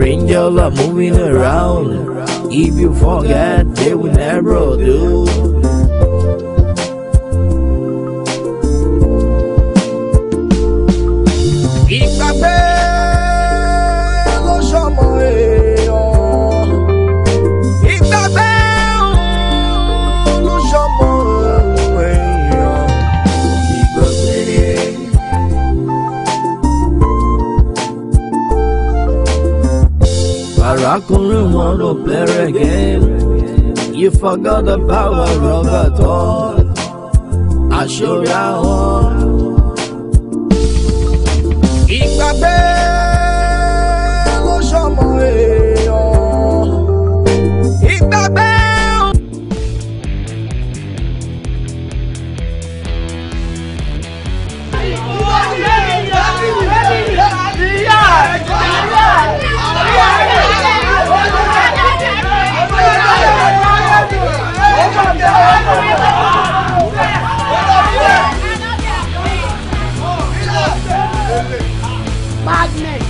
a angels are moving around. If you forget, they will never do. I couldn't want to play a game. You forgot the power of a thought. I showed out. madness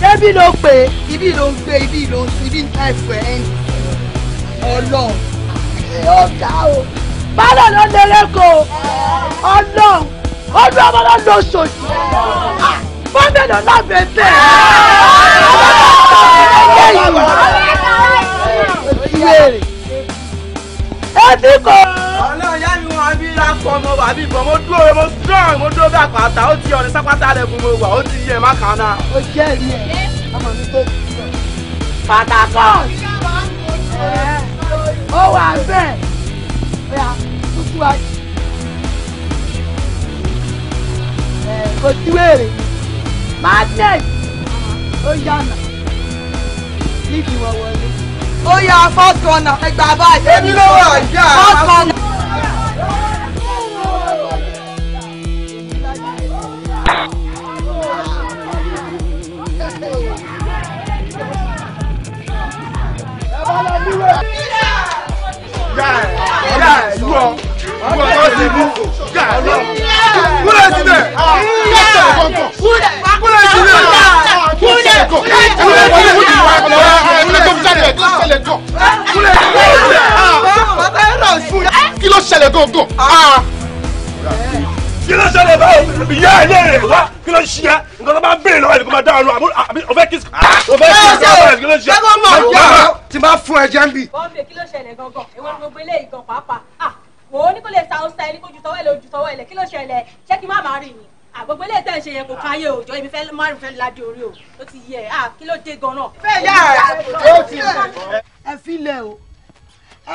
débi ló pé ibi ló ń gbé ibi ló ń sùn ibi ń ta ẹ̀fọ́ ẹ̀ ń ọlọ́run ọ̀gá o bálẹ̀ ló lé lẹ́kọ̀ọ́ ọlọ́run ọdún ọmọ náà lọ sòdì bọ́mẹ̀lì ọlábẹ̀ bẹ́ẹ̀ ọlọ́run ọ̀gá yìí ìbéèrè bí kò. ọlọ́run yá mi wọn bí lápò mo wà bí bọ̀ mo dúró mo strong mo dúró bí àpáta ó ti ọ̀rẹ́ sápátá rẹ̀ fún mo wà ó ti yẹ má kàn jẹ́ ìrí ẹ̀ ọmọ mi tó kù sọ. pàtàkọ́ ó wà bẹ́ẹ̀ bóyá kúkú wa kò tí wéèrè madness ó yànnà níbi wọn ó yá fọ́ọ̀tù ọ̀nà ẹgbàá báyìí. èmi ló wà ọjà. fọ́ọ̀tù ọ̀nà. Kúlẹ̀ sílẹ̀! Kúlẹ̀ sílẹ̀! Kúlẹ̀ sílẹ̀! ṣẹlẹ̀ kí ló ṣẹlẹ̀ gan. kúlẹ̀ kúlẹ̀ bàbá ẹ rà sùn. kí ló ṣẹlẹ̀ gangan. kí ló ṣẹlẹ̀ báwo ìyá ẹ̀ lé rẹ̀ wá kí ló ṣiyẹ nǹkan tó bá ń béèrè lọ́wọ́ ẹ̀dùnkún máa dá ọ̀nà àbúrò àbí ọ̀fẹ́ kí ọ̀fẹ́ ah! kí ọ̀fẹ́ kí ọ̀fẹ́ kí ló ṣiyẹ. ẹgbẹ́ ọmọ ọ̀gá ti máa fún ẹ jẹ́ ń bì. bọ́ọ̀bì kí ló ṣẹlẹ̀ gangan ìwọ ni gbogbo eléyìí gan pàápàá ah! wò ó ní kò lè sa ọ̀sẹ̀ ní kò jù tọwọ́ ẹ̀ lè àgbègbè lè tẹ̀ ṣe yẹn kò káyé òjò ibi fẹ́ márùn fẹ́ ládé orí o ó ti yẹ à kí ló dé gan-an. fẹ́ yà ó ti ẹ filẹ̀ o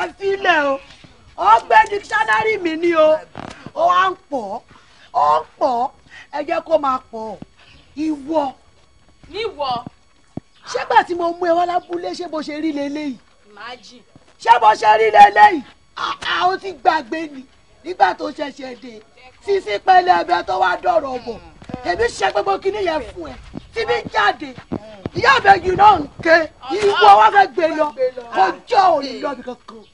ẹ filẹ̀ o ó gbé dictionary mi ní o ó à ń pọ̀ ó ń pọ̀ ẹ jẹ́ kó máa pọ̀ ìwọ. níwọ. ṣégbà tí mo mú ẹ wá lábúlé ṣé bó ṣe rí leléyìí. màájì. ṣé bó ṣe rí leléyìí. àà ó ti gbàgbé ni nígbà tó ṣẹ̀ṣẹ̀ dé sísí pẹlẹbẹ tó wá dọ̀rọ̀ bọ̀ hmm. èmi ṣe gbogbo kinní yẹn fún ẹ hmm. tí mi jáde ìyá àbẹ̀yìn náà ń ké hmm. ìwọ wá fẹ́ gbé lọ kọjọ́ ah, òní lọ́bì kankan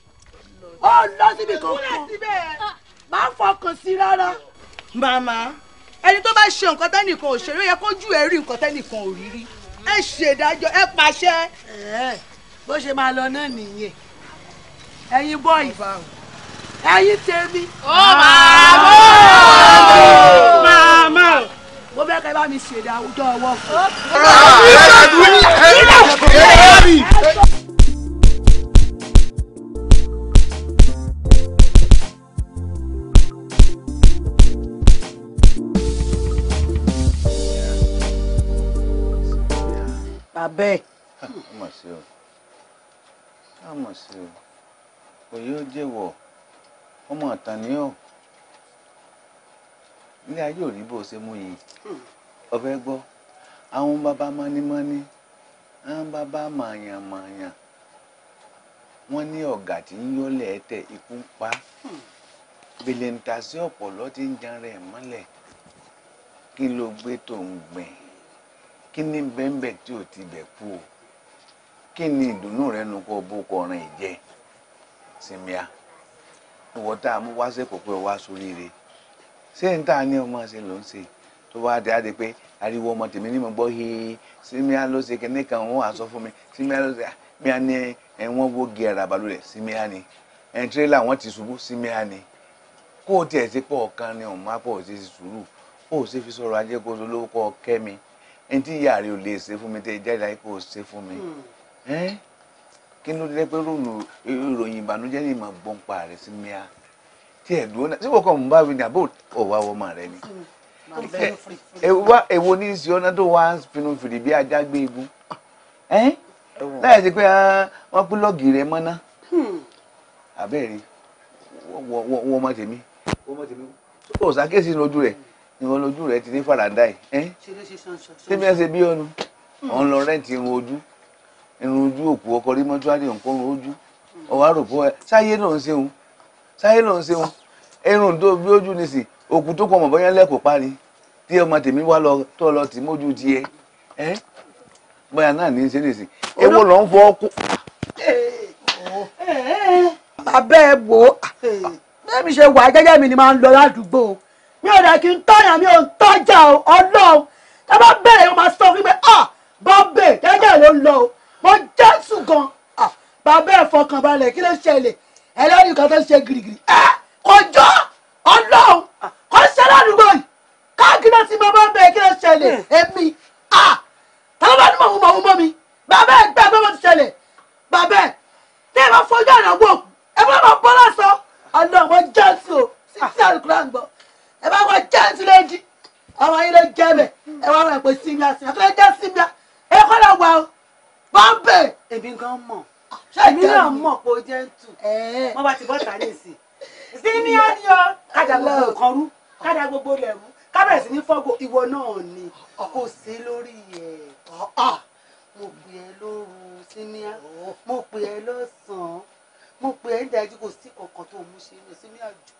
ó lọ síbi kankan má fọkàn sí rárá. màmá ẹni tó bá ṣe nǹkan tẹ́nìkan ò ṣeré yẹ kójú ẹ rí nǹkan tẹ́nìkan ò rí rí ẹ ṣèdájọ́ ẹ pàṣẹ. bó ṣe máa lọ náà nìyẹn ẹ̀yin bọ́ọ̀ì ẹ̀yin tèmi. ó màmá ó màmá ó. mo fẹ́ kẹ́ bá mi ṣèdè àwùjọ ọwọ́ fún. bàbá ẹ̀. a mọ̀ sí o a mọ̀ sí o òye ó jẹ́wọ́ ọmọ ọ̀tàn ni ó ilé ayé ò rí bó ṣe mú yìí ọbẹ̀ hmm. gbọ́ àwọn bàbá mọ́nímọ́ní àwọn bàbá màyànmàyàn wọ́n ní ọ̀gá tí ń yọ́lẹ̀ ẹ̀tẹ̀ ikú ń pa hmm. bìlẹ̀ǹtà sí ọ̀pọ̀lọ́ tí ń jan rẹ̀ mọ́lẹ̀ kí ló gbé tó ń gbìn kí ní bẹ́ńbẹ́ tí ò ti bẹ̀ kú o kí ni ìdùnnú rẹ nu kó o bó kọrin ìjẹ sinmi a ìwọ tá a mú wá sẹ́kọ̀ọ́ pé o wá sóríire ṣé n tá a ní ọmọ ṣe ló ń ṣe tó bá dé adé pé ariwo ọmọ tèmi ní mo gbọ́ hee símíà ló ṣe kíní kan wọn à sọ fún mi símíà ló ṣe míà ní ẹ̀wọ̀n wo gé ara bàlú rẹ̀ símíà ni ẹ̀ń tírélà wọn ti ṣubú símíà ni kó o tiẹ̀ ti pọ̀ kan ni ọ̀hún pọ̀ ti sùúrù kó o ṣe fi sọ̀rọ̀ ajé kó o lówó kọ́ kẹ́mi ẹni tí ìyá rẹ̀ ò lè ṣe fún mi tẹ́ ìjáde láyé kó o ṣe fún mi. Hmm kí ló dé pé rònú ìròyìn ìbànújẹ́ ní ìmọ̀ gbọ́n pa rẹ̀ sí mìíà tí ẹ̀ dúró náà síbò kan ń bá wí ní àbó ọ̀wá ọmọ rẹ ni. èwo ní ìsìn ọ̀nà tó wá pinnu fìrì bí ajá gbé egun láyé ti pé ah, wọ́n pín lọ́ọ̀gì rẹ mọ́ná hmm. àbẹ́ẹ̀rí wọ́n mọ́ tèmi ó ṣàkíyèsí lójú rẹ̀ ìwọ̀n lójú rẹ̀ ti ní fàràdà ẹ̀ ṣé bí ẹ ṣe bí ọnu òun hmm. lọ rẹ́ǹtì irun ojú irun ojú òkú ọkọ rí mọ́túárì nǹkan irun ojú ọwọ́ àròpọ̀ ẹ sáyé ló ń ṣeun sáyé ló ń ṣeun irun tó bí ojú ni sì òkú tó kọ mọ̀ bọ́yá lẹ́kọ̀ọ́ parí tí ọmọ tèmi wá lọ tó lọ tì mójú tiẹ̀ ẹ́ bóyá náà ní í ṣe nìsín ewo ló ń fọ ọkú. abẹ́ ẹ wò ó bẹ́ẹ̀ni ṣe wà jẹ́jẹ́ mi ni máa ń lọ ládùúgbò mi ò dẹ̀ kí n tọ́yàn mi ò ń tọ́jà ọlọ́run tá bá bẹ̀rẹ̀ mo máa sọ fún mi pé ah, bọ́ọ̀bẹ̀ jẹ́jẹ́ ló ń lọ o ó jésù gan bàbá ẹ̀ fọkàn balẹ̀ kí ló ṣẹlẹ̀ ẹlẹ́rìí kan tó ṣe gìrìgìrì ẹ kò jọ ọlọ́run kò ṣe ládùúgbò yìí káàkiri náà ti máa bá bẹ̀ kí ló ṣẹlẹ̀ èmi tàbí bá ni mọ̀ mọ̀ mọ̀ mi bàbá ẹ̀ gbẹ́ bọ́ mo ti ṣẹlẹ̀ bàbá ẹ̀ ní ìbá fojú àná wò ẹ bá bá bọ́ lásán ọlọ́run kò jésù o sísí àlùkò náà gbọ́ ẹ bá wọ jésù lójú ọmọ yín ló jẹ́ bẹ̀ ẹ wá rẹ̀ bọ́m̀bẹ̀ èmi gan mọ̀ èmi náà mọ̀ pé o jẹ́ ń tù wọ́n bá ti bọ́ ta ní ìsìn sí ní ádìyọ kájà gbogbo nǹkan rú kájà gbogbo ilẹ̀ rú kábẹ̀rẹ̀ sí ní fọ́gò ìwọ náà ni kò sí lórí ẹ̀ mo pè ẹ́ lóru síníà mo pè ẹ́ lọ́sàn-án mo pè ẹ́ ń dájú kò sí kankan tó mú ṣe ní síníà jù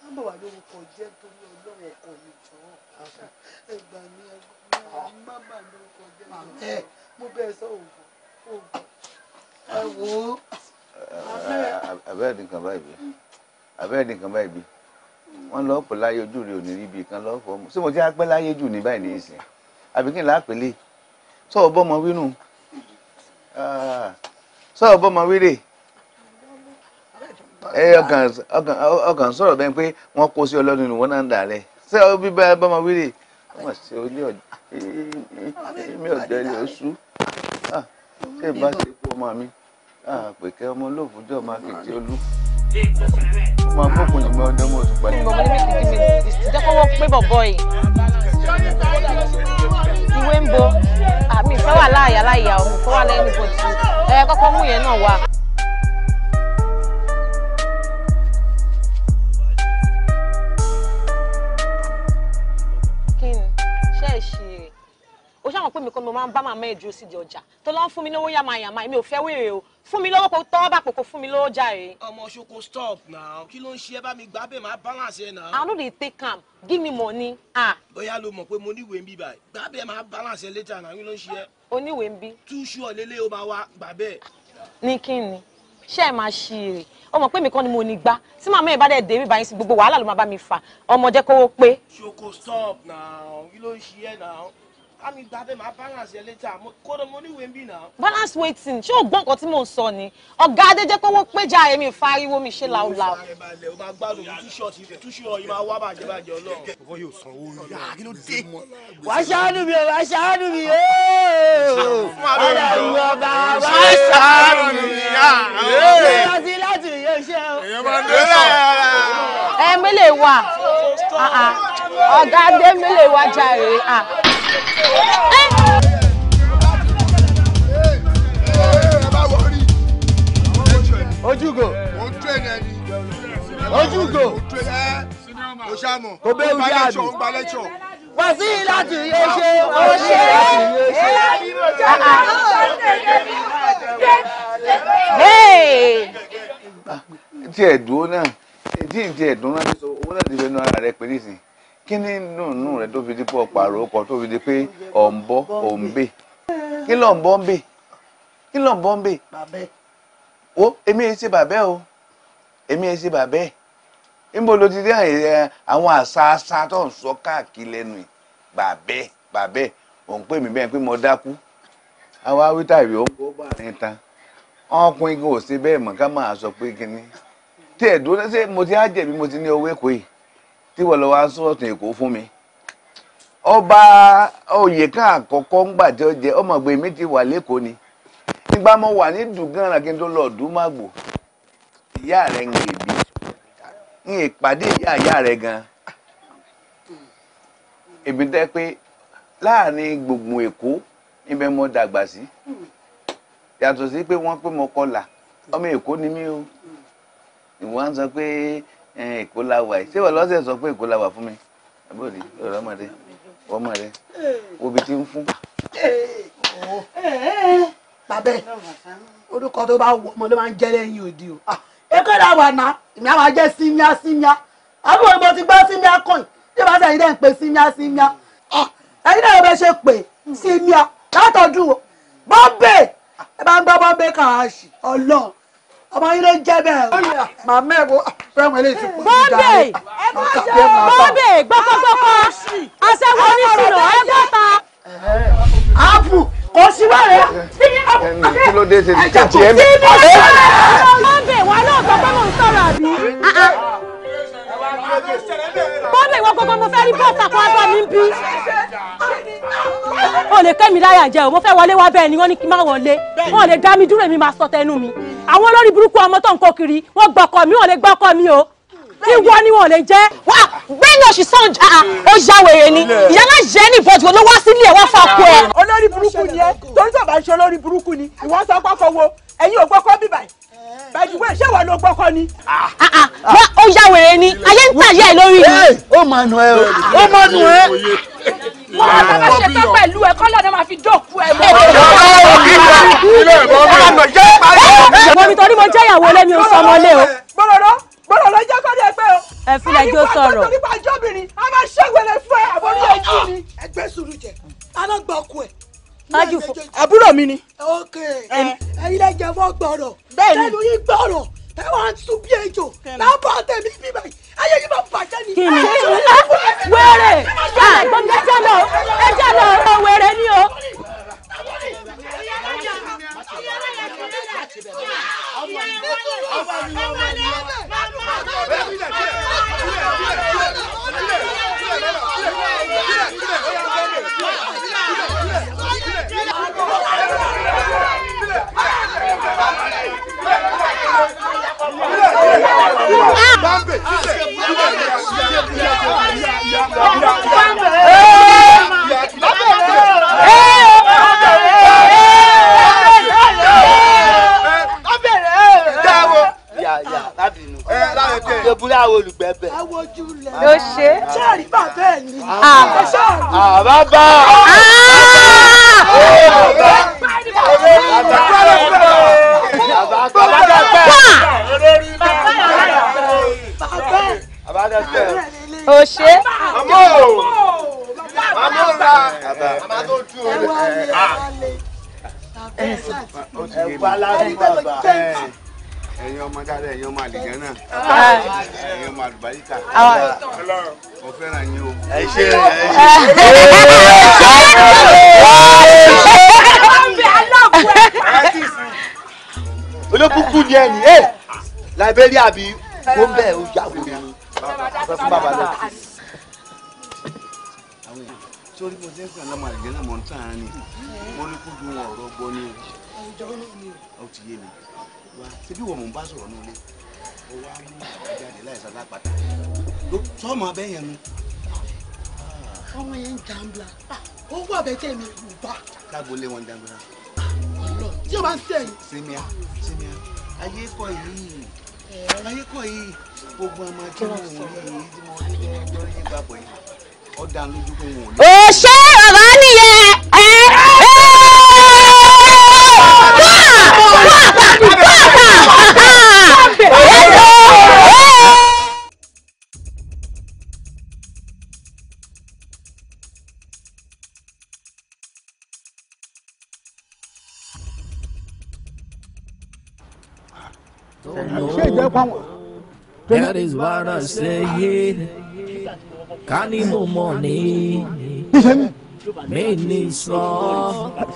wọ́n bọ̀ wá lórúkọ jẹ́ torí ọlọ́run ọkọ mi jọ̀ọ́ ẹgbàá mi ẹgbàá mi má bà lórúkọ jẹ́ torí ọlọ́run mo bẹ sọ òògùn òògùn ẹ wò ó. abẹ́rẹ́ nìkan báyìí bí abẹ́rẹ́ nìkan báyìí bí wọ́n lọ́ọ́ pọ̀ láyé ojú rẹ̀ ò ní rí ibi kan lọ́ọ́ fọ́ ṣé mo ti á pẹ́ láyé jù ní báyìí nìyẹn àbí kí n lápèlé sọ̀rọ̀ bọ́mọ wínú ah, sọ̀rọ̀ bọ́mọ wírè ọkàn sọ̀rọ̀ bẹ́ẹ̀ pé wọ́n kó sí ọlọ́run ìwọ́n náà ń dà rẹ̀ sọ̀rọ̀ bíbá bọ́mọ wírè wọ́n sì ó ní ọ̀dọ́ èmi ọ̀dẹ rẹ̀ ó ṣé ìbá ṣe kú ọmọ mi àpèkẹ́ ah, ọmọ olóòfújọ́ máa kìtì olú máa gbókùn yìnbọn ọdún mọ̀ òtún pẹ̀lú. ìgbọ̀ngàn ní mi ti mi jẹ́kọ̀wọ́ pé bọ̀bọ̀ yìí ìwé ń bo àmì ah, ìfẹ́ wà láàyà láàyà òun ìfẹ́ wà lẹ́nu bọ̀tì ẹ kọ́kọ́ mú yẹn náà wá. o ṣáà mọ̀ pé mi kọ́ mo máa ń bá màmá ẹ̀ dúró sídìí ọjà tó lọ́ ń fún mi lówó yàmàyàmà èmi ò fẹ́ wèrè o fún mi lówó kó tọ́ bá kókó fún mi lówó jàre. ọmọ ṣoko stop now kí ló ń ṣe ẹ bá mi gbá máa balance ẹ now. I no dey take am give me money. bóyá ló mọ̀ pé mo níwèé ń bí báyìí gbá máa balance ẹ later now kí ló ń ṣe ẹ. oníwèé ń bí. túṣu ọ̀lẹ́lẹ́ o máa wá gbà ní kí ni ṣé ẹ máa ṣí èrè ó mọ̀ pé mi kan ni mo ní gbá tí màmá ẹ bá dẹ̀ dé bíbá sí gbogbo wàhálà ló máa bá mi fà ọmọ jẹ́ kówó pé. ṣoko stop now kí ló ń ṣe ẹ now mi gba bẹ́ẹ̀ máa balance ẹ létà kódà mo níwèé ń bì náà. balance waiting ṣé o gbọ́ nǹkan tí mò ń sọ ni ọ̀gá adéjẹ́ pé wọ́n péjà èmi ìfariwo mi ṣe làwùlàwù. o máa gbádùn mi túṣọ ti rẹ túṣọ yìí máa wá bàjẹ́ bàjẹ́ ọlọ́run. ọwọ́ yóò san owó yìí. yàrá kí ló dé. wàá ṣàánú mi o wàá ṣàánú mi o. ọ̀rẹ́ ìlú ọba wàá ṣàánú mi. ìyá ti láti ìyá iṣẹ́ o. èèyàn máa ń lé sọ. ẹ mélèé wà ah, ah. ọ̀gá adé mélèé wà jàre. Ah ojúgo ojúgo kò bẹ́ẹ̀ wí àbí wàsí láti yé ṣe ọṣẹ láti yé ṣe. tí ẹ̀ dúró náà tí ì tí ẹ̀ dúró náà owó náà ti fẹ́ nu ara rẹ pé nísìnyí. kí ni nùnú rẹ tó fi di pé ọ̀pàrọ̀ ọkọ̀ tó fi di pé ọ̀nbọ́ òǹbè kí ló bọ́ ń kí bọ́ ń o èmi ẹ ṣe bàbẹ́ o èmi ẹ ṣe bàbẹ́ níbo ló ti dé àwọn àṣàṣà tó ń sọ káàkiri lẹ́nu yìí bàbẹ́ bàbẹ́ òun pè mí bẹ́ẹ̀ pé mo dákú àwa wíta ìwé ó ń bọ́ bá mo ti á jẹ̀bi mo ti ní tí wọ́n lọ wá sọ́ọ̀tún èkó fún mi ọba oyè kan àkọ́kọ́ ńgbà tí jẹ ọmọ ìgbé mi ti wà lẹ́kọ̀ọ́ ni nígbà mo wà ní dùgánra kí n tó lọ ọdún má gbò ìyá rẹ̀ ń èbí ń ìpàdé ìyá ìyá rẹ̀ gan èbí tẹ́ pé láàrin gbùngbùn èkó ibẹ̀ mo dàgbà sí yàtọ̀ sí pé wọ́n pé mo kọlà ọmọ èkó ni mí o ìwọ́n sọ pé èkó la ṣé wà lọ́sẹ̀ sọ pé èkó fún mi àbúrò ọ̀rọ̀ ọmọdé ọmọdé obì ti ń fún. bàbá orúkọ tó bá wọ ọmọ máa ń jẹ́ lẹ́yìn òde o ah, èkó la wà náà ìmí àwọn Simia. símíà símíà àbúrò ti gbọ́ símíà kọ́ìn dẹ́n pé símíà símíà náà bẹ ṣe pé símíà látọ̀dún ọmọ yìí ló ń jẹ́ bẹ́ẹ̀. màmá ẹ̀ wo fẹ́ràn eléyìí ti kú sí ìjà rẹ̀. bọ́ọ̀dẹ̀ gbọ́kọ́gbọ́kọ́ aṣẹ́wó oníṣirò ẹgbẹ́ta. àpù kò sí wẹ̀rẹ̀. kí ló dé ṣe ti jẹ́ mi. bọ́ọ̀dẹ̀ wà náà sọ pé mò ń sọ̀rọ̀ àbí bọ́ọ̀lù ìwọ gbogbo mo fẹ́ rí bọ́ọ̀sì àpò abọ́ mi ń bí. o lè kẹ́mi láyà jẹ́ o mo fẹ́ wọlé wá bẹ́ẹ̀ ni wọ́n ní kí n má wọlé wọ́n lè dá mi dúró èmi máa sọ tẹnu mi àwọn olórí burúkú ọmọ tó ń kó kiri wọ́n gbọ́kọ mi wọ́n lè gbọ́kọ mi o ìwọ ni wọn lè jẹ. wá gbẹ́ni oṣù sàn já o ya wèrè ni ìyálà jẹ́ ní ìbọ̀dù ló wá sílé ẹ̀ wá fà kú ẹ. olórí burúkú ni ẹ torí tó bá ń ṣe olórí burúkú ni ìwọ sọ pé kò wo ẹ̀yin ò gbọ́kọ́ bíbáyìí bẹ̀dùwẹ̀ ṣé wà ló gbọ́kọ ni. Ah, ah, wọ́n ó ya wèrè ni ayé ń tàyè lórí mi. ó máa nù ẹ o ó máa nù ẹ. mo máa bá bá ṣe tán pẹ̀lú ẹ kọ́ lọ́dọ̀ máa fi dọ́ọ̀kú ẹ mọ́. mo ní torí mo jẹ́ ìyàwó lẹ́mi oṣù ọmọlé o. bọ́lọ̀dọ́ bọ́lọ̀dọ́ jẹ́ kọ́ ní ẹgbẹ́ o. ẹ fi lẹ́jọ́ sọ̀rọ̀. àyíká tó ájú fún àbúrò mi ni. ok ilé lè jẹ fọ gbọrọ bẹ́ẹ̀ni lẹ́nu yín gbọrọ ẹ wá ń sun bí ejò lábọ tẹmí bí báyìí ayé yìí máa bàjẹ́ ni. kí ni wẹ́rẹ̀ àgbọ̀n mi ẹja lọ ẹja lọ ọ̀rọ̀ wẹ́rẹ̀ ni o. Yeah àwọn olùgbẹ̀bẹ̀. ẹ wojú lẹ. ló ṣe. ṣáà rí bàbá ẹ ní. àbá bá òṣè. àmọ́ ò àmọ́ ò ra àmọ́ tó tú o lẹ̀. ẹ̀wà aláàbí bàbá ẹ̀yin ọmọ dáadáa ẹ̀yin ọmọ àlìjẹ́ náà ẹ̀yin ọmọ àlùbáríkà mo yín o. ẹ ṣe ẹ ṣe. láìbẹ́rì àbí ó ń bẹ̀ ó já wèrè ni ọ̀fẹ́ mo ṣe ń sàn lọ́mọ àlejò náà ni mo ní kó dun wọn ọ̀rọ̀ gbọ́ ní o ti yé mi wá síbí wọ́n mò ń bá sọ̀rọ̀ ní ilé ó wá mú àjáde láìsí alápàtà sọ́ọ̀mù abẹ́yẹn nu. ọmọ yẹn ń jàǹbla ó wà bẹ́tẹ̀ mi ò bá. káàbọ̀ lé wọn jàǹbla. ọlọ tí o bá ń sẹ́yìn. sinmi a sinmi a ayé kọ yìí ayé kọ́ yìí ogun ọmọ tí mo wò yìí tí mo wò yìí gbàgbọ́ yìí ọ̀dà lójú kò wò. òṣèré bàbá nìyẹn. ṣé ìjẹ́ pa wọn. that is what I say ká ní mo mọ̀ ní. mi ní sọ.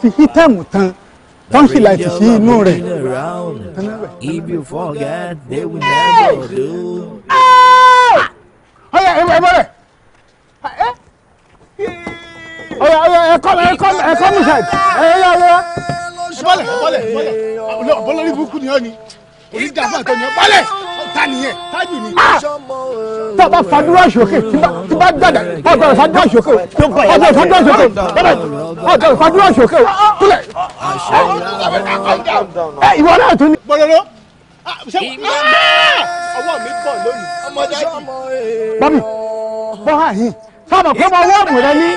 fi hítẹ̀mù tán tọ́ǹsì láti sí inú rẹ̀. if you forget they will never do. ọ̀yà ẹ̀ ẹ̀ bọ̀rẹ̀ ọ̀yà ọ̀yà ẹ̀ kọ́ ẹ̀ kọ́ ẹ̀ kọ́ mi ṣáà ẹ̀ yọ̀ ọ̀yà. bọ́lẹ̀ bọ́lẹ̀ bọ́lẹ̀ bọ́lẹ̀ ní burúkú ni ó ní onídàáfà tó yàn balẹ̀ ta nìyẹn tájù ni. Ah! tá a sókè tí bá gbàdá ọgbà sókè ọgbà fàdúrà sókè ọgbà fàdúrà sókè kúlẹ̀. ẹ ìwọ náà tún ni. gbọdọdọ ah! ọwọ́ mi bọ lónìí. bọmi bọ àyìn sọmọ pé mo wọ́ọ̀mù rẹ ní.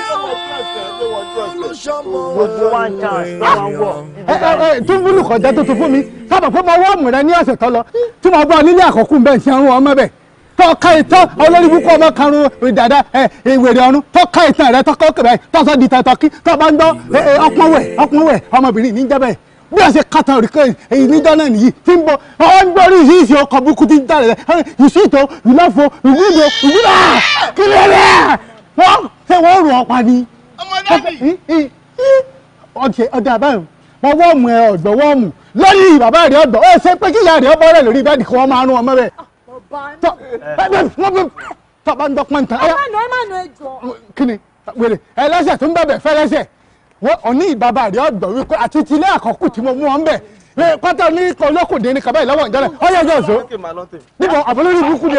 gbogbo wa ń tan àṣọ wa wọ. ẹ ẹ ẹ tó ń búlù kọjá tó tó fún mi sọmọ pé mo wọ́ọ̀mù rẹ ní ọ̀sẹ̀ tó lọ tí mo bọ́ nílé àkọ́kù bẹ́ẹ̀ ṣe ń wọ́n mọ́ bẹ́ẹ̀ tọ́ka ìtàn olórí búkú ọmọ karùn-ún dada ìwèrè ọ̀run tọ́ka ìtàn rẹ tọ́kọ́ kẹrẹ tọ́sọ di tẹ̀tọ́kí tọ́ba ń dán ọpọ́nwẹ̀ ọpọ́nwẹ̀ ọmọbìnrin ní jẹ́bẹ̀ bí ọ̀sẹ̀ kàtà òrìkọ́ èyí níjọ́ náà nìyí tí ń bọ̀ ọ́n gbọ́rí yìí ṣe ọkọ̀ búkú tí ń tà rẹ̀ yìí sí ìtò ìlọ́fọ̀ ìlúdo ìlúdà kílẹ̀ rẹ̀ wọ́n ṣe wọ́n rò ọ́pa ni. ọmọ dáàbì. ọ̀tí ọ̀dà báyìí wọ́n wọ́ọ̀mù ẹ ọ̀gbọ́n wọ́ọ̀mù lórí bàbá rẹ̀ ọ̀gbọ́n ó ṣe pé kí ìyá rẹ̀ ọ̀bọ rẹ̀ lórí bẹ́ẹ̀dì kí wọ́n máa rún ọmọ rẹ̀. Ah, tọ́ba ń dọ́pọ̀ nǹkan. ọmọ náà ẹ má nù ẹjọ́. kí ni wèrè ẹlẹ́sẹ̀ tó ń bẹ̀bẹ̀ fẹ́lẹ́sẹ̀ wọ́n òní bàbá rẹ̀ ọ̀gbọ́n wípé àti tilé àkọ́kù tí mo mú ọ pátá ní kọ́ lókùnrin ní kaba ìlọ́wọ́ ìjọ́lẹ̀ ọ̀yọ́ ìjọ́ ìṣó níbo àbúrò ní burúkú ni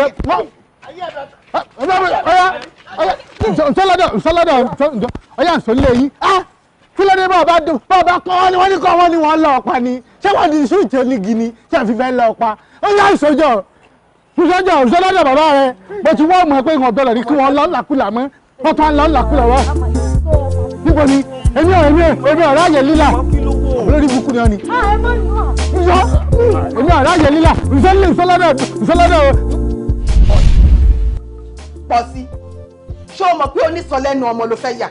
nsọlọdọ nsọlọdọ ọyà nsọlẹ yìí ah kílódé bàbá dùn bàbá kọ́ ni wọ́n ní kọ́ wọ́n ní wọ́n lọ́ọ́ pa ni ṣé wọ́n di sùn tó ní gini tí a fi fẹ́ lọ́ọ́ pa ọyà nsọjọ nsọjọ nsọlọdọ bàbá rẹ bó ti wọ́n mọ̀ pé wọ́n bẹ̀rẹ̀ ní kí wọ́n lọ́ọ́ làkúlà mọ́ wọ́n tún lọ́ọ́ làkúlà wọ́ níbo ni èmi ò èmi ò èmi ọ̀rọ̀ àyè lílà olórí bukú ni ọ ni. èmi ọ̀rọ̀ àyè lílà nsọlọdọ nsọlọdọ pọ̀ sí ṣé o mọ̀ pé onísọ lẹ́nu ọmọ ló fẹ́ yà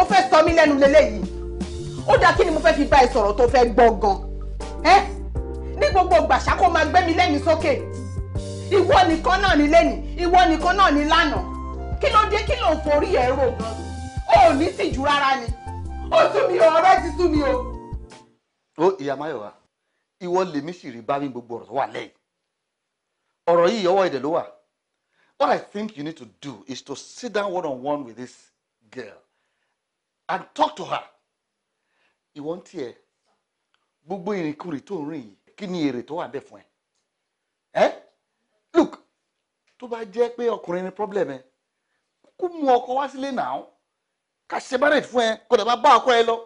ó fẹ́ sọ mí lẹ́nu lélẹ́yìí ó dáa kí ni mo fẹ́ fi bá ẹ sọ̀rọ̀ tó fẹ́ gbọ́ gan ẹ́ ní gbogbo gbàṣà kó máa gbé mi lẹ́nu sókè ìwọ nìkan náà ní lẹ́nu ìwọ nìkan náà ní lánàá kí ló dé kí ló ń forí ẹ̀ rò gan ó ò ní tìjú rárá ni ó sú mi o ọ̀rẹ́ ti sú mi o. ó ìyá Máyọ̀wá ìwọ lèmi sì rí bá mi gbogbo ọ̀rọ̀ tó wà lẹ́yìn ọ̀rọ̀ yìí ọwọ́ ẹ̀dẹ̀ ló wà What I think you need to do is to sit down one on one with this girl and talk to her. You ń tiẹ̀ gbogbo ìrìnkúrì tó ń rìn yìí kí ni èrè tó wà bẹ́ẹ̀ fún ẹ? Ẹ́ look tó bá jẹ́ pé ọkùnrin ni problem ẹ kúkú mú ọkọ wá sílé náà ká ṣe bárẹ̀ fún ẹ kó dẹ̀ bá bá ọkọ ẹ lọ.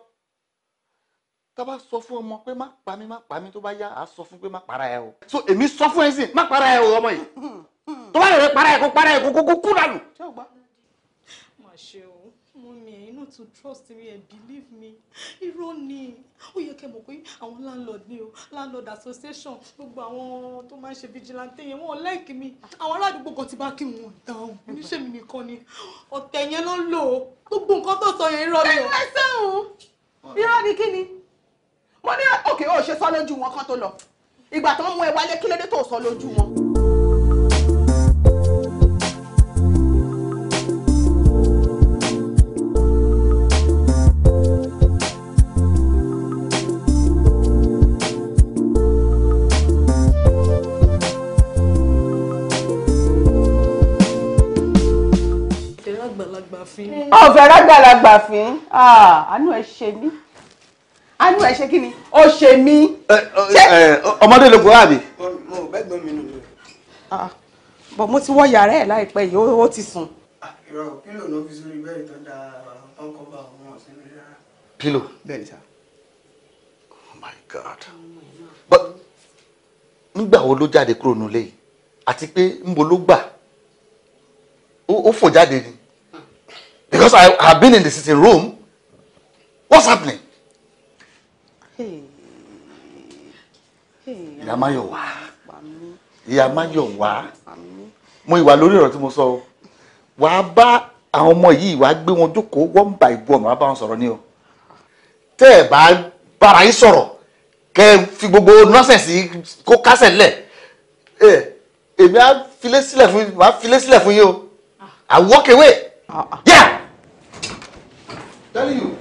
Tá a bá sọ fún ọmọ pé má pa mí má pa mí tó bá yá àá sọ fún pé má para ẹ o. So èmi sọ fún ẹ sìn má para ẹ o ọmọ yìí tó bá lè rẹ para ẹ̀ kó para ẹ̀ kó kó kú dànù. má ṣe o mummy you no to trust me and believe me irọ́ ni ó yẹ kẹ́ mọ̀ pé àwọn landlord ni o landlord association gbogbo àwọn tó máa ń ṣe vigilante yẹn wọn like mi àwọn aládùúgbò kan ti bá kí wọn dáhùn oníṣẹ́ mi nìkan ni ọ̀tẹ̀ yẹn ló ń lò ó gbogbo nǹkan tó sọ yẹn irọ́ mi o. ẹ sẹ́wọ̀n irọ́ ni kí ni mo ní òkè ó ṣe sọ lójú wọn kan tó lọ ìgbà tó ń mú ẹ wálé kí ló tó sọ lójú wọn. fín. ọ̀fẹ́ rágbàlagbà fín ah, àánú ẹ ṣe mí àánú ẹ ṣe kí ni ó ṣe mí. ọmọdé ló kó àbí. mo ò bẹ́gbọ́n mi nù ni. Ah, bọ̀ mo ti wọ yàrá ẹ̀ láìpẹ́ yìí ó ti sùn. ìrọ̀ ah, pílò ló fi sórí bẹ́ẹ̀ tó da ọkọ̀ bá àwọn ọ̀sẹ̀ lórí rárá. pílò. bẹ́ẹ̀ ni sá. oh my god. but nígbà wo ló jáde kúrò nílé yìí àti pé ńbo ló gbà ó fò jáde ni because I have been in the sitting room. What's happening? Hey. Hey. Ìyá Máyọ̀wá. wa. Máyọ̀wá. Mo ìwà lórí ọ̀rọ̀ tí mo sọ. Wàá bá àwọn ọmọ yìí wàá gbé wọn jókòó one by one wàá bá wọn sọ̀rọ̀ ní o. Tẹ́ ẹ̀ bá bára yín sọ̀rọ̀ fi gbogbo nọ́sẹ̀sì kó kásẹ̀ lẹ̀. Èmi á filé sílẹ̀ fún yín, màá filé sílẹ̀ fún yín o. Ah. I walk away. Uh -uh. Yeah tell you.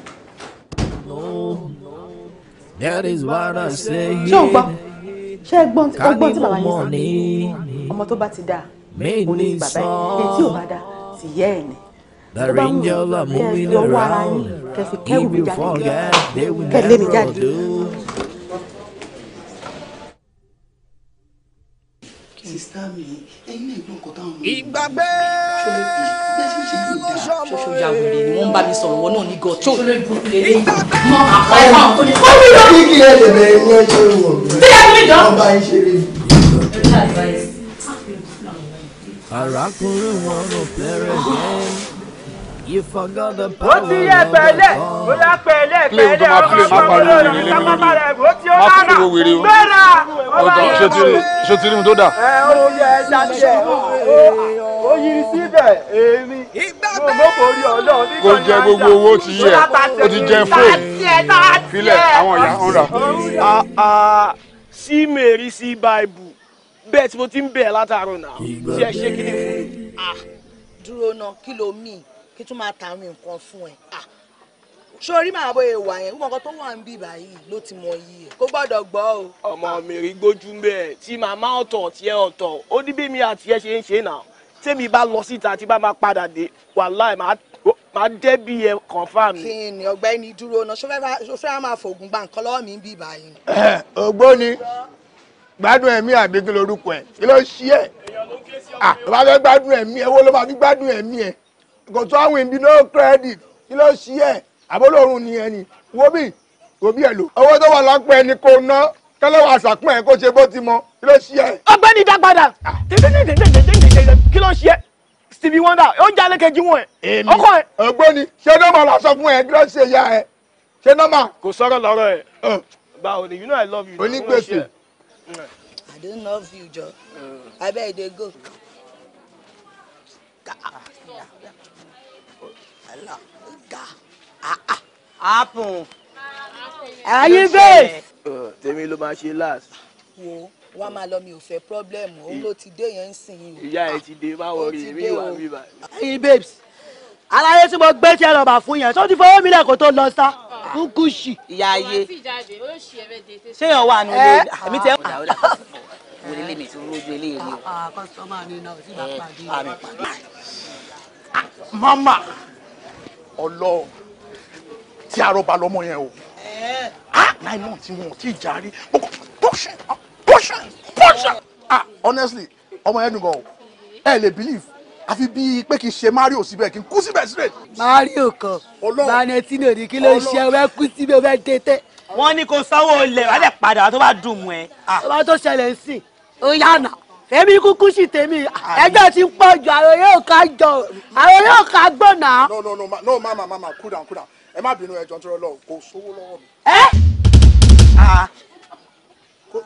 No, no, that is what I say. ṣé o gbọ́ ṣé ẹgbọ́n tí ọgbọ́n tí bàbá yín sọ ọmọ tó bá ti dáa òun ni bàbá yín tí ò bá dáa ti yẹ ẹ̀ ni. The angel are moving around. If you forget, they will never do. sísá mi ẹ̀yin náà gbọ́ ló sọ mọ́ ẹ. ṣoṣo ya wèrè ni wọ́n ń bá mi sọ̀rọ̀ wọn náà ní gọ́tò. ṣoṣo lè dùn lélẹ̀ mọ àpáyé ẹ ṣe wọ̀ mí. bí ẹ dán. arákùnrin wọn rò pẹ́rẹ́ yẹn ó ti yẹ pẹ̀lẹ́ bóyá pẹ̀lẹ́ pẹ̀lẹ́ ọmọ ọmọ olórí sábàbà rẹ ó ti ó dáná gbéra ọmọ yẹn lọ. ṣé tí irun tó dà. ẹ ó yẹ ẹja tiẹ ó yí síbẹ̀ èmi mo mọ̀ kó rí ọlọ́run nígbà náà. kò jẹ gbogbo owó ti yẹ ó ti jẹ fóònù filẹ̀ àwọn ìyá ń rà. sí mèrì sí báìbù bẹ́ẹ̀ tí mo ti ń bẹ̀ látàárọ̀ náà tí ẹ ṣe kí ni fún mi. Ah, dúró náà kí ló mìíràn kí tún máa ta àwọn nǹkan fún ẹ sórí ah, màá bọ èèwà yẹn kó mọ̀kọ́ tó wà ń bì báyìí ló ti mọ iyì ẹ̀ kó gbọ́dọ̀ gbọ́ o. ọmọ mi rí gbójú ń bẹ tí màmá ọ̀tọ̀ tiẹ̀ ọ̀tọ̀ ó ní bí mi àti ẹ ṣe ń ṣe náà tẹ́mi bá lọ síta tí bá máa padà dé wàláì máa dẹ́bi ẹ confirm mi. kí ni ọ̀gbẹ́ni dúró náà sọfẹ́ máa fògùn gba nǹkan lọ́wọ́ mi ń bì báyìí. ògbóni gbádùn ẹ̀mí àbíkí lorúkọ ẹ̀ kí ló ṣí ẹ̀ àbáfẹ́ ah, gbádùn ẹ̀mí ẹ̀ wó ló máa fi gbádùn ẹ̀mí ẹ̀ kò tó àwọn ìbí no credit kí ló ṣí ẹ̀ àbólòrùn ni ẹni wo bí wo bí ẹ lò. owó tó wà lápẹ́ ẹni kò ná kẹ́lẹ́ wà sàpọ̀ ẹ̀ kó ṣe bó ti mọ kí ló ṣí ẹ̀. ọ̀gbẹ́ni dàgbàdà ah. kí ló ṣí ẹ Stevie Wonder ó ń kejì wọn ẹ ọkọ ẹ. ọ̀gbẹ́ni ṣé nọ́mà la sọ fún ẹ kí ló ṣe ìyá ẹ ṣé nọ́mà. kò sọ̀rọ̀ lọ́rọ̀ ẹ báwo ni you know I love you. onígbèsè. I don't love you jọ abeg dey go wàhálà ó ga. apple. ẹyin bẹ́ẹ̀. tèmi ló máa ṣe last. wo wàá máa lọ mi ò fẹ́ pọ́blẹ́mù òun ló ti dé yẹn ń sìn yìí o. ìyá ẹ ti dé báwo rí èmi ìwà mi bá. ẹyin babes aláyé tí mo gbé tiẹ̀ lọ́ba fún yẹn tó ti fọwọ́ mi lẹ́kọ̀ọ́ tó lọ sá nkúṣì. Ah. ìyá ayé ṣé yàn wà nù lé àmì tẹ. wọlé lèmi tí wọ́n lójú eléyìí ni o. kọ́sítọ́mà ah, ni náà ti bá eh, pàdé. Ah, mama. Ọlọ́run tí arọba lọmọ yẹn o ah nine months wọn ò tí ì járí portion ah, portion ah honestly ọmọ yẹn dùn gan o ẹ lè believe àfi bíi pé kì í ṣe mario síbẹ̀ kì í kú síbẹ̀ síbẹ̀. mario kan valentino ni kí ló ṣe ọ bẹ kú síbẹ̀ ọ bẹ tètè. wọ́n ní kó sanwó olè wàá lè padà tó bá dùn mọ́ ẹ. tó ah. bá tó ṣẹlẹ̀ ń sìn ó yànnà èmi kúkú sì tèmi ẹjọ́ ti pọ̀ jù àwọn yóò ká jọ àwọn yóò ká gbọ̀nà. no no no no mama mama cool down cool down ẹ má bínú ẹjọ́ nítorí Ọlọ́run kò sówó lọ́wọ́ mi. ẹ. Ah.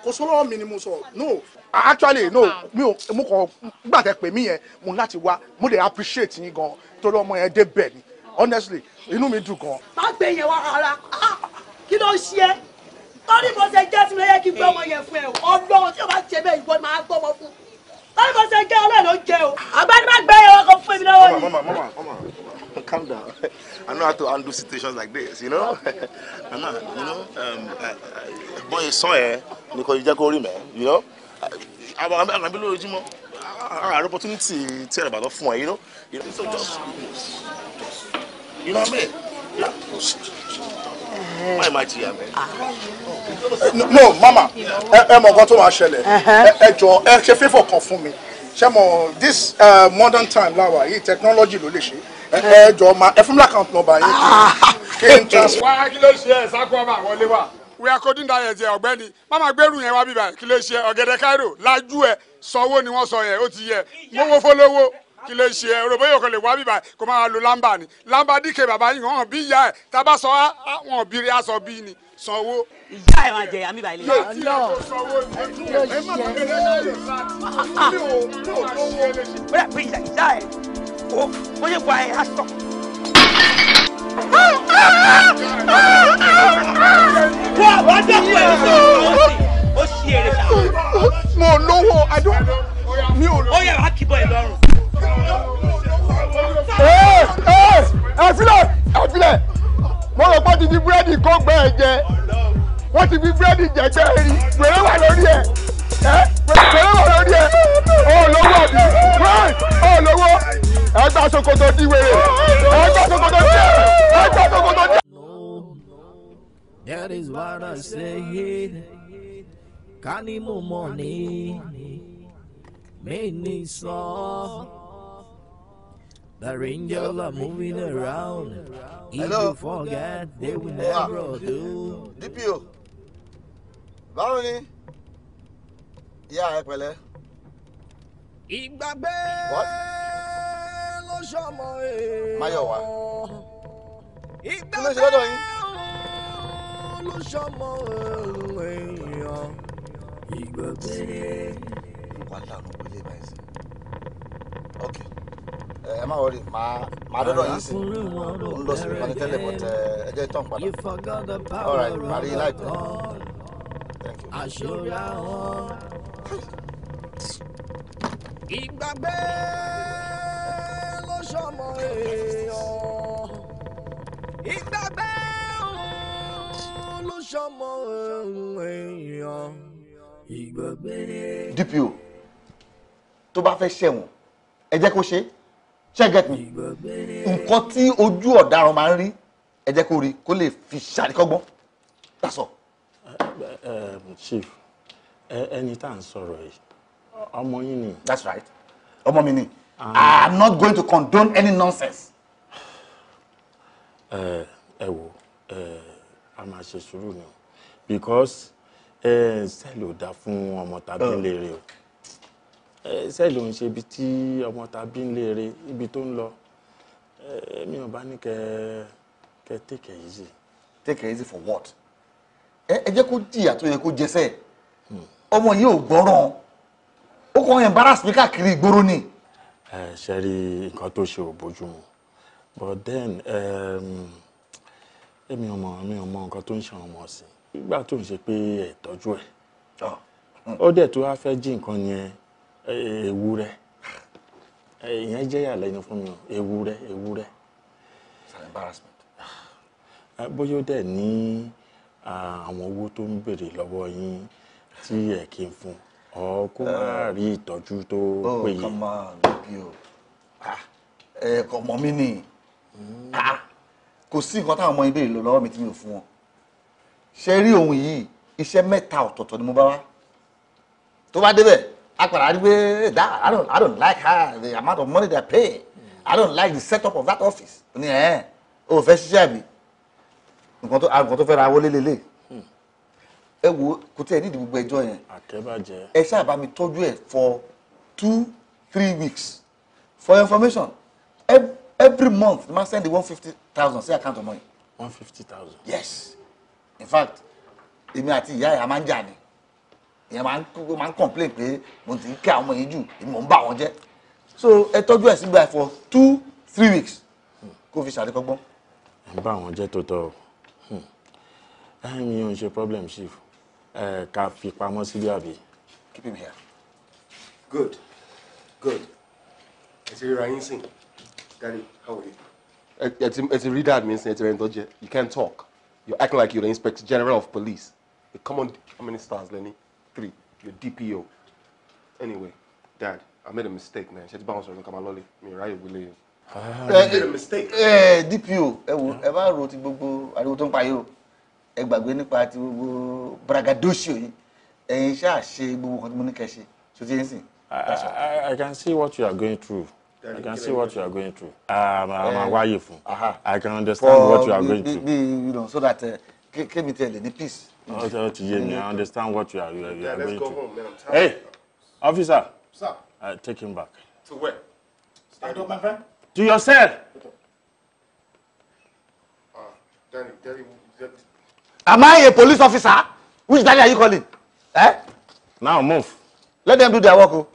kò sówó lọ́wọ́ mi ni mo sọ no actually no mi ò mo kàn nígbà tẹ pè mí yẹn mo láti wá mo dey appreciate yín gan torí ọmọ yẹn dé bẹ́ẹ̀ ni honestly inú mi dùn gan. má gbé yẹn wá rárá ah, kí ló ń ṣe é torí mo ṣe jẹ́ sí mi kí gbé ọmọ yẹn fún ẹ o ọlọ́run tí o bá ṣe bẹ́ẹ̀ ìwọ ni gbọ́ ọmọ fún torí mo ṣe jẹ́ ọlọ́run ló jẹ o àgbàdìmàgbẹ́ yẹn wọ́n kọ́ fún mi lọ́wọ́ ni. mama mama mama calm down i know how to handle situations like this you know mama you know bọ́n ìsán ẹ ni kò jẹ́ kó rí mẹ́ you know àwọn àgbẹ̀ lójoojúmọ́ our opportunity tí ẹ̀rọ ìbàdàn fún ẹ you know you know what i mean má ẹ jìyà bẹ́ẹ̀. no mama ẹ mọ nǹkan tó máa ṣẹlẹ̀ ẹ jọ ẹ ṣe fífọ̀ kan fún mi ṣe mọ this uh, modern time láwa yìí technology ló lè ṣe ẹ jọ ma ẹ fún mi account number yìí kí n transfer. wá kí ló ṣe ẹ sákúrọ́bà wọlé wa wíyá kódín dayẹ̀ jẹ ọ̀gbẹ́ni má máa yẹn wá bíbá kí ló ṣe ọ̀gẹ̀dẹ̀ Cairo lájú ẹ sanwó ni wọ́n sọ yẹn ó ti yẹ mówó fólówó kí ló ṣe ẹ òròbó yòó kan lè wá bíbá kó máa lo lámbà ni lámbà díkẹ bàbá yìí hàn bí ìyá ẹ tábà sọ àwọn òbí rẹ aṣọ bí ni sanwó. ìyá ẹ máa jẹ àmì ìbàlẹ̀. yóò tí yóò sanwó ni ẹ má bẹ̀rẹ̀ lọ́dọ̀ ah, ah. mi ò lówó. bóyá pé ìyá ẹ o mo yẹ wá ẹ aṣọ. wọ́n àwọn adẹ́kùn ẹ̀ ló ṣe é rẹ̀ ṣá. mo lówó mi ò lówó. ó yẹ wá kí bọ́ ẹ lọ́rùn ẹ ẹ mo rò pé ti fi búrẹ́dì kó gbẹ ẹ jẹ wọ́n ti fi búrẹ́dì jẹjẹ rí wèrè wà lórí ẹ wèrè wà lórí ẹ ó lówó àbí wẹ́ẹ̀ ó di wèrè ẹ gba di ẹ gba di. That is what I say. Ká ní mo mọ̀ Many saw. The angels are moving around. If Hello. you forget, they will never do. DPO. Báwo ni? Ìyá ẹ pẹ̀lẹ́. Ìgbàgbé ló ṣọmọ èèyàn. Máyọ̀wá. Ìgbàgbé ló ṣọmọ èèyàn. Ìgbàgbé. Wàhálà ló wọlé báyìí sí. Okay ẹ má wọlé màá màá dọ́dọ̀ yín sí n lọ síbi kan but ẹ jẹ́ tán padà all right màá rí yín thank you. ìgbàgbé ló sọmọ èèyàn ìgbàgbé ló sọmọ èèyàn ìgbàgbé. DPO tó bá fẹ́ ṣẹ̀wọ̀n ẹ jẹ́ kó ṣe ṣe get me nǹkan tí ojú ọ̀daràn máa ń rí ẹ jẹ́ kó rí kó lè fi ṣàríkọ́gbọ́n dasọ. chief ẹni tá à ń sọ̀rọ̀ yìí ọmọ yín ni. that's right ọmọ mi ni i am not going to condone any nonsense. ẹ wo a máa ṣe sùúrù ni because sẹ́ẹ̀lì ò dáa fún ọmọ tàbí oh. lè rè o iṣẹ́ ló ń ṣe ibi tí ọmọ tàbí ń léèrè ibi tó ń lọ mi ò bá ní kẹ kẹ take it easy. take it easy for what? ẹ jẹ́ kó jìyà tó yẹ kó jẹsẹ̀ ọmọ yìí ò gbọ́ràn ó kàn embarrass mi káàkiri ìgboro ni. ẹ ṣe rí nǹkan tó ṣe ò bójú mu but then èmi ò mọ èmi ò mọ nǹkan tó ń ṣe ọmọ sí i nígbà tó ń ṣe pé ẹ tọ́jú ẹ̀ ah, hmm. ó dẹ̀ tó wá fẹ́ jí nǹkan yẹn ewúrẹ́ ìyẹn jẹ́ ìyàlẹ́nu fún mi o ewúrẹ́ ewúrẹ́. it's an embarrassment. bóyá ó dẹ̀ ní àwọn owó tó ń béèrè lọ́wọ́ yín tí ẹ̀ kí n fún ọ kó má eh, rí ìtọ́jú tó oh, péye. oh come on bí o ah. ẹ̀ẹ̀kọ̀ mọ́ mi nì ah, kò sí nǹkan táwọn ọmọ ìbéèrè lọ lọ́wọ́ mi tí mi ò fún wọn ṣe rí ohun yìí iṣẹ́ mẹ́ta ọ̀tọ̀ọ̀tọ̀ ni mo bá wá tó bá débẹ̀ I, I, I, don't, I don't like her, the amount of money they pay. I don't like the setup of that office. Oh, eh, ẹ̀ o I'm going to Nǹkan tó nǹkan tó fẹ́ ra wọlé lélẹ̀. Ẹ wo kò tí ẹ nídìí gbogbo ẹjọ́ yẹn. Àtẹ́bàjẹ́. Ẹ ṣáà bá mi tọ́jú ẹ̀ for two three weeks. For information, every, month they must send the one fifty thousand sí account of money. one fifty thousand. Yes. In fact, èmi àti ìyá ẹ̀ a máa ń jà ni ìyẹn máa ń ó máa ń complain pé mo ti ń kí àwọn ọmọ yìí jù èmi mò ń bá wọn jẹ́ so ẹ tọ́jú ẹ̀ sígbà for two three weeks kó fi ṣàríkọ́gbọ́n. ẹ bá wọn jẹ́ tó tọ́ hmm. ẹ mi ò ń ṣe problem chief ẹ ká fi pamọ́ síbí àbí. keep him here. good good ẹ ti ríra yín sìn daddy how are you. ẹ ti ẹ ti rí dad mi sìn ẹ ti rẹ̀ ń tọ́jú you can't talk you're acting like you're the inspector general of police the common how many stars lẹ́ni three, your DPO. Anyway, Dad, I made a mistake, man. Ṣé ti bá wọn sọ̀rọ̀ kàmá lọ́lẹ̀? Mi ò ráyè wílé o. Ah. I made a mistake. Eh, eh DPO ẹ wo ẹ bá ro ti gbogbo ariwo tó ń pa yìí o. Ẹ gbàgbé nípa ti gbogbo braggadocio yìí. Ẹ̀yin ṣáà ṣe gbogbo nǹkan I can see what you are going through. Daddy, I can see what you are going through. Um, I'm uh, a wife. Uh -huh. I can understand For, what you are going through. Be, be, you know, so that uh, eh, Kemi tell the peace ọtí ọtí yé mi i understand what you are you are, you are yeah, going to home, man, I'm tired. hey officer sir uh, take him back to where Stand up, my friend. to your cell. Uh, ah, Danny, Danny, Danny. am i a police officer which Danny are you calling eh. now move. let them do their work oh.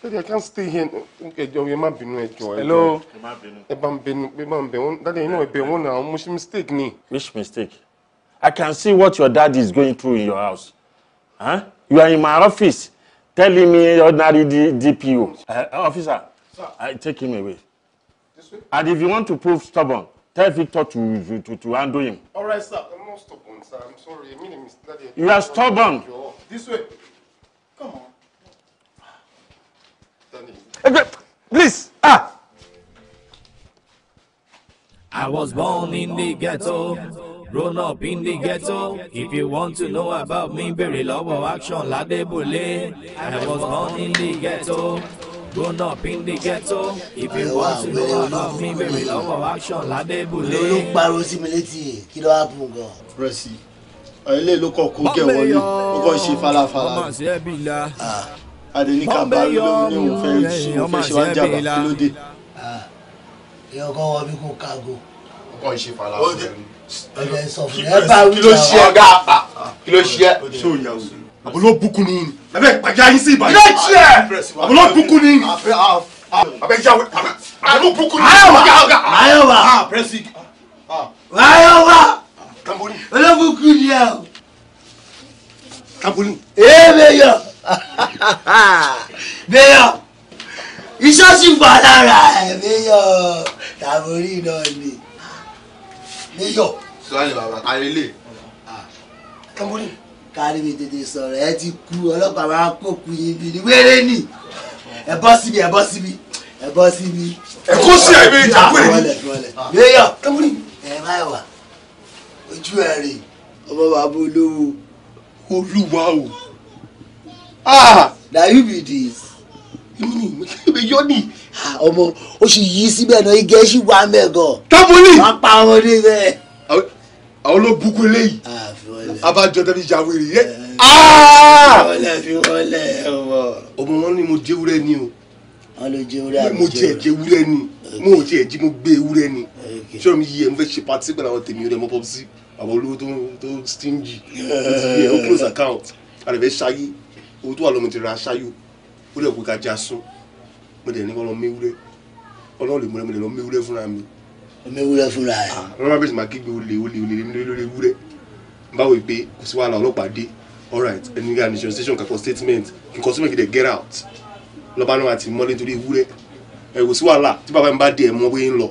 Daddy, I can't stay here. Ẹjọ́ ẹ má bínú ẹjọ́. Hello. Ẹ má bínú. Ẹ bá ń bínú. Ẹ bá ń bẹ̀ wọ́n. Daddy, ẹ náà ẹ bẹ̀ wọ́n mistake ni. Which mistake? I can see what your dad is going through in your house. Huh? You are in my office telling me ordinary D DPO. Uh, uh, officer, Sir. I uh, take him away. This way? And if you want to prove stubborn, tell Victor to, to, to, to handle him. All right, sir. I'm not stubborn, sir. I'm sorry. I mean, I'm studying. You are stubborn. This way. Come on. Danny. Eh, please. Ah. I was born in the ghetto. Grown up in the ghetto. If you want to know about me, love of Action Ladebule. I was born in the ghetto. Grown up in the ghetto. If you want to know about me, love of Action Ladebule. ló ló pariwo sí mi kẹ wọlé ó kọ ṣe falafala. adenika bá lómi ní òun fẹ́ ṣe òun ṣe wá ń jàmbá kí ló dé. ìyọkọ wọbi kò kágo. ó kọ ṣe falafala kí ló ṣe ọ̀gá àpà kí ló ṣe ṣé òyàwó àbúlọ bukun ní ní abẹ ìpàjá yín sí ìbàdàn yóò ṣe àbúlọ bukun ní ní abẹ jáwé àbúlọ bukun ní ní ọ̀gá ọ̀gá ayọwà ayọwà olóbùkún ni ẹ o tamboli. ee mayor mayor iṣẹ́ sì wà lára ẹ̀ mayor tamboli náà ni níyọ̀. sọ́ọ́lì bàbá kárí lè. kẹ́mbúrì. kárí mi tètè sọ̀rọ̀ ẹ ti kú ọlọ́pàá máa kó kú yín bí ni wéré nì ẹ bọ́ síbi ẹ bọ́ síbi ẹ bọ́ síbi. ẹ kó sí àìbẹ ìjàkúrẹ ni. níyọ̀ kẹ́mbúrì. ẹ má wà ojú ẹ rè ọmọ bàbá olówó olúwa o. ah, ah. na you be this. èmi ni mo kí ló bẹ yọ ni ọmọ ó sì yí síbẹ̀ náà igi ẹ̀ sì wà mẹ́gàn. tábùlì wàá pa wọn níbẹ̀. àwọn ló bukú eléyìí abájọ tẹbi jáwèrè yẹ. wọlé fi ọmọ. ọmọ wọn ni mo jẹ́wúrẹ́ ni o. wọn ló jẹ́wúrẹ́ àbí jẹ́wúrẹ́. mo tiẹ̀ jẹ́wúrẹ́ ni mo ò tiẹ̀ mo gbé ewúrẹ́ ni. sọ mi yí mo fẹ́ ṣe patí pẹ̀lú àwọn tèmi rẹ̀ mo pọ̀ sí àwọn olówó tó tó stingy ó close account àrẹ̀fẹ́ ṣáyé owó tó wà lọ́mọ ti ra ṣáyò lè kó ká já sún mo ní kọ́ lọ méwúrẹ́ ọlọ́run lè múlẹ̀ fúnra mi. méwúrẹ́ fúnra rẹ. àwọn máa máa kígbe olè olè olè lórí ewúrẹ́ báwo pé kò sí wàhálà ọlọ́pàá dé all right ẹni ní admission station kakọ statement nǹkan sọ́mọ̀ kìdẹ̀ get out lọ́ba náà àti mọ́lẹ́ nítorí ewúrẹ́ ẹ kò sí wàhálà tí bàbá mi bá dé ẹ mọ bóyá ń lọ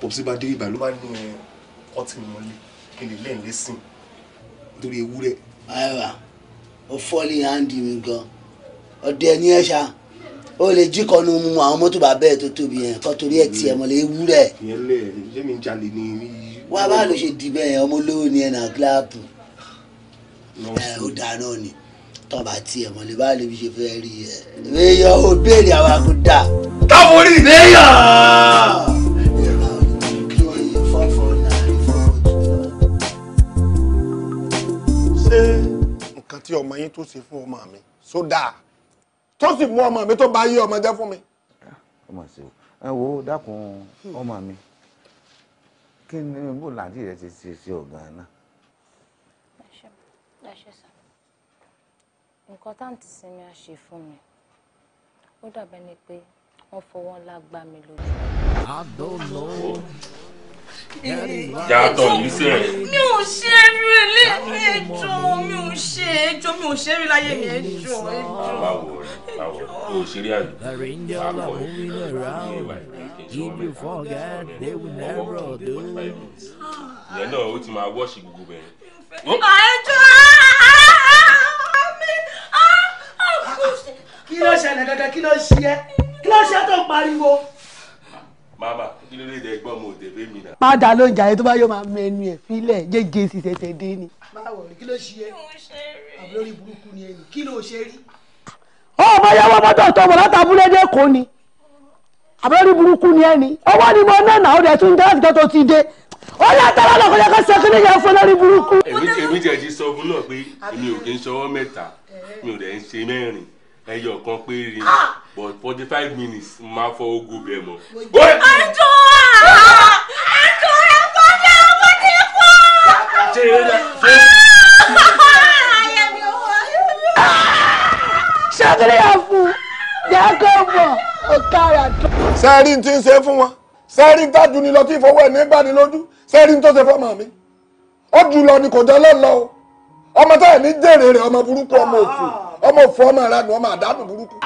pọ̀pùsí bá dé ibà ló bá ní ọtí mọ́lẹ́ kí n nítorí ewúrẹ́. báyọ̀ ó fọ́ọ̀lì hàndì mi gan ọ̀dẹ̀ ni ẹ̀ ṣáà o lè jí kọnu mu àwọn mọ́tò bàbá ẹ̀ tó tóbi yẹn kọ́ torí ẹ̀ tiẹ̀ mọ́ lè wúrẹ̀. ìyẹn lè ṣé mi ń jalè ní. wá bá ló ṣe dìbẹ́ yẹn ọmọ olówó ni ẹ̀ nà gíláàpù ẹ̀ ó dáná ni tọba tí ẹ mọ̀lẹ́ bá lè fi ṣe fẹ́ rí ẹ. èèyàn ò béèrè àwọn àkúdà. káforí ìbéèyàn. ṣé nǹkan tí ọmọ yín tó ṣe fún ọmọ mi sódà. So tó sì mú ọmọ mi tó bá yé ọmọ jẹ́ fún mi. ọmọ sí o ẹ wo dákun ọmọ mi kí ni bó làǹdí rẹ ti ṣe sí ọ̀gá náà. nǹkan táǹtì sinmi á ṣe fún mi ó dàbẹ́ ni pé wọ́n fọwọ́ ńlá gbá mi lójú. I don't know yàtọ̀ yìí sẹ́. mi ò ṣe eré eléyìí ẹjọ́ mi ò ṣe ẹjọ́ mi ò ṣe eré láyé ẹjọ́ ẹjọ́. báwo rẹ báwo o ṣe rí àyè àpọ̀ ẹ̀ ìyẹn náà ó ti máa wọ́ọ̀ṣì gbogbo bẹ̀rẹ̀. ẹjọ́ mi kí ló ṣẹlẹ̀ gẹ́gẹ́ kí ló ṣe é kí ló ṣe tó pariwo mama kí ló lè dẹ gbọ́ mo tẹ̀lé mi náà. má dá lóúnjẹ ayé tó bá yóò máa mẹnu ẹ fílẹ̀ jẹ́jẹ́ sì ṣẹ̀ṣẹ̀ dé ni. báwo ni kí ló ṣe é àbúlórí burúkú ni ẹni kí ló ṣe rí. ó ọmọ yẹn wọ́n mọ́tò tó wọ́n látàbúlé dé kò ní àbúlórí burúkú ni ẹni owó ni mo ná náà ó dẹ̀ tún dẹ́rẹ́sì tó ti dé ó yà tẹ́lá lọ kó yẹ kó sẹ́kí ní yẹn fún lórí burúkú. èmi tẹ̀ ti sọ fún náà pé èmi ò kí ń ṣọwọ́ mẹ́ta mi ò dẹ̀ ń ṣe mẹ́rin ẹyọ kan péré ah! but forty five minutes máa fọ ogun bẹ́ẹ̀ mọ́. àjọ àjọ ẹ̀fọ́ ni ọmọ ti fọ́. ṣe é ṣe. ṣọ́kìlì ọ̀fun jákòbọ̀ ọ̀kadà tó. sẹ́ẹ̀rì tí ń ṣe fún wọn sẹ́ẹ̀rì ń tájú ni lọ tí ìfọwọ́ ẹ̀ nígbà ní lójú sẹ́ẹ̀rì ń tó ṣe fọ́ọ̀mù mi ó jù lọ ni kò jẹ́ lọ́lọ́ o ọmọ táyà ní jèrè rẹ̀ ọmọ burúkú ọmọ òkú. ọmọ òfò ọmọ ara nù ọmọ àdánù burúkú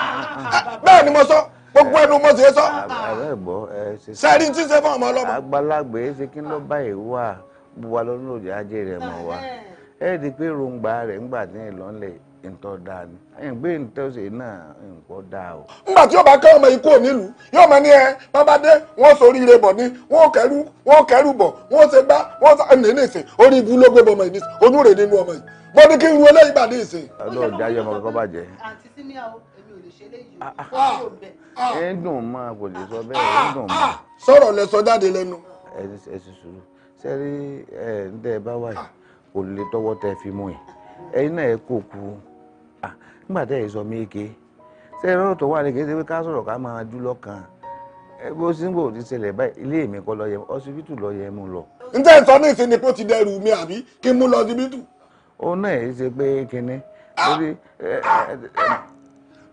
bẹ́ẹ̀ ni mo sọ gbogbo ẹnu mo sì sọ. sẹ́ẹ̀rì tí ń fún ọmọ Agbalagbe ṣe kí ló buwa lọ́nà òjò ajé rẹ̀ mọ̀ wá ẹ̀ẹ́dì pé rẹ̀ ń gbà ní nǹkan dáa ni ẹ̀yìn gbé nǹkan ṣe náà nkọ dáa o. nígbà tí ó bá kẹ́ ọmọ ikú nílùú yóò máa ní ẹ bá dé sọ oríire ni wọn kẹ́rù kẹrù kẹ́rù wọ́n ṣe gbá wọn ṣe ẹ̀mí ní ìsìn orí ibu ló gbé ìdí ojú rẹ̀ nínú ọmọ yìí kí n ru eléyìí ọmọ kọ́kọ́ bàjẹ́. èmi ò lè ṣe eléyìí ah, ah. Ah, ẹ dùn mọ́ kò lè sọ bẹ́ẹ̀ ẹ dùn nígbà tẹ́ ẹ̀ sọ mí ké ṣé lọ́rọ̀ tó wà lẹ́kẹ̀ẹ́ ṣe pé ká sọ̀rọ̀ ká máa dú lọ́kàn bó síbò ti ṣẹlẹ̀ báyìí ilé mi kọ́ lọ ọsibítù lọ yẹ mú lọ. njẹ́ sọ ní ìsinmi pé àbí kí lọ ọsibítù. ó náà ṣe pé kinní. Ah! Ah! Ah!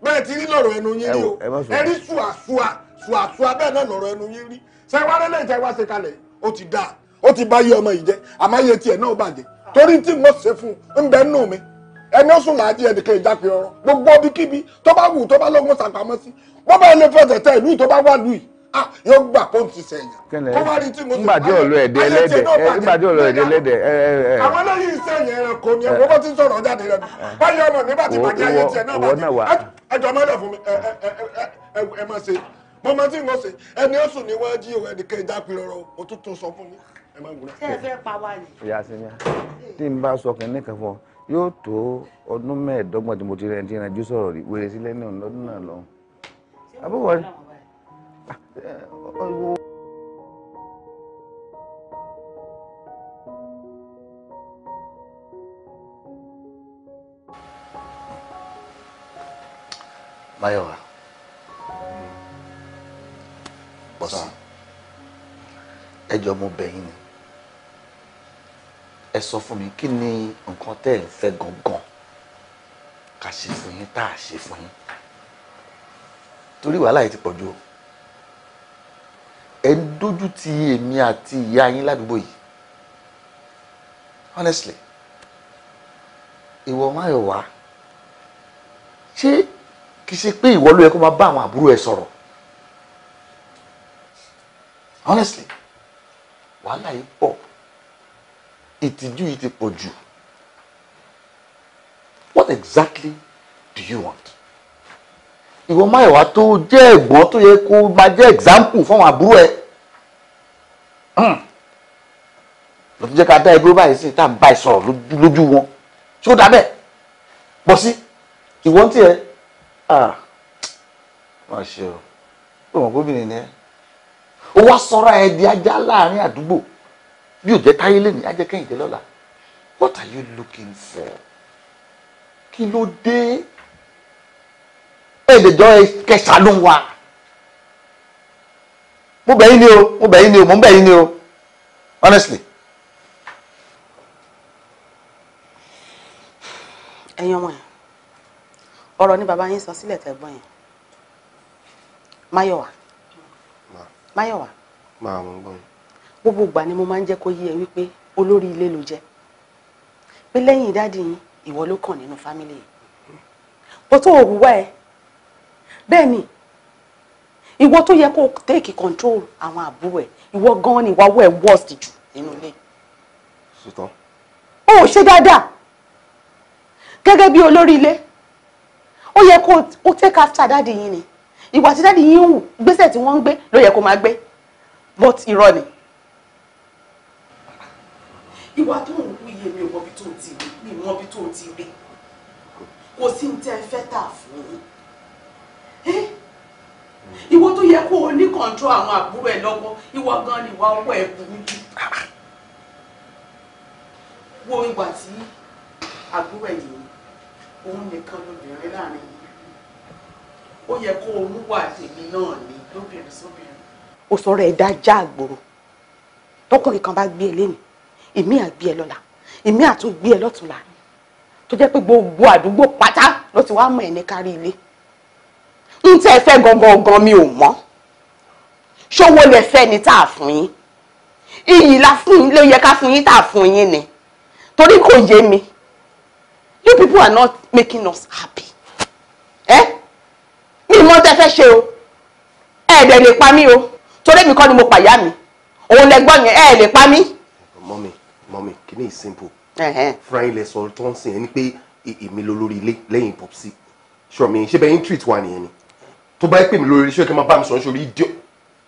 bẹ́ẹ̀ ti rí ẹnu yín rí o ẹ rí ṣùàṣùà ṣùàṣùà bẹ́ẹ̀ náà lọ́rọ̀ ẹnu yín rí ṣẹ́wárẹ́ lẹ́yìn tẹ́ wá ṣe kalẹ̀ ó ti dáa ó ti bá yé ẹni ó sùn láàjì ẹnìkan ìjápẹ ọ̀rọ̀ gbogbo ibikíbi tó bá wù tó bá lọ́gbọ́n sàpamọ́ sí bó bá ilé fẹsẹ̀ tẹ ìlú tó bá wà lù yìí ah yóò gbà pọ́ǹtì sẹ̀yìn. kẹlẹ ngbàdí ọlọ ẹdẹ lẹdẹ ngbàdí ọlọ ẹdẹ lẹdẹ. àwọn eléyìí sẹ̀yìn ẹranko ni ẹwọ bó ti ń sọ̀rọ̀ jáde rẹ báyọ ọmọ nígbà tí bàjẹ́ ayé tiẹ̀ náà bàjẹ́ ẹjọ mọ́lẹ̀ fún mi ẹ má ṣe mo máa ti ń wọ́n ṣe ẹni ó sùn níwọ̀n jí o ẹnìkan ìjápẹ ọ̀rọ̀ òtútù sọ fún mi ẹ má wúlò. ṣé ẹ fẹ́ pa wá ni. ìyá sinmi tí n bá sọ kìnnìkan fún ọ yóò tó ọdún mẹ́ẹ̀ẹ́dọ́gbọ̀n tí mo ti rẹ̀ ti rìn jù sọ̀rọ̀ rí wèrè sílẹ̀ ní ọdún náà lọ́hùn. àbúrò rẹ̀ Báyọ̀wá. Bọ́sán. Ẹjọ́ mo bẹ̀ ni ẹ sọ fún mi kí ni nǹkan tẹ́ ẹ̀ ń fẹ́ gangan ká ṣe fún yín tá a ṣe fún yín torí wàhálà yìí ti pọ̀ jù o ń dójú ti èmi àti ìyá yín ládùúgbò yìí honestly ìwọ máa yọ wá ṣé kì í ṣe pé ìwọ ló yẹ kó máa bá àwọn àbúrò ẹ sọ̀rọ̀ honestly wàhálà yìí pọ̀ ìtìjú yìí ti pọ̀ jù what exactly do you want? ìwọ máyọ̀wá tó jẹ́ ẹ̀gbọ́n tó yẹ kó máa jẹ́ example fún àwọn àbúrò ẹ̀ hmm. ló ti jẹ́ ká dá ẹgbẹ́ báyìí sí tá à ń bá ẹ sọ̀rọ̀ lójú wọn tí ó dá bẹ́ẹ̀ pọ̀ sí ìwọ ń tiẹ̀ ah. máa ṣe o ó mọ̀ gómìnà ni ẹ ó wá sọ́ra ẹ di ajá láàrin àdúgbò bí ò jẹ́ táyé lẹ́nu á jẹ́ kẹ́hìndé lọ́la what are you looking for kí ló dé ẹ lè jọ kẹsànán wa mo bẹ̀ yín ni o mo bẹ̀ yín ni o mo bẹ̀ yín ni o honestly. ẹ̀yin ọmọ yẹn ọ̀rọ̀ ni bàbá yín sọ sílẹ̀ tẹ̀gbọ́n yẹn Máyọ̀wá Máyọ̀wá. máa mú gbọ́n gbogbo ìgbà ni mo máa ń jẹ́ kó yé ẹ wípé olórí ilé ló jẹ́ pé lẹ́yìn dáàdì yín ìwọ ló kàn nínú fámìlì yìí bó tó ò wúwá ẹ bẹ́ẹ̀ ni ìwọ tó yẹ kó take control àwọn àbúrò ẹ ìwọ gan ni ìwà wọ ẹ worst jù nínú ilé. O ó ò ṣe dáadáa gẹ́gẹ́ bí olórí ilé ó yẹ kó o take after dáàdì yín ni ìwà tí dáàdì yín ń hù gbèsè tí wọ́n ń gbé ló yẹ kó máa gbé but irọ́ ni ìwà tó ń wú iye mi ò mọbi tó ti rí mi mọbi tó ti rí kò sí ní tẹ́ fẹ́ tà fún un ìwọ tó yẹ kó o ní kọńtró àwọn àbúrò ẹ lọ́wọ́ ìwọ gan ni ìwà ọwọ́ ẹ burú jù wo ìgbà tí àbúrò ẹ yìí òun nìkan lóbìnrin láàrin yìí ó yẹ kó o mú wà tèmi náà ni lóbìnrin sóbìnrin. ó sọ̀rọ̀ ẹ̀ dá já tọkùnrin kan bá gbé e lénìí èmi àgbé ẹ lọ́la èmi àtún gbé ẹ lọ́túnla tó jẹ́ pé gbogbo àdúgbò pátá ló ti wá mọ̀ ẹ́ ní kárí ilé ń tẹ́ ẹ fẹ́ gangan gan mi ò mọ̀ ṣówó lẹ fẹ́ ni tá a fún yín iyì la fún yín ló yẹ ká fún yín tá a fún yín ni torí kò yé mi you people are not making us happy ẹ mi mọ tẹ́ fẹ́ ṣe o ẹ dẹ̀ lè pa mí o torí mi kọ́ ni mo pàyà mi òun lẹ gbọ́ yẹn ẹ lè pa mí mọ́mí kìíní simple fúráyìn lẹ sọ tó ń sìn ẹni pé èmi ló lórí ilé lẹ́yìn popsi ṣọ́ọ̀mì ṣé bẹ́ẹ̀ ń treat wa nìyẹn ni tó bá pè mí lórí iṣẹ́ kí n máa bá mi sọ̀rọ̀ sórí idiot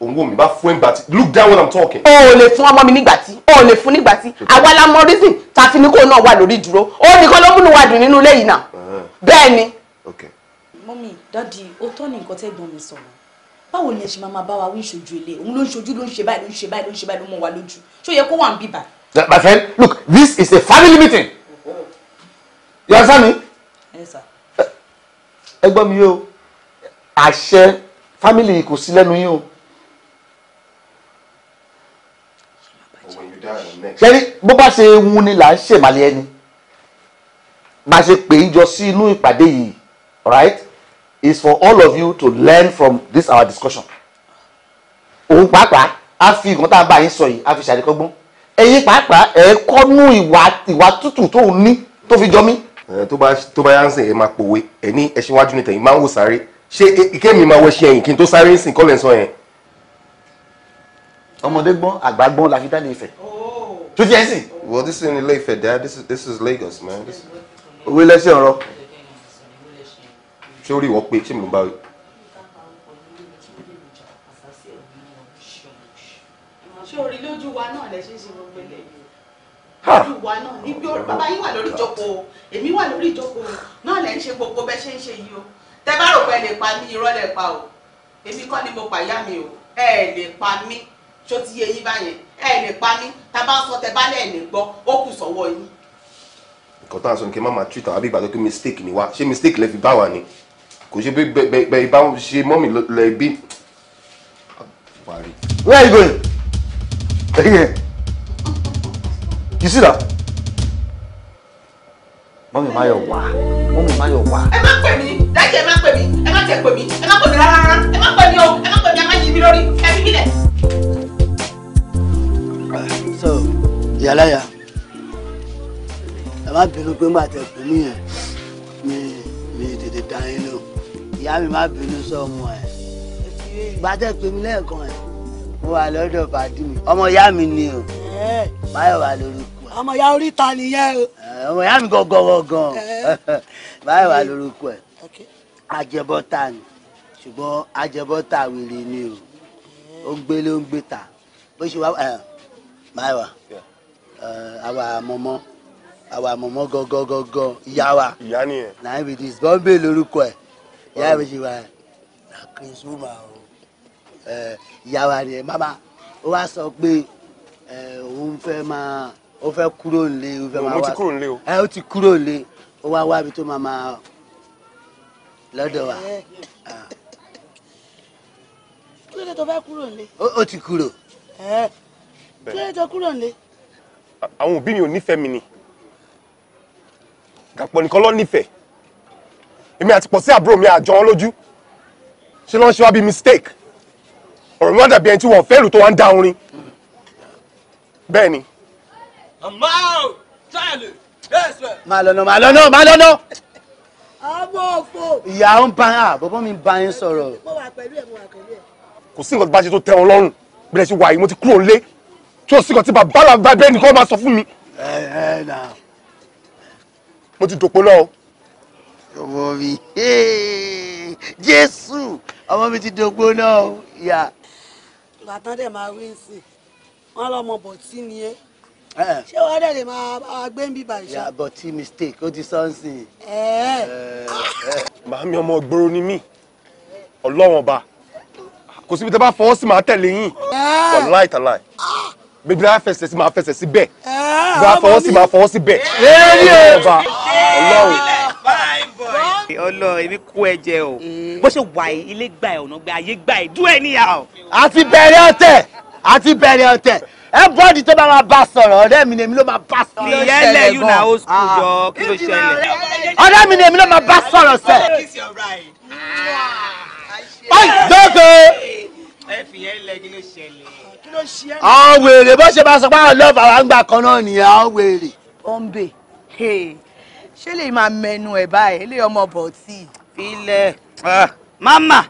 òun mi bá fún ẹ̀ gbàtí look down when i'm talking. o ò lè fún ọmọ mi nígbàtí o ò lè fún nígbàtí àwa la mọ reason ta fi ni kó náà wà lórí dúró ó nìkan ló múnú wa dùn nínú ilé yìí náà bẹ́ẹ̀ ni. mọ́mí dádì ó tọ́ ní nǹkan tẹ́gbọ́n mi sọ̀rọ̀ báwo ni ẹ ṣe máa bá wa wí ìṣojú ilé òun ló ń ṣojú ló ń ṣe báyìí ló ń ṣe báyìí ló ń ṣe báyìí ló mọ̀ wá lójú ṣó yẹ kó wà ń bíbà That, my friend, look, this is a family meeting. You understand me? Yes, sir. Ẹ gbọ́ mi o, àṣẹ family kò sí lẹ́nu yín o. Ṣẹ́rí bó bá ṣe wun ni là ń ṣèmàlẹ́ ẹni. Bá ṣe pè é jọ sí inú ìpàdé yìí, right? Is for all of you to learn from this our discussion. Òun pàápàá á fi ìgbọ́n tá a bá yín sọ yìí, á fi ṣàdékọ́gbọ́n ẹ̀yin pàápàá ẹ̀ kọ́nú ìwà ìwà tútù tó ní tó fi jọ mí. tó bá tó bá yá ń sìn ẹ máa pòwe ẹ ní ẹṣin wájú ní tẹ̀yìn máa ń wò sáré ṣé ike mi máa wọ ẹṣin ẹ̀yìn kí n tó sáré ń sìn kọ́lẹ̀ ń sọ yẹn. ọmọdé gbọ́n àgbà gbọ́n la fi dá Ilé-Ifẹ̀ oh. tó jẹ́ sìn. well this is in Ilé-Ifẹ̀ dad this is, this is Lagos man. owó lẹ́sẹ̀ ọ̀rọ̀. ṣé orí ìwọ pé ṣé mi ló bá wí. ṣé orí lójú wa náà lẹ ìwà náà níbi ọ̀rọ̀ bàbá yín wà lórí ìjọpọ̀ o èmi wà lórí ìjọpọ̀ o náà lẹ́ ń ṣe gbogbo bẹ́ ṣe ń ṣe yìí o tẹ bá rò pé lè pa mí irọ́ lẹ pa o èmi kọ́ ni mo pàyà mi o ẹ lè pa mí ṣó ti yé yín báyẹn ẹ lè pa mí tá a bá sọ tẹ bá lẹ́ẹ̀ lè gbọ́ ó kù sọ́wọ́ yín. nǹkan tá a sọ ni kí n má máa treat àwọn àbí ìgbàdo pé mistake ni wá ṣé mistake lẹ fi bá wa ni kò ṣe bí bẹ́ẹ̀ bá ṣe mọ́mì lẹ bí. where are you going? You see that? Mọ́mì má yọ̀ wá. Mọ́mì má yọ̀ wá. Ẹ má pè mí, dájú ẹ má pè mí, ẹ má tẹ̀ pè mí, ẹ má pè mí rárá rárá, ẹ má pè mí o, ẹ má pè mí, ẹ má yí mi lórí, ẹ fi mí lẹ̀. So, ìyáláyà, ẹ má bínú pé má tẹ̀ pè mí yẹn ní ní tètè dá yín lò. Ìyá mi má bínú sọ́mọ ẹ̀. Ìgbà tẹ̀ pè mí lẹ́ẹ̀kan ẹ̀, mo wà lọ́dọ̀ pàdí mi, ọmọ ìyá mi ni o. báyọ̀ wà lórúkọ ọmọ ya oríta nìyẹn o. ọmọ ya mi gangan gangan báyọ̀ wà lórúkọ ẹ̀ ajẹbọta ni ṣùgbọ́n ajẹbọta wèrè ni o ó gbé ló ń gbé ta bó ṣe wá báyọ̀ àwa mọ̀mọ́ àwa mọ̀mọ́ ìyá wa lórúkọ ìyá mi ṣe wá ìyá wa ni ó wá sọ pé. Eh, òun fẹ́ máa ó fẹ́ kúrò nílé ó fẹ́ máa wá mo ti kúrò nílé o ẹ eh, ó ti kúrò nílé ó wá wá ibi tó máa máa lọ́dọ̀ wa. Eh. Ah. kí ló dé tó fẹ́ kúrò nílé. ó ti kúrò. kí ló dé tó kúrò nílé. àwọn òbí mi ò nífẹ̀ẹ́ mi ni Gàpọ̀ nìkan ló nífẹ̀ẹ́ èmi àti Pọ̀sí àbúrò mi àjọ wọn lójú ṣé ló ṣe wá bíi mistake ọ̀rọ̀ mi wá dàbí ẹni tí wọ́n fẹ́ lù tó wá ń dá orin. Benny, ni. máa lọ náà máa lọ náà máa lọ náà. ọmọ òfò. ìyá ń bá a bọ́bọ́ mi bá yín sọ̀rọ̀. mo wà pẹ̀lú ẹ̀ mo wà pẹ̀lú ẹ̀. kò sí nǹkan tó bá ṣe tó tẹ́ wọn lọ́rùn bẹ̀rẹ̀ sí wàyí mo ti kúrò lé tí o sì kàn ti bàbá làbá bẹ́ẹ̀ nìkan máa sọ fún mi. ẹ ẹ nà. mo ti dòpó lọ o. ọmọ mi jésù ọmọ mi ti dòpó náà bàtán dẹ̀ máa wí sí i wọn lọmọ bọ̀tí ni ẹ eh, eh. ṣé wàá dẹ̀ lè máa bá wa gbé ń bíbà ìṣá. bọ̀tí mistake ó ti sọ́nsìn. Eh, màámi ọmọ gbòòrò ni mí ọlọ́wọ̀n ọba kò síbi tí a bá fọwọ́ sí màá tẹ̀lé yín ọ̀láì tàláì bébí a fẹsẹ̀ sí màá fẹsẹ̀ sí bẹ́ẹ̀ bí a fọwọ́ sí màá fọwọ́ sí bẹ́ẹ̀ ọba ọlọ́run. ọlọ èmi kú ẹ̀jẹ̀ o bó ṣe wà ilé gbà ẹ ọ̀nà gbà ayé gbà ẹ dú ẹ níyà o. a ti bẹ̀rẹ̀ ọ̀tẹ̀ àti bẹ̀rẹ̀ ọ̀tẹ̀ everybody tó bá máa bá sọ̀rọ̀ ọ̀rẹ́ mi ni èmi ló máa bá sọ̀rọ̀. ìyẹn lẹ yún náà ó sùn jọ kí ló ṣẹlẹ̀. Ah. ọ̀rẹ́ mi ni èmi ló máa bá sọ̀rọ̀ sẹ̀. ọ̀ì dókè. ẹ fi yẹn lẹ kí ló ṣẹlẹ̀. àwọn wèrè bó ṣe bá sọ pé àwọn lọ́ọ̀fù àwọn àgbà kan náà nìyẹn àwọn wèrè. ọ̀nbẹ ṣé lè máa mẹnu ẹ̀ báyìí lè ọmọ bọ̀tì. filẹ̀ ah, mama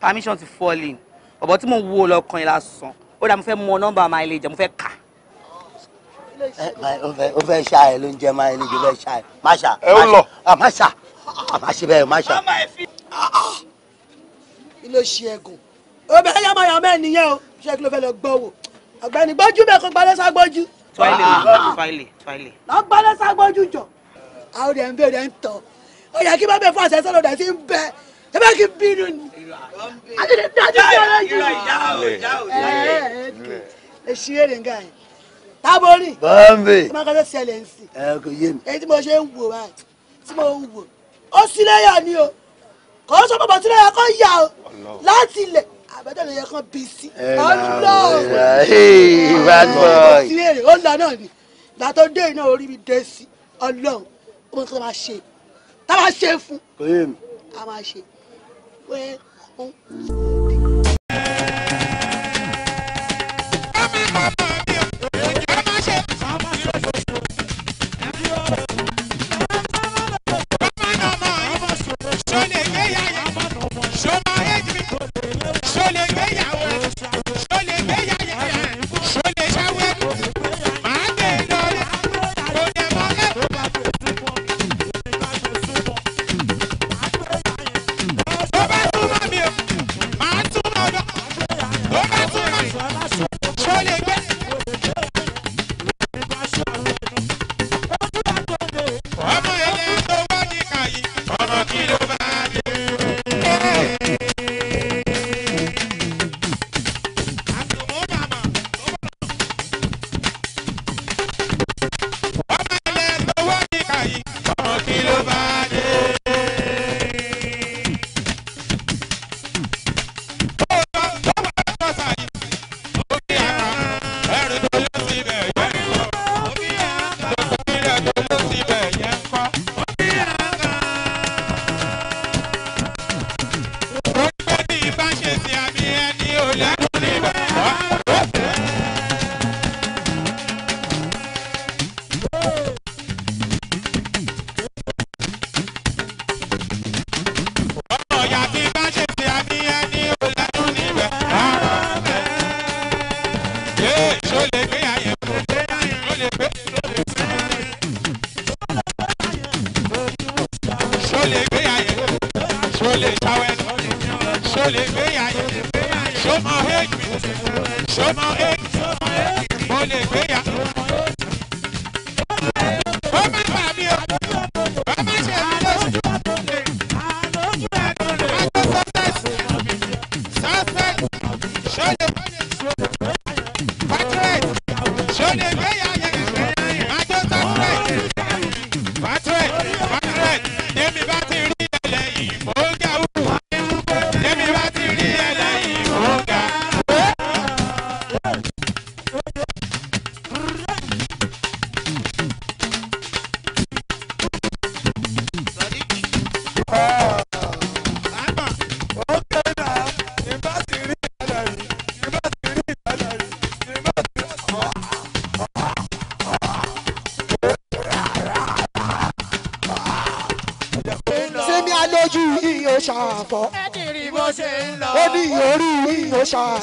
permission to fall in ọ̀bọ̀ tí mo wo lọ́kàn yìí lásán ó dà mo fẹ́ mọ nọ́mbà mileage mo fẹ́ kà. Eh, o fẹ́ ṣá ẹ ló ń jẹ mileage o fẹ́ ṣá ẹ má ṣá ẹ ó lọ má ṣá ah, ah, má ṣe bẹ́ẹ̀ má ṣá. ilé ṣe ẹ̀gùn obìnrin yàmọ̀ yàmọ̀ ẹ̀ nìyẹn o ṣé kí ló fẹ́ lọ gbọ́ wò ọ̀gbẹ́ni gbọ́jú bẹ́ẹ̀ kó gbalẹ́ ságbọ́jú. twaile ah. twaile twaile. lọ gbalẹ́ ságbọ́jú jọ àwọn ọ̀rẹ́ ń bèrè ń tọ̀ ó yẹ kí bá bẹ fún àṣẹ sọ́dọ̀ dẹ̀ sí ń bẹ ẹ bá kí bínú ni adede dájú dára yìí èsì èrè nga yẹn tábórì bọ́m̀bì tí wọ́n kọ́ sẹ́lẹ̀ ń sìn èyí tí mo ṣe ń wò báyìí tí mo ń wò ó sílẹ̀yà ni o kò sọ bọ̀bọ̀ sílẹ̀yà kò yà o láti ilẹ̀ àbẹ́tẹ̀ ló yẹ kán bí sí ọlọ́ọ̀ èsì èrè ó lọ náà ni gbàtọ́ dé iná orí mi dé sí ọlọ́ọ̀ ó mọ̀ kí wọ́n máa ṣe táwa ṣe fún a máa ṣe pé 哦。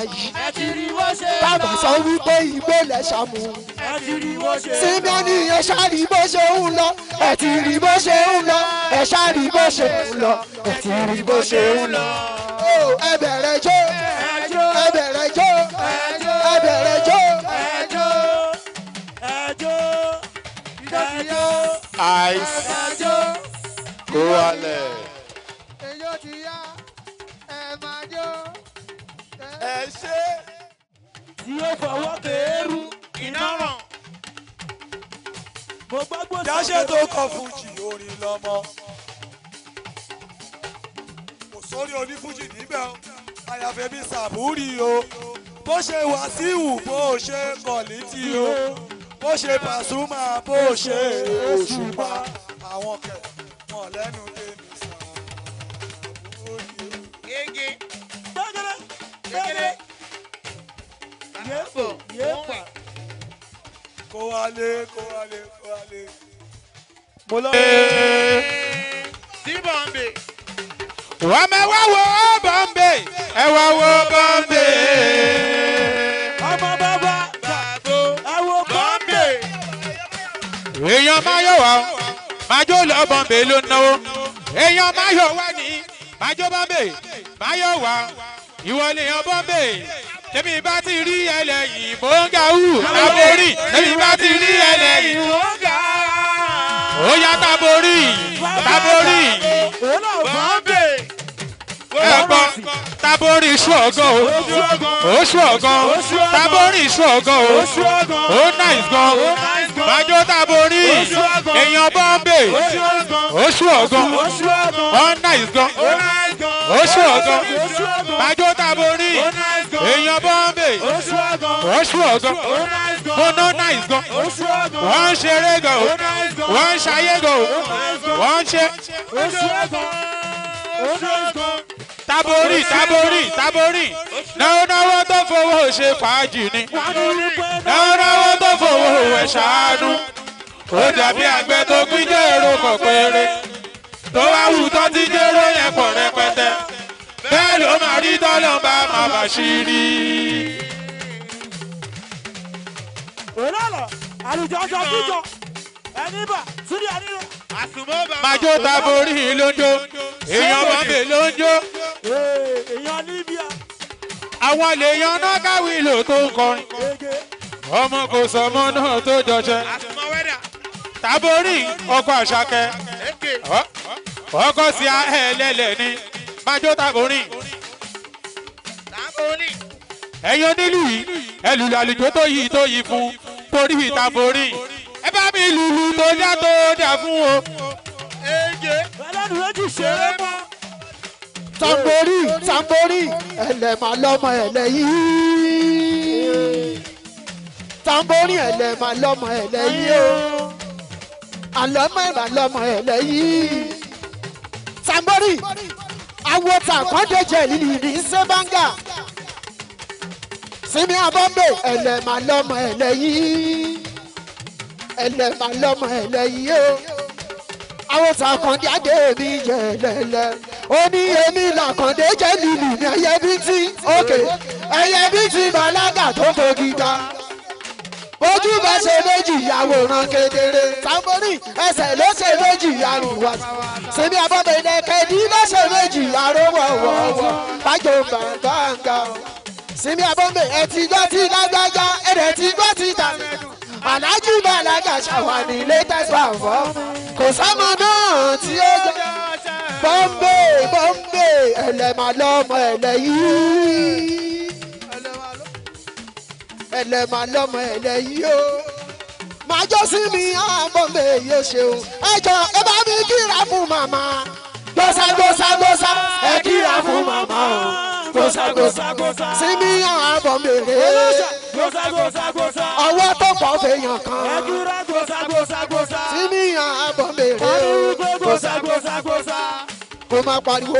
yìí. bàbá sọ wípé igbó lẹ̀ ṣàmù. símẹ́ni ẹ ṣáàrí bó ṣe ń lọ ẹ ti rí bó ṣe ń lọ ẹ ṣáàrí bó ṣe ń lọ ẹ ti rí bó ṣe ń lọ. ẹ bẹ̀rẹ̀ jó. ṣe kọ̀lítì o bó ṣe Pasuma bó ṣe Òṣùpá àwọn kẹ̀ wọ́n lẹ́nu tèmi sàn. bèbè ló náwó. èèyàn báyọ̀ wá ní bájọ́ bá bè báyọ̀ wá ìwọ lèèyàn bọ́ bè tèmi bá ti rí ẹlẹ́yìn mò ń ga hù aborí tèmi bá ti rí ẹlẹ́yìn mò ń ga. ó yá taborí taborí bọ́ bè ẹ̀gbọ́n taborí ṣọ̀gàn o ó ṣọ̀gàn taborí ṣọ̀gàn o ó náìsàn bájọ́ tàbórí èèyàn bọ́m̀bè oṣù ọ̀gán ọ̀nà ìgàn oṣù ọ̀gán bájọ́ tàbórí èèyàn bọ́m̀bè oṣù ọ̀gán ọ̀nà ọ̀nà ìgàn wọ́n ń ṣeré gan o wọ́n ń ṣayé gan o wọ́n ń ṣe tábórì tábórì tábórì náwó náwó tó fowó ṣe fàájì ni náwó náwó tó fowó ẹ̀ ṣàánú ó dàbí àgbẹ̀ tó pín jẹ́rò kọ̀ péré tó wá wù tó ti jẹ́rò yẹn pọ̀ rẹpẹtẹ bẹ́ẹ̀ ló máa rí tọ́lọ́ bá máa bá ṣí rí. òun ọ̀rọ̀ àlùjọ ọjọ́ kíjọ ẹni bà sírí ẹni rẹ̀. Màjó ta borí lójó, èèyàn mọ̀mí lójó. Èèyàn Líbíà. Àwọn náà káwí lò tó ń kọrin ọmọ kò sọ ọmọ náà tó jọjẹ tábórì ọkọ àṣàkẹ ọkọ sí ẹlẹlẹ ni májó tábórì ẹyin onílù yìí ẹlù làlùjọ tó yìí tó yìí fún torí tábórì ẹ bá mi lùlù tó dá tó dá fún o. ẹlẹ́nu lójú ṣeré mọ́. tambori tambori ẹlẹ ma lọmọ ẹlẹ yìí o àlọmọ ẹlẹ lọmọ ẹlẹ yìí tambori awo takọdẹjẹ lili ní sẹbanga simi abọmbe ẹlẹ ma lọmọ ẹlẹ yìí ẹlẹ ma lọmọ ẹlẹ yìí o awo takọdẹ adé mi jẹ lẹlẹ ó ní èmi làkàndé jẹ lili ní ẹyẹ bíi ti òkè ẹyẹ bíi ti balaga tó kogi ta ojú bá ṣe méjì ìyàwó ran kedere sambori ẹsẹ̀ ló ṣe méjì ìyàrú wa sinmi abọ́bẹ̀dẹ kẹ́dí ló ṣe méjì ìyàrú wọ̀wọ̀wọ̀ bájò gbàngàngà sinmi abọ́bẹ̀ ẹ ti gbọ́ ti lágbájá ẹ̀rẹ̀ ti gbọ́ ti tàmẹ̀dù alájú bàlágà ṣàwàní latest perform kò sọ́mọ náà tí ó jẹ́ bọ́m̀bé bọ́m̀bé ẹlẹ́màlọ́mọ ẹlẹ́yìí ẹlẹ́mà lọ́mọ ẹlẹ́yìí o màá jọ́sìn mi àmọ́ mi yóò ṣeun ẹjọ́ ẹ bá mi kíra fún màmá. gbọ́sà gbọ́sà gbọ́sà ẹ kíra fún màmá o gbọ́sà gbọ́sà gbọ́sà sinmi àmọ́ mi rè é. gbọ́sà gbọ́sà gbọ́sà ọwọ́ tó pọ̀ fèèyàn kan. ẹ kíra gbọ́sà gbọ́sà gbọ́sà sinmi àmọ́ mi rè é. gbọ́sà gbọ́sà tó máa pariwo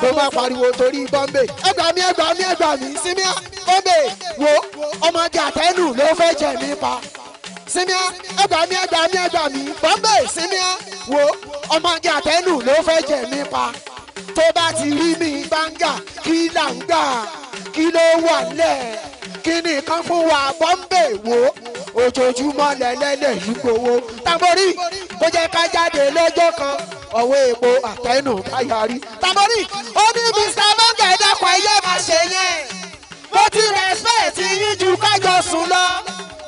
tó máa pariwo torí bọ́m̀bè. ẹ gbà mí ẹ gbà mí ẹ gbà mí símíà bọ́m̀bè wo ọmọge àtẹnu ló fẹ́ jẹ mí pa símíà ẹ gbà mí ẹ gbà mí ẹ gbà mí bọ́m̀bè símíà wo ọmọge àtẹnu ló fẹ́ jẹ mí pa tó bá ti rí mi gbáǹgà kí là ń kí ló wà lẹ́ẹ̀ kíní kan fún wa bọ́m̀bè wo ojoojúmọ́ lẹ́lẹ́lẹ̀ yìí gbowó tamori kó jẹ́ ká jáde lọ́jọ́ kan ọ̀wọ́ epo àtẹnu káyọrí tamori ó ní Mr. Bonga ẹ dákun ẹ yé máa ṣe yẹn mo ti respect yín ju kájọ sùn lọ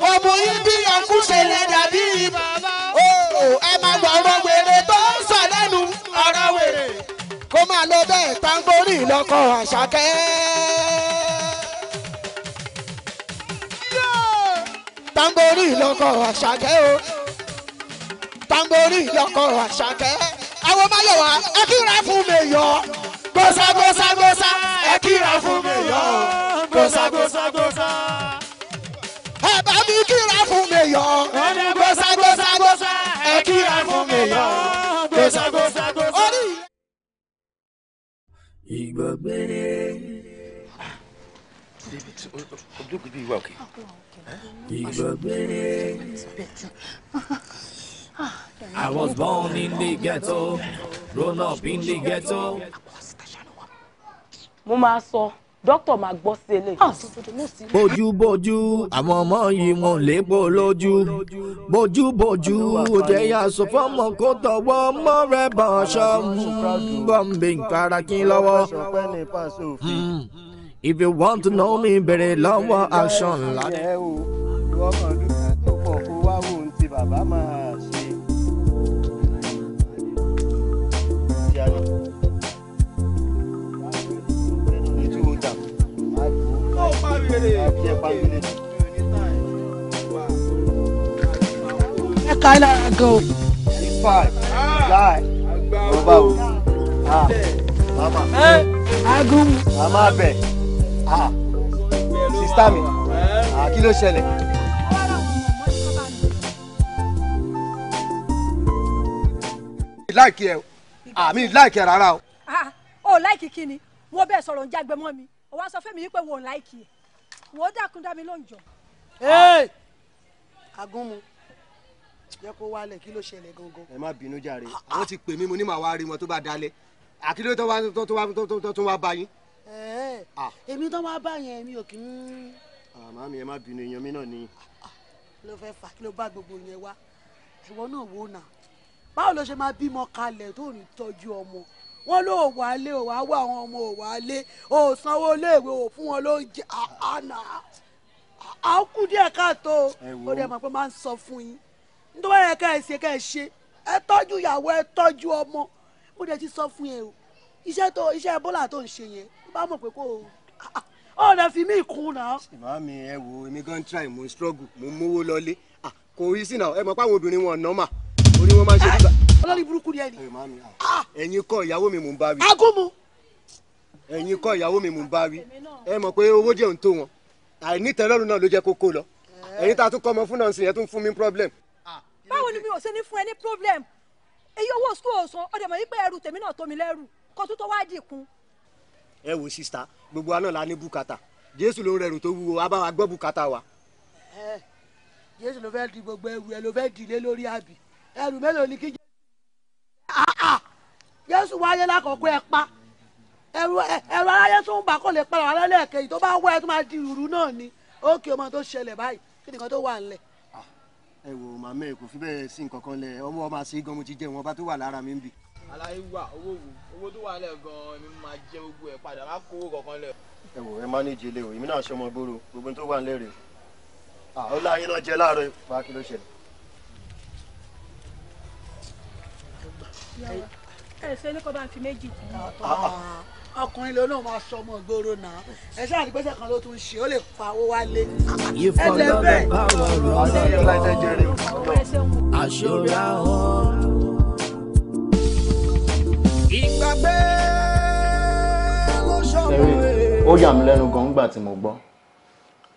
mo mú yín bí ọkùn ṣe lè dàbí bàbá ẹ máa gbọ́ wèrè tó ń sọ lẹ́nu ọ̀rọ̀ wèrè kó máa lọ bẹ́ẹ̀ tamori lọ́kọ̀ àṣàkẹ́. tambori lọkọ àṣàkẹ́ o tambori lọkọ àṣàkẹ́. àwọn máyọ̀wá ẹ kíra fún mi yọ gbọ́sà gbọ́sà gbọ́sà ẹ kíra fún mi yọ gbọ́sà gbọ́sà gbọ́sà. ẹ bá mi kíra fún mi yọ gbọ́sà gbọ́sà fún mi yọ gbọ́sà ìgbàgbé. ojú kìí bí ìwà òkè. I was born in the ghetto, grown up in the ghetto. Mo máa sọ, dókítà máa gbọ́ sí ilé. Ah, Bójúbójú, àwọn ọmọ yìí wọn lè bó lójú. Bójúbójú, ó jẹ́ yà sọ fọ́mọ kó tọwọ́ mọ́ rẹ̀ bọ̀ ṣọ́ bọ́m̀bì nkàrà kí lọ́wọ́. Hmm. If you want to know me, bèrè lọ́wọ́ aṣọ ńlá ìlú ọkàn dúdú tó pọ̀ kó wá wò ń ti bàbá máa ṣe. ẹ ká ẹ lára gan o. ifá láì bàbá o sista mi kí ló ṣẹlẹ̀. láìkí ẹ àmì ah, láìkí ẹ rárá o. ó ah, láìkí kí ni wọ́n bẹ́ẹ̀ sọ̀rọ̀ ń jágbe mọ́ mi ó wá sọ fẹ́mi yìí pé wọ́n láìkí ẹ̀ wọ́n dákun dá mi ló ń jọ. Ah, agúnmu jẹ́ kó wálẹ̀ kí ló ṣẹlẹ̀ gangan. ẹ má bínú jàre wọ́n ti pè mí mo ní màá wá rí wọn tó bá dalẹ̀ àkílẹ̀ tó wá bá yín. èmi tó wá bá yẹn mi ò kì í. àmọ́ mi ẹ má bínú èèyàn mi náà ni. ló fẹ́ fà kí ló bá gbogbo yẹn wá ìwọ náà wò náà báwo ló ṣe máa bímọ kalẹ̀ tó ní tọ́jú ọmọ wọn ló wà lé ò wá wá àwọn ọmọ ò wá lé ò sanwó iléèwé ò fún wọn lóúnjẹ àánà àákú díẹ̀ káàtó ó dẹ̀ mọ̀ pé máa ń sọ fún yín nítorí ẹ̀ ká ẹ̀ ṣe ká ẹ̀ ṣe ẹ tọ́jú ìyàwó ẹ tọ́jú ọmọ ó dẹ̀ ti sọ fún yẹn o iṣẹ́ tó iṣẹ́ bọ́là tó ń ṣe yẹn bá mọ̀ pé kò ó lè fi mí kún náà. màámi ẹ wo èmi gan try mo struggle mo mówó lọlé kò rí sí náà ẹ mọ̀ pé àwọn obìnrin wọn nọ́mà ni wọ́n máa ń ṣe bíbá. olórí burúkú ni ẹ ní. Ah! ẹ̀yin kọ́ ìyàwó mi mò ń bá wí. aago mu. ẹ̀yin kọ́ ìyàwó mi mò ń bá wí. ẹ mọ̀ pé owó jẹ́ òun tó wọn àìnítẹ́lọ́rùn náà ló jẹ́ kókó lọ eh. ẹ̀yin tá a tún kọ́ ọmọ fún náà ń sìn yẹn tún fún mi problem. Ah. báwo ni mi ò ṣe ní fún ẹ ní problem èyí owó sùkúl ọ̀sán ọ̀dẹ̀ mọ̀ wípé ẹrù tèmi náà tó mi jésù ló fẹ́ di gbogbo ẹrù ẹ ló fẹ́ di lé lórí àbí ẹrù mélòó ni kí jésù àà ah, ah. jésù wáyé lákọ̀ọ́kọ́ ẹ pa ẹrù ẹrù aráyé tó ń bà kò lè pa ọ̀rọ̀ alẹ́ ẹ̀kẹ́yì tó bá wá ẹ tó máa di ìrù náà ni ókè ọmọ tó ṣẹlẹ̀ báyìí kí nìkan tó wà ńlẹ̀. Ah, ẹ wo màmá ẹ kò fi bẹ́ẹ̀ sí nǹkan kan lẹ ọmọ ọmọ àṣẹ gan mo ti jẹ wọn bá tó wà lára mi ń bì. aláyé wà owó wo owó tó wà lẹ gan mi máa jẹ gbogbo ẹ padà má kó owó kankan lẹ. ẹ wo ẹ má ní ìjìnlẹ̀ o èmi náà ṣe ọmọ gbòòrò gbogbo tó wà ńlẹ̀ rè ó láyé náà jẹ láàárọ̀ ìpá ló ṣẹlẹ̀. ẹ ṣe ní kó bá ń fi méjì kù. Ah, ah, ah. ọkùnrin ló náà máa sọ ọmọ ìgboro náà ẹ ṣáà kan ló tún ṣe ó lè pa owó wálé. ẹlẹbẹ àṣọra ọ. ìgbàgbé ló ṣọwọ́ ó yà mí lẹ́nu gan-an nígbà tí mo gbọ́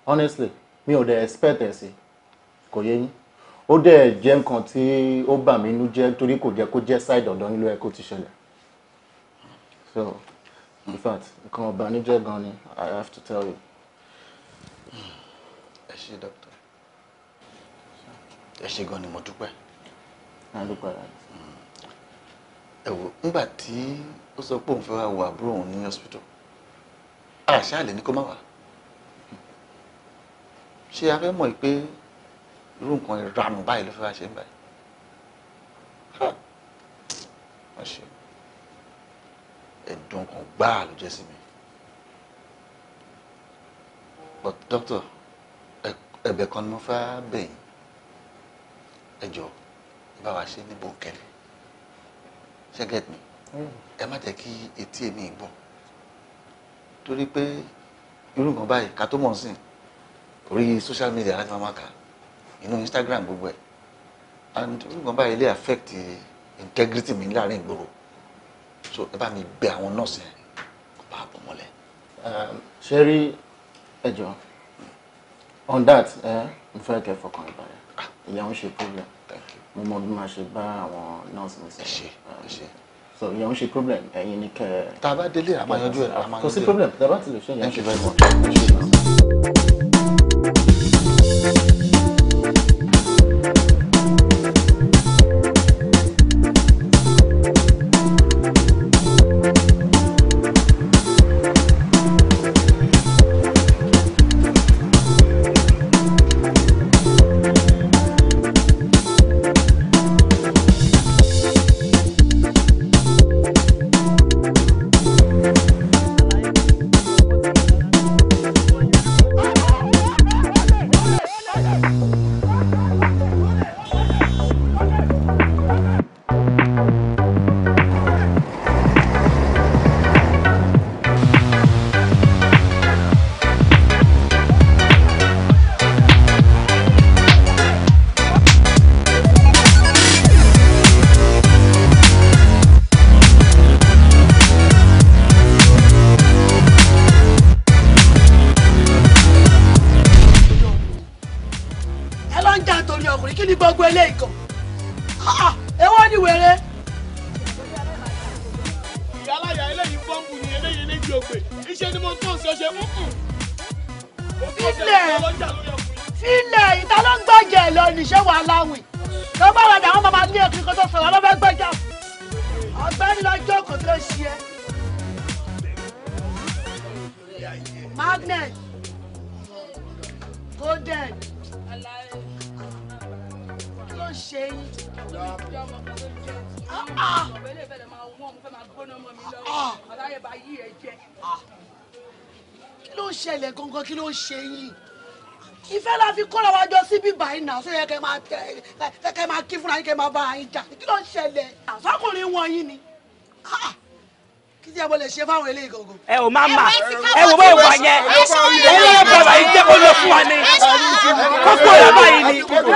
honestly mi ò dẹ̀ expect ẹ̀ sí kò yé yín ó dẹ̀ jẹ́ nǹkan tí ó bà mí nú jẹ́ torí kò jẹ́ kó jẹ́ side ọ̀dọ́ nílò ẹ̀ kó ti ṣẹlẹ̀ so in fact nǹkan ọ̀bànújẹ́ gan ni I have to tell you. ẹ ṣe dókítà ẹ ṣe gan ni mo dúpẹ́. a dúpẹ́ rẹ̀. Mm. ẹ wò nígbà tí ó sọ pé òun fẹ́ wá wo àbúrò òun ní hospital àṣà lè ní kó má wà ṣé a fẹ́ mọ̀ pé irú don't go báyìí ló fẹ́ wá ṣe ń báyìí. wọ́n ṣe ẹ̀dùn kan gbáà ló but doctor ẹ̀bẹ̀ kan ni mo fẹ́ bẹ̀yìn ẹ jọ bá wa ṣe ní bòńkẹ́lẹ́ get me ẹ má jẹ́ kí etí me, gbọ́ To pé irú nǹkan báyìí ká tó mọ̀ sí orí social media láti máa inú Instagram gbogbo ẹ̀ and olùgbọ́n báyìí ilé affect integrity mi láàrin ìgboro so ẹ bá mi bẹ àwọn nọ́ọ̀sì yẹn bá a bọ̀ mọ́lẹ̀. Um, ṣe rí ẹjọ on that mo fẹ́ kẹ́ fọkàn ẹ̀ báyìí ah. ìyá ń ṣe problem mo mọ bí màá ṣe bá àwọn nọ́ọ̀sì mi sẹ́yìn so ìyẹn ṣe problem ẹ̀yin ni kẹ́ tá a bá délé a máa yanjú ẹ̀ kò sí problem tá a bá ti lè ṣe ìyẹn ṣe very much. ògbè iṣẹ́ ni mo tó sí ọṣẹ kúkùn. sílẹ̀ sílẹ̀ ìta ló ń gbọ́jẹ̀ lọ níṣẹ́ wà láwìn tó bá wà ní àwọn máa ní ẹ̀kí kan tó sọ̀rọ̀ lọ́fẹ́ gbọ́jà ọ̀gbẹ́ni lọ́jọ́ kò tó ṣe é. magnet golden ṣe yín. kí ló ń ṣẹlẹ̀ gangan kí ló ń ṣe yín ìfẹ́ la fi kọ́ra wa jọ síbí báyìí náà sọ yẹ kẹ́ máa kẹ́ máa kí fúnra yín kẹ́ máa bá yín jà kí ló ń ṣẹlẹ̀ sọkùnrin wọn yín ni. Ah! kí ẹ ò máa mà ẹ wò báyìí wà yẹn owó yẹn bàbá yìí jẹ́ kó lọ fún wa ni kókó làbá yìí ni gbogbo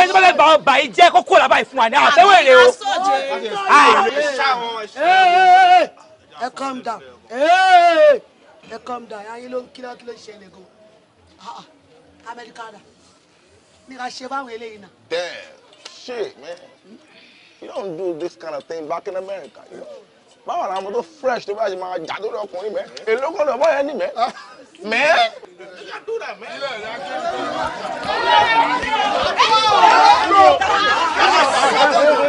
ẹni tó bá fẹ́ bá ọ bà yìí yìí fún wa ni àwọn àtẹ́wé rè o. ẹ calm down ẹ calm down ayé ló ń kílọ̀ kílọ̀ ṣẹlẹ̀ gan amẹ́ríkà rà mi ka ṣe fáwọn eléyìí náà. bẹ́ẹ̀ shit hmm? man you don't do this kind of thing back in America you know báwo làwọn ọmọ tó fresh tó bá ṣe máa jà tó lọkùnrin mẹ́ èló kọ́ lọ bọ́ yẹn ní mẹ́ mẹ́.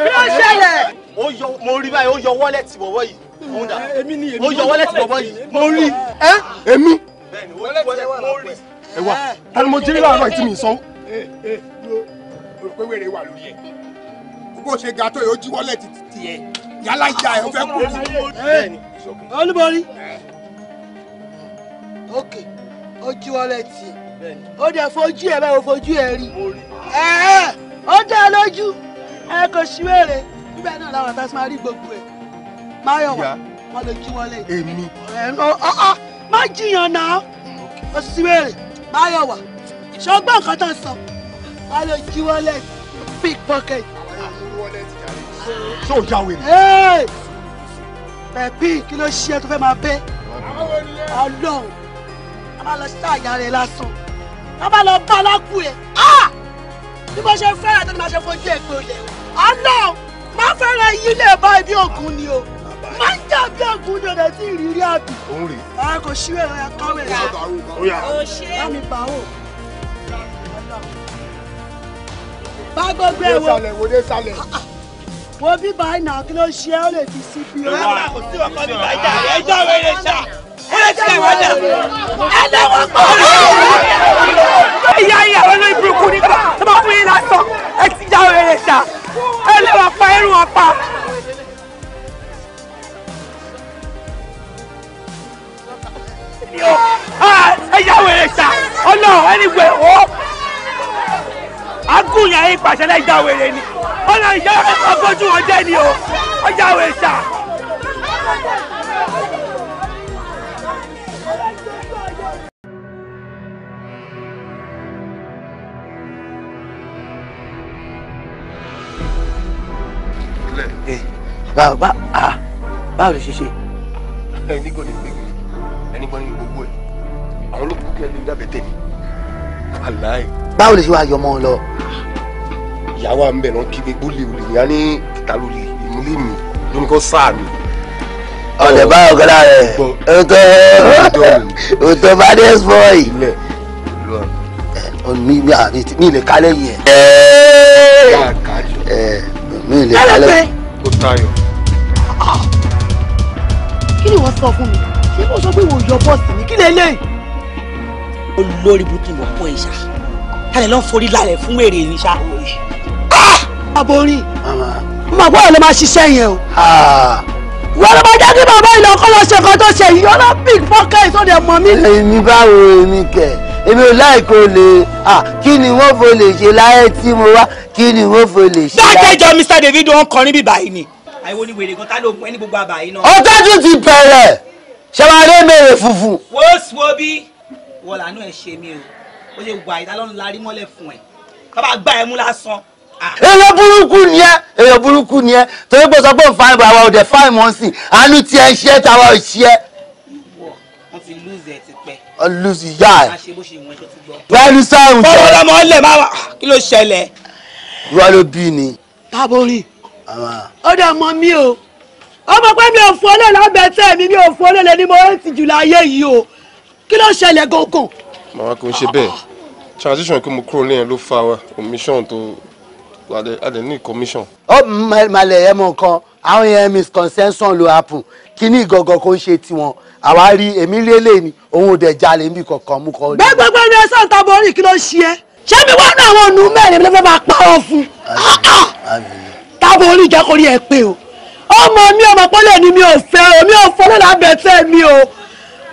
bí ó ṣẹlẹ̀. ó yọ mo rí báyìí ó yọ wọ́lẹ̀tì bọ̀bọ̀ yìí èmi ni èmi ó yọ wọ́lẹ̀tì bọ̀bọ̀ yìí mo rí. èmi. bẹ́ẹ̀ni ó yọ wọ́lẹ̀tì mo rí. ẹ wá ta ni mo jí láàárọ̀ ìtì mi sọ. ẹ ẹ dúró o rò pé wèrè wà lórí ẹ bó ṣe ga tó yẹ ó jí wọ́lẹ̀tì tiẹ̀ yàrá ìyá ẹ̀ ó fẹ́ kú ni. olúborí òkè ojú ọlẹ tiẹ̀ ó dẹ fojú ẹ báwo fojú ẹ rí ẹ ó dá lójú ẹ kò sí wèrè níbẹ̀ náà làwọn àtàwọn máa rí gbogbo ẹ̀ máyọ̀wá wọn lè jí wọlé. èmi. má jiyàn náà ó sì wèrè máyọ̀wá ṣọgbọ́n nǹkan tó ń sọ wọn lè jí wọlé pickpocket. àwọn èèyàn wọlé ti jáde ṣé o jáwé ni. pẹ̀pì kí ló ṣe é tó fẹ́ máa bẹ́ ọlọ́run a máa lọ sí àyà rẹ̀ lásán a máa lọ bá alákù ẹ̀ ah! bí mo ṣe fẹ́ràn tó ni máa ṣe fojú ẹ̀ pé o lẹ̀ ọlọ́run máa fẹ́ràn yín lè bá ibi ògùn ni o máa ń jà bí ògùn ni o lè sí ìrírí àbí. òun rè é. a kò ṣí ẹ̀rọ ya rẹ̀. ó yà ó ṣe é. láàmì bá wò. bá gbogbo ẹ̀ wò. ó dé sálẹ̀ wò dé sálẹ̀. Ah, ah wo bí báyìí náà kí ló ṣe ó lè fi sí bí ó. kò sí ọkọ bí báyìí dà ẹ jọ wẹ lè ṣá ẹ lè ṣe ìwọ dà ẹ lè wọ pọ. ìyá ìyàwó ló burúkú nípa tó bá fún yín lásán ẹ ti já wẹ lè ṣá ẹ lè wọ pa irun wọn pa. ẹ̀yà wẹ̀rẹ̀ ṣá ọlọ́ọ̀ ẹni wẹ̀ wọ́ agúnyà yín pàṣẹ lẹ́yìn ìjà wèrè ni ọ̀nà ìjà ọgójú wọn jẹ́ ni o ọjà wèrè ṣá. báwo báwo lè ṣe ṣe. ẹni kò ní gbégbé ẹni gbọ́n ní gbogbo ẹ̀ àwọn olókùnkùn ẹni dábẹ́ tẹ̀lé aláì. báwo lè ṣe wá yọmọ lọ. ìyàwó à ń bẹ̀rẹ̀ kígbe gbólé olè yá ní ìtàlólè ìmúlẹ̀ mi ló ní kó sáà mi. ọ̀dẹ̀ bá ọ̀gá rẹ̀ ọ̀tọ̀ ọ̀tọ̀ baddest boy. mi ilẹ̀ kálẹ̀ yìí ẹ̀. mi ilẹ̀ kálẹ̀. ó tayọ. Ah. kí ni wọ́n sọ fún mi ṣé wọ́n sọ pé ìwòye ọ bọ́ọ̀sì ni kí lè léyìí olórí burúkú ló pọ̀ ìṣá tálẹ̀ lọ́n forí lálẹ̀ fún wèrè ní ṣá. aborin ah! màá bọ́ ọ̀ lè máa ṣiṣẹ́ yẹn o ah! wọ́n ló máa jẹ́ kí bàbá ìlà ọkọ lọ ṣe nǹkan tó ṣe yìí ọlọ́ big pocket ó lè mọ mí. èmi báwo èmi kẹ èmi ò láìkó lè ah, kí ni wọ́n fò lè ṣe láyé tí mo wá kí ni wọ́n fò lè ṣe láyé. Mr David, ń kọrin bíbá yìí ni. àìwo ni wèrè kan tá ló mú ẹni gbogbo àbá yìí náà. ó tẹ́jú ti bẹ̀rẹ̀ ṣé wàá rí mèrè funfun. wọ́n sọ bí wọ́n làánú ẹ̀ ṣe mí o ó ṣe wà ìdálọ́nu larí mọ́lẹ̀ fún ẹ̀ bàbá gbá ẹ mú lásán. èèyàn burúkú ni ẹ èèyàn burúkú ni ẹ torí pé sọ pé n fáìn bọ àwa ò dẹ fáìn mọ́ sí i àánú tiẹ̀ ń ṣe é tàwa ò ṣe é. wọ́n ti lose ẹ̀ ti pẹ́. lose ìyá ẹ̀. pẹ̀lú sáàrùn jẹ́. fọwọ́ lọ́mọ ọ̀lẹ̀ máa wà kí ló ṣẹlẹ̀. wọ́n ló bí ni. tábórì ó dẹ̀ mọ mí o ọmọ pé mi ò fọ́ lẹ́la ọbẹ̀ tẹ́ mi mi ò fọ́ lẹ́la ni mo ti jù láyé yìí o kí ló ń ṣẹlẹ̀ gangan. màmá kò ń ṣe bẹ́ẹ̀ transition pé mo kúrò ní yẹn ló fa omission tó adẹ ní commission. ó malẹ̀ ẹ mọ nǹkan àwọn yẹn misconception ló happen kíní ìgangan kò ń ṣe tiwọn àwa rí èmi rí eléyìí ni òun ò dẹ̀ jalè níbi kankan mú kọ́. gbẹgbẹgbẹ ni ẹ sọ ta bọ orí kí ló ń ṣe ẹ ṣé mi wá ní àwọn ònú mẹ́rin mi máa pa ọ fún tábọ orí ìjẹ́kọ̀ọ́ ẹ pé o ọmọ mi ọmọ pọ́lẹ̀ ni mi ò fẹ́ o mi ò fọ́lẹ́ lábẹ́ tẹ́ mi o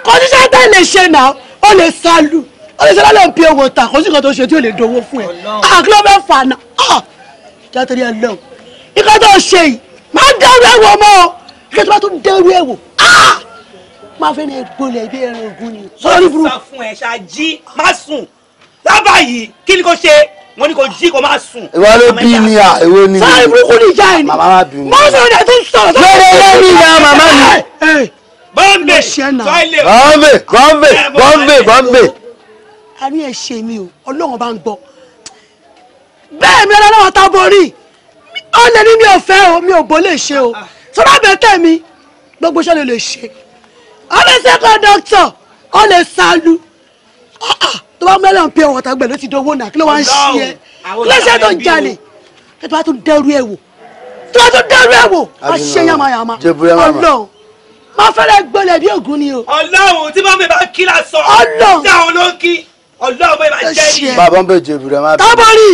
kò sí sẹ́ńtà lè ṣe náà ó lè sálù ó lè sálù lọ́n pí owó ta kò sí nǹkan tó ṣe tí ó lè dowó fún ẹ àkí ah, ló fẹ́ fà náà ọ̀ ah, jàtẹ̀lé ẹ lọ́wọ́ nǹkan tó ṣe yìí máa dẹ́rù ẹ̀ wò mọ́ o kí ẹ tó bá tún dẹ́rù ẹ̀ wò ah, máa fẹ́ ní egbolẹ̀ bí ẹran ògùn ni. sọ́ọ́rí burú. sá fún ẹ ṣáájí má sùn lábàá yìí kí ni kò ṣe wọ́n ní kò jí kò má sùn. ìwọ ló bí ni à ìwọ ni. sọ́ọ́rí burú kò ní já ẹni. màmá má bínú. mọ́sọ̀rọ̀ dẹ̀ tún sọ̀rọ̀. lórí lórí ìyá màmá mi. Bombay toilet. Bombay Bombay Bombay Bombay. a ní ẹ mi o ọlọ́run bá ń gbọ́ bẹ́ẹ̀ mi ọlọ́run ta borí ó lè ní mi ò fẹ́ o mi ò bó lè ṣe o sọ́dọ̀ bẹ́ẹ̀ mi gbogbo iṣẹ́ lè lè ṣe ó lè ṣẹ́kọ̀ dọ́kítọ̀ ó lè ṣàlù ah, ah, tó bá mẹ́lẹ̀ ń pe ọ̀wọ̀ tàgbẹ̀ ló ti dánwó náà kí ló wá ń ṣe ẹ́ kí ló ṣe tó ń jalè kí tó bá tún dẹrú ẹ̀ tó bá tún dẹrú ẹ̀ wò ṣe yàmàyàmà ọlọ́run má fẹ́rẹ̀ gbọ́lẹ̀ bí ògùn ni o. ọlọ́run tí bá mi bá kí la sọ. ọlọ́run tí àwọn ló ń kí ọlọ́run bẹ́ẹ̀ máa jẹ́ ní. bàbá ń bẹ jèbù rẹ máa bẹ. tábọ̀rì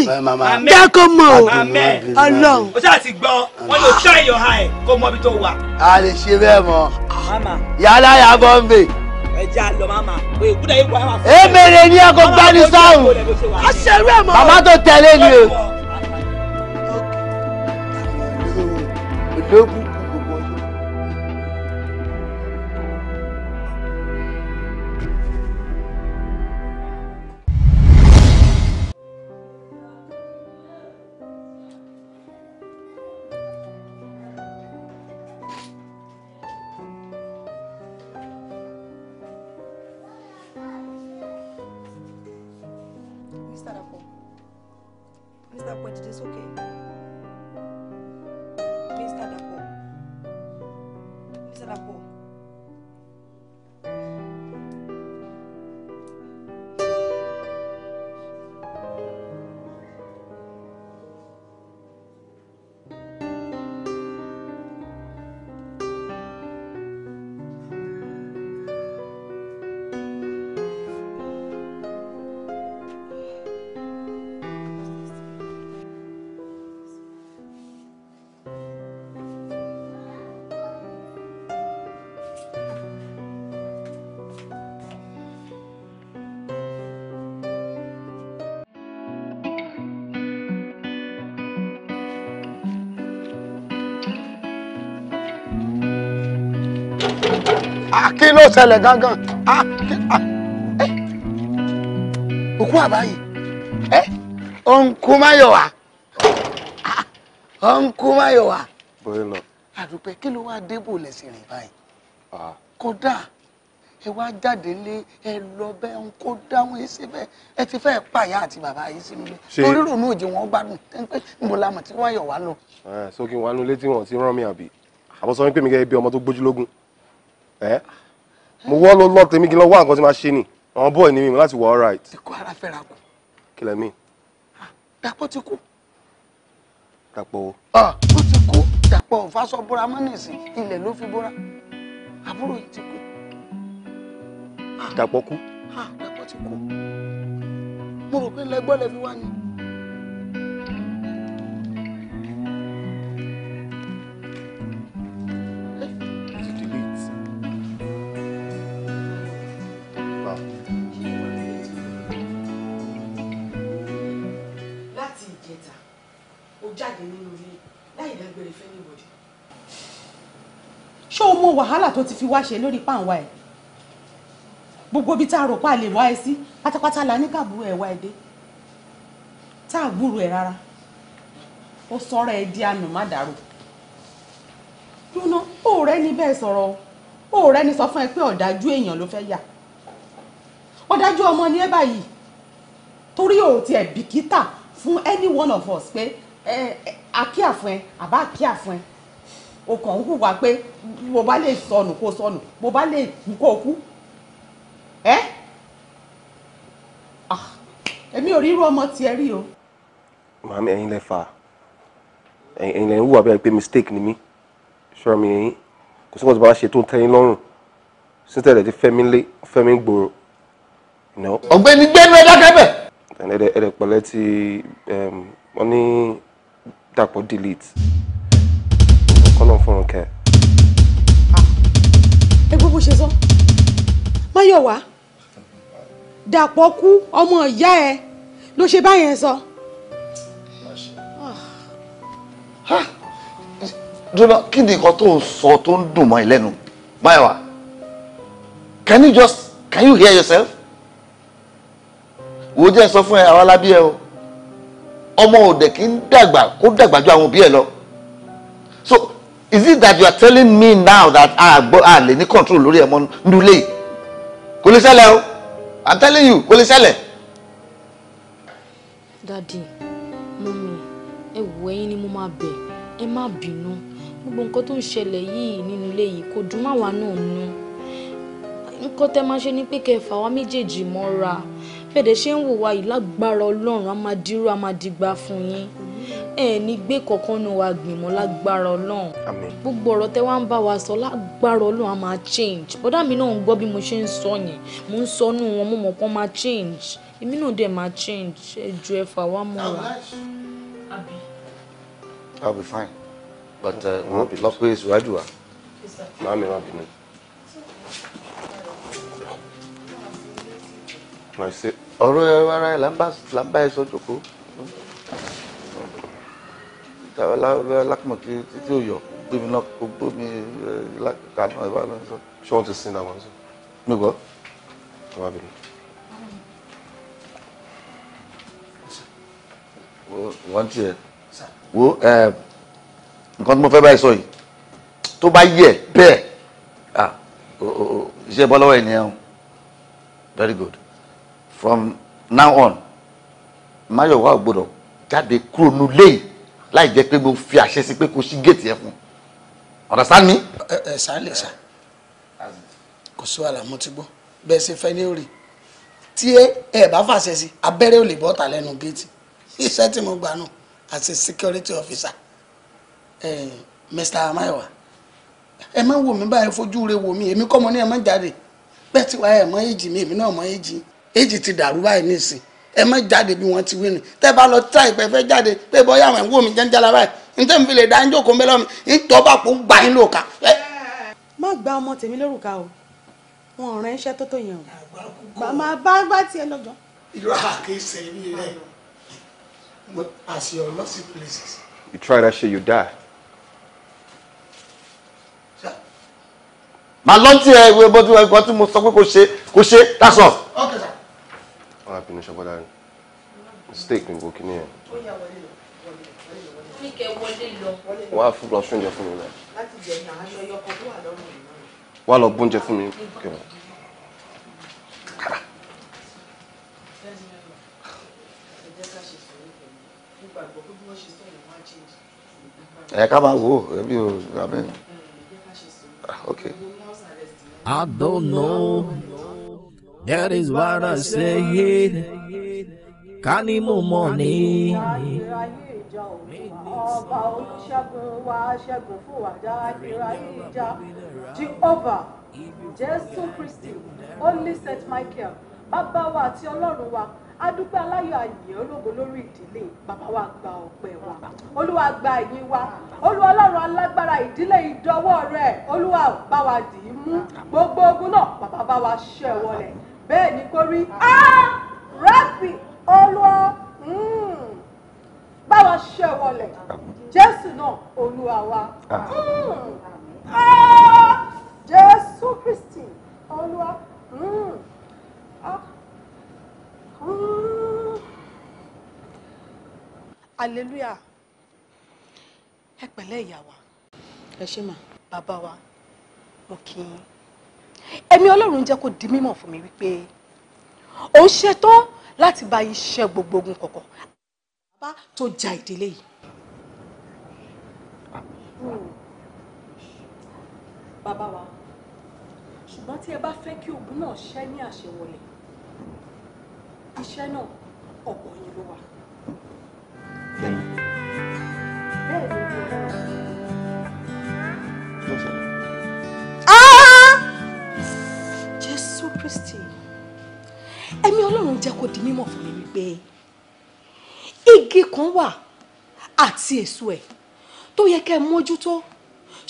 jẹ́ kó mọ̀ o ọlọ́run. o ṣáà ti gbọ́ wọn ló ṣá èèyàn ha ẹ̀ kó mọ ibi tó wà. a lè ṣe bẹ́ẹ̀ mọ́ yálà yà bọ́ ń bè. ẹja lọ mama oye kúndà yìí wà á máa fọ. èmèrè ni ẹ kò gbani sáhùn. a ṣerú ẹ mọ. bàbá tó tẹ̀lé ni o. ológun That dá conta ok. ṣẹlẹ̀ gángan ah, ah, eh. òkú àbáyé ònkú máyọ̀wá ònkú máyọ̀wá bóyá lọ. àdùpẹ́ kí ló wá débò lẹ́sìn rìn báyìí ah. kódà ẹ wá jáde lé ẹ lọ bẹ ń kó dáhùn ẹ ṣe bẹ́ẹ̀ ẹ ti fẹ́ẹ̀ pààyà àti bàbá yìí sínú ilé torí rònú òjì wọn gbádùn pé mo la mọ̀ tí eh, wọ́n yọ̀ wá lọ. sókè wọn á nu létí wọn ti rán mi àbí àbọ̀sọ́ wípé mi gẹ́gẹ́ bí ọmọ tó gbójú lógún eh? mo wọ́ ló lọ́ọ̀ tèmi kí n wá nǹkan tí máa ṣe ni àwọn bọ́ọ̀ ni mi láti wọ all right. ikú ara fẹ́ra kù. kí mi. Ah, dàpọ̀ ti kú. dàpọ̀ o. Ah, ó ti kú dàpọ̀ òfàṣọ bóra mọ́nìsì ilẹ̀ ló fi bóra àbúrò yìí ti kú. dàpọ̀ kú. Ah, dàpọ̀ ti kú. mo rò pé lẹgbọ́n lẹ fi wá ni. ọmọ wàhálà tó ti fi wá ṣe lórí páànwá ẹ̀ gbogbo ibi tá a rò pa lè wá ẹ sí pátápátá la ní kàbúrò ẹ̀ wá tá a gbúrò ẹ̀ rárá ó sọ̀rọ̀ ẹ di àná má dàrú lónà òòrẹ́ ní bẹ́ẹ̀ sọ̀rọ̀ òòrẹ́ ní sọ fún ẹ pé ọ̀dájú èèyàn ló fẹ́ yà ọ̀dájú ọmọ ni ẹ báyìí torí o tiẹ̀ bìkítà fún any one of us pé ẹ akíà fún ẹ àbá akíà ẹ o kàn ń hùwà pé bó bá lè sọnù kó sọnù bó bá lè kú kó kú ẹ ah, èmi ò ríru ọmọ tiẹ̀ rí o. màámi ẹ̀yin lẹ fà á ẹ̀yin lẹ ń hùwà bẹ́ẹ̀ pé mistake ni mí ṣọ́ra mi ẹ̀yin kò sí nǹkan tó bá ṣe tó ń tẹ́yìn lọ́rùn sísẹ̀ rẹ̀ ti fẹ́mi lé fẹ́mi gbòòrò. ọ̀gbẹ́ni gbẹ́nu ẹ dákẹ́ bẹ̀. ẹ̀rẹ̀ pẹ̀lẹ́ ti wọ́n ní dàpọ̀ delete kọ́nà fún un kẹ́. Ah, ẹ gbọ́ bó ṣe sọ Máyọ̀wá Dàpọ̀ kú ọmọ ìyá ẹ ló ṣe báyẹn sọ. Ah. Ah. dúró kí ni nǹkan tó ń sọ tó ń dùn mọ́ ẹ lẹ́nu Máyọ̀wá can you just can you hear yourself? wo jẹ́ sọ fún ẹ àwọn alábí ẹ o ọmọ òde kì í dàgbà kó dàgbà ju àwọn òbí ẹ lọ so is it that you are telling me now that a gbọ́ a lè control lórí ẹ̀ mọ́ nulẹ̀ kò lè ṣẹlẹ̀ o i'm telling you kò lè ṣẹlẹ̀. dadi mummy ẹ wò ẹ̀yin ni mo máa bẹ̀ ẹ má bínú gbogbo nǹkan tó ń ṣẹlẹ̀ yìí nínú ilé yìí kò dùn máwa náà nù nǹkan tẹ́ máa ṣe ni pé kẹfà wa méjèèjì mọ́ra fẹ̀dẹ̀ ṣe ń wò wá yìí lágbára ọlọ́run a máa dírú a máa dìgbà fún yín ẹ ní gbé kọ̀ọ̀kan nu wa gbìmọ̀ lágbára ọlọ́run gbogbo ọ̀rọ̀ tẹ́ wá ń bá wa sọ lágbára ọlọ́run a máa change bọ́dà mi náà ń gbọ́ bí mo ṣe ń sọ yẹn mo ń sọ nù wọn mo mọ̀ pé wọ́n máa change èmi náà dẹ̀ máa change ẹ ju ẹ fà wá mọ́ra. I'll be fine. But wọ́n uh, lọ pé ìṣúwájú wa. Màá mi máa bínú. Ọ̀rọ̀ ẹ̀rọ ara ẹ̀ là ń bá ẹ sọ jòkó lákùmọ̀kí tí ó yọ gbémi náà kó gbómi kàánú ẹ̀ bá lọ sọ. ṣé wọ́n ti sin àwọn ọ̀sán. mi gbọ́. ọba bìrì. wọ́n tiẹ̀ wo nǹkan tí mo fẹ́ báyìí sọ yìí tó bá yẹ bẹ́ẹ̀ iṣẹ́ bọ́ lọ́wọ́ ènìyàn very good from now on mayowa gbọ́dọ̀ jáde kúrò nulẹ̀ yìí láì jẹ́ pé mo fi àṣẹ sí pé kò sí géètì ẹ̀ fún understand me. ẹ ẹ sá lè sá kò sí wàhálà mo ti gbọ́ bẹ́ẹ̀ ṣe fẹ́ ní òrì tí ẹ bá fàṣẹ sí abẹ́rẹ́ ò lè bọ́ ta lẹ́nu géètì iṣẹ́ tí mo gbà nù àti security officer Mr. Amaiwa ẹ má wò mí báyìí fojú rẹ wò mí èmi kọ́ mo ní ẹ má jáde bẹ́ẹ̀ tí wàá ẹ̀ mọ́ èjì mi èmi náà mọ́ èjì èjì ti dàrú báyìí nísìnyí ẹ má jáde bí wọ́n ti wí ni tẹ́ bá lọ tíra ìpẹ́ fẹ́ jáde pé bọ́yá àwọn ẹ̀wọ́ mi jẹ́ ń jẹ́ lára ẹ̀ ntẹ́ mi fi lè dá ń jókòó mẹ́lọ́ mi ntọ́ bá kó gbà yín lò ká. má gba ọmọ tèmi lórúkà o wọn ò rán iṣẹ́ tó tó yẹn o bàmá bá bá tiẹ̀ lọ́jọ́. irú àkè sẹ́yìn rẹ̀ as your lost places. you try that shit you die. màá lọ́ntì ẹ̀ ìwé bọ́tú ẹ̀ gbọ́tú mo sọ pé kò ṣe kò ṣe that's all. okay sir má bínú ṣọgbọ́dá ni mistake ni gòkè nìyẹn. á fún lọ sóúnjẹ fún mi wà á lọ gbóúnjẹ fún mi kẹrọ. ẹ ká máa wò ó ẹbí o rà bẹ́ẹ̀. I don't know. That is what I say. Ká ní mo mọ̀ ní. Ọba oníṣẹ́gun wa ṣẹ́gun fún wa dáráyé ìjà. Jehovah, Jésù Kristi, Holy Saint Michael, bàbá wa àti ọlọ́run wa adúpẹ́ aláyọ̀ àyè ológo lórí wa gba ọpẹ́ wa olúwa gba ìyìn wa olúwa ọlọ́run alágbára ìdílé ìdọwọ́ rẹ̀ olúwa bá wa dì í mú gbogbo ogun náà bàbá bá wa ṣẹ́ wọlẹ̀ bẹ́ẹ̀ ni kò rí á rẹ́pì olúwa hmm. bá wa ṣe wọlẹ̀ jésù náà olúwa wa hmm. jésù kristi olúwa. Hmm. hallelujah ẹ pẹ̀lẹ́ ìyá wa ẹ ṣé mà bàbá wa mo kí yín ẹ̀mí ọlọ́run jẹ́ kó di mímọ̀ fún mi wípé òun ṣetán láti bá iṣẹ́ gbogbo ogun kọ̀ọ̀kan bá tó ja ìdílé yìí. bàbá wa ṣùgbọ́n tí ẹ bá fẹ́ kí ogun náà ṣẹ́ ní àṣewọlé iṣẹ́ náà ọ̀pọ̀ yín ló wà. bẹ́ẹ̀ ni Kristi ẹ̀mí Ọlọ́run jẹ́ kó di mímọ̀ fún mi wípé igi kan wà àti èso ẹ̀ tó yẹ kẹ́ ẹ mójútó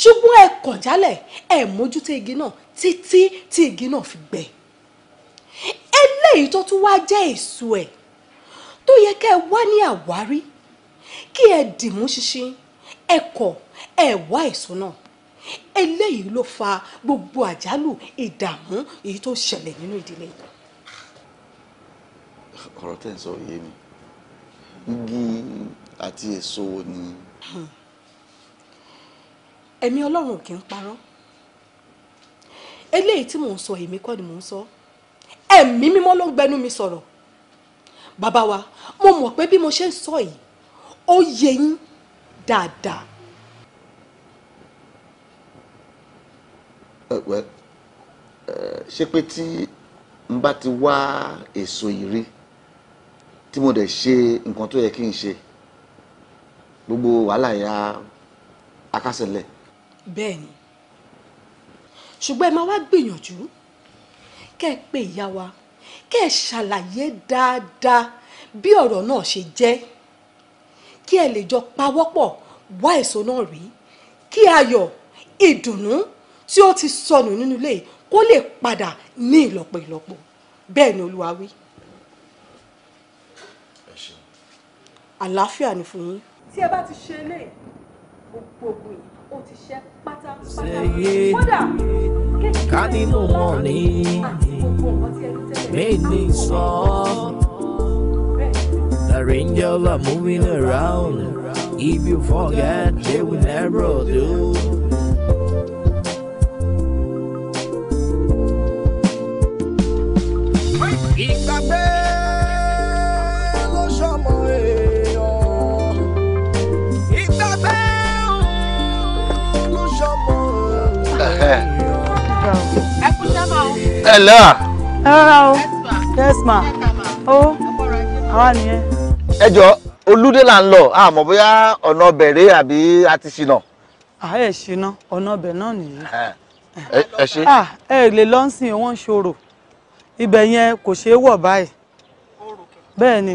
ṣùgbọ́n ẹ kọ̀ jálẹ̀ ẹ mójútó igi náà títí tí igi náà fi gbẹ eléyìí tó tún wá jẹ́ èso ẹ̀ tó yẹ kẹ́ ẹ wá ní àwárí kí ẹ dìmú ṣinṣin ẹ kọ̀ ẹ wá èso náà eléyìí ló fa gbogbo àjálù ìdààmú èyí tó ṣẹlẹ̀ nínú ìdílé yìí. ọ̀rọ̀ tẹ̀ ń sọ yé mi igi àti èso wo ni. Hmm. ẹ̀mí ọlọ́run kì í parọ́ eléyìí tí mò ń sọ èmi kọ́ ni mò ń sọ ẹ̀mí mímọ́ ló ń gbẹnu mi sọ̀rọ̀ bàbá wa mo mọ̀ pé bí mo ṣe ń sọ yìí ó yẹ yín dáadáa ẹ̀pẹ́ eh, ṣé pé tí n bá ti wá èso yìí rí tí mo dẹ̀ ṣe nǹkan tó yẹ kí n ṣe gbogbo wàhálà ya akásẹ̀lẹ̀. bẹ́ẹ̀ni ṣùgbọ́n ẹ máa wá gbìyànjú kẹ́ ẹ pé ìyá wa kẹ́ ẹ ṣàlàyé dáadáa bí ọ̀rọ̀ náà ṣe jẹ́ kí ẹ lè jọ pawọ́pọ̀ wá èso náà rí kí ayọ̀ ìdùnnú tí ó ti sọnù nínú ilé kó lè padà ní ìlọ́po ìlọ́po bẹ́ẹ̀ ni olúwa wí. àlàáfíà ni fún yín. tí ẹ bá ti ṣe eléyìí gbogbo ògùn yìí ó ti ṣe pátápátá kódà kánínú wọn ni méjì sọ The angels are moving around. If you forget, they will never do. ìgbàgbé ló ṣọmọ èèyàn ìgbàgbé ló ṣọmọ èèyàn. ẹ kú o. ẹ lọ. yes ma o àwa nìyẹn. ẹ jọ olúdé là ń lọ àmọ́ bóyá ọ̀nà ọbẹ̀ rèé àbí a ti ṣìnà. àá ẹ̀ ṣìnà ọ̀nà ọbẹ̀ náà nìyí. ẹ ṣe. ẹ lè lọ́nsìn wọn ṣòro ibẹ̀ yẹn kò ṣeé wọ̀ báyìí bẹ́ẹ̀ ni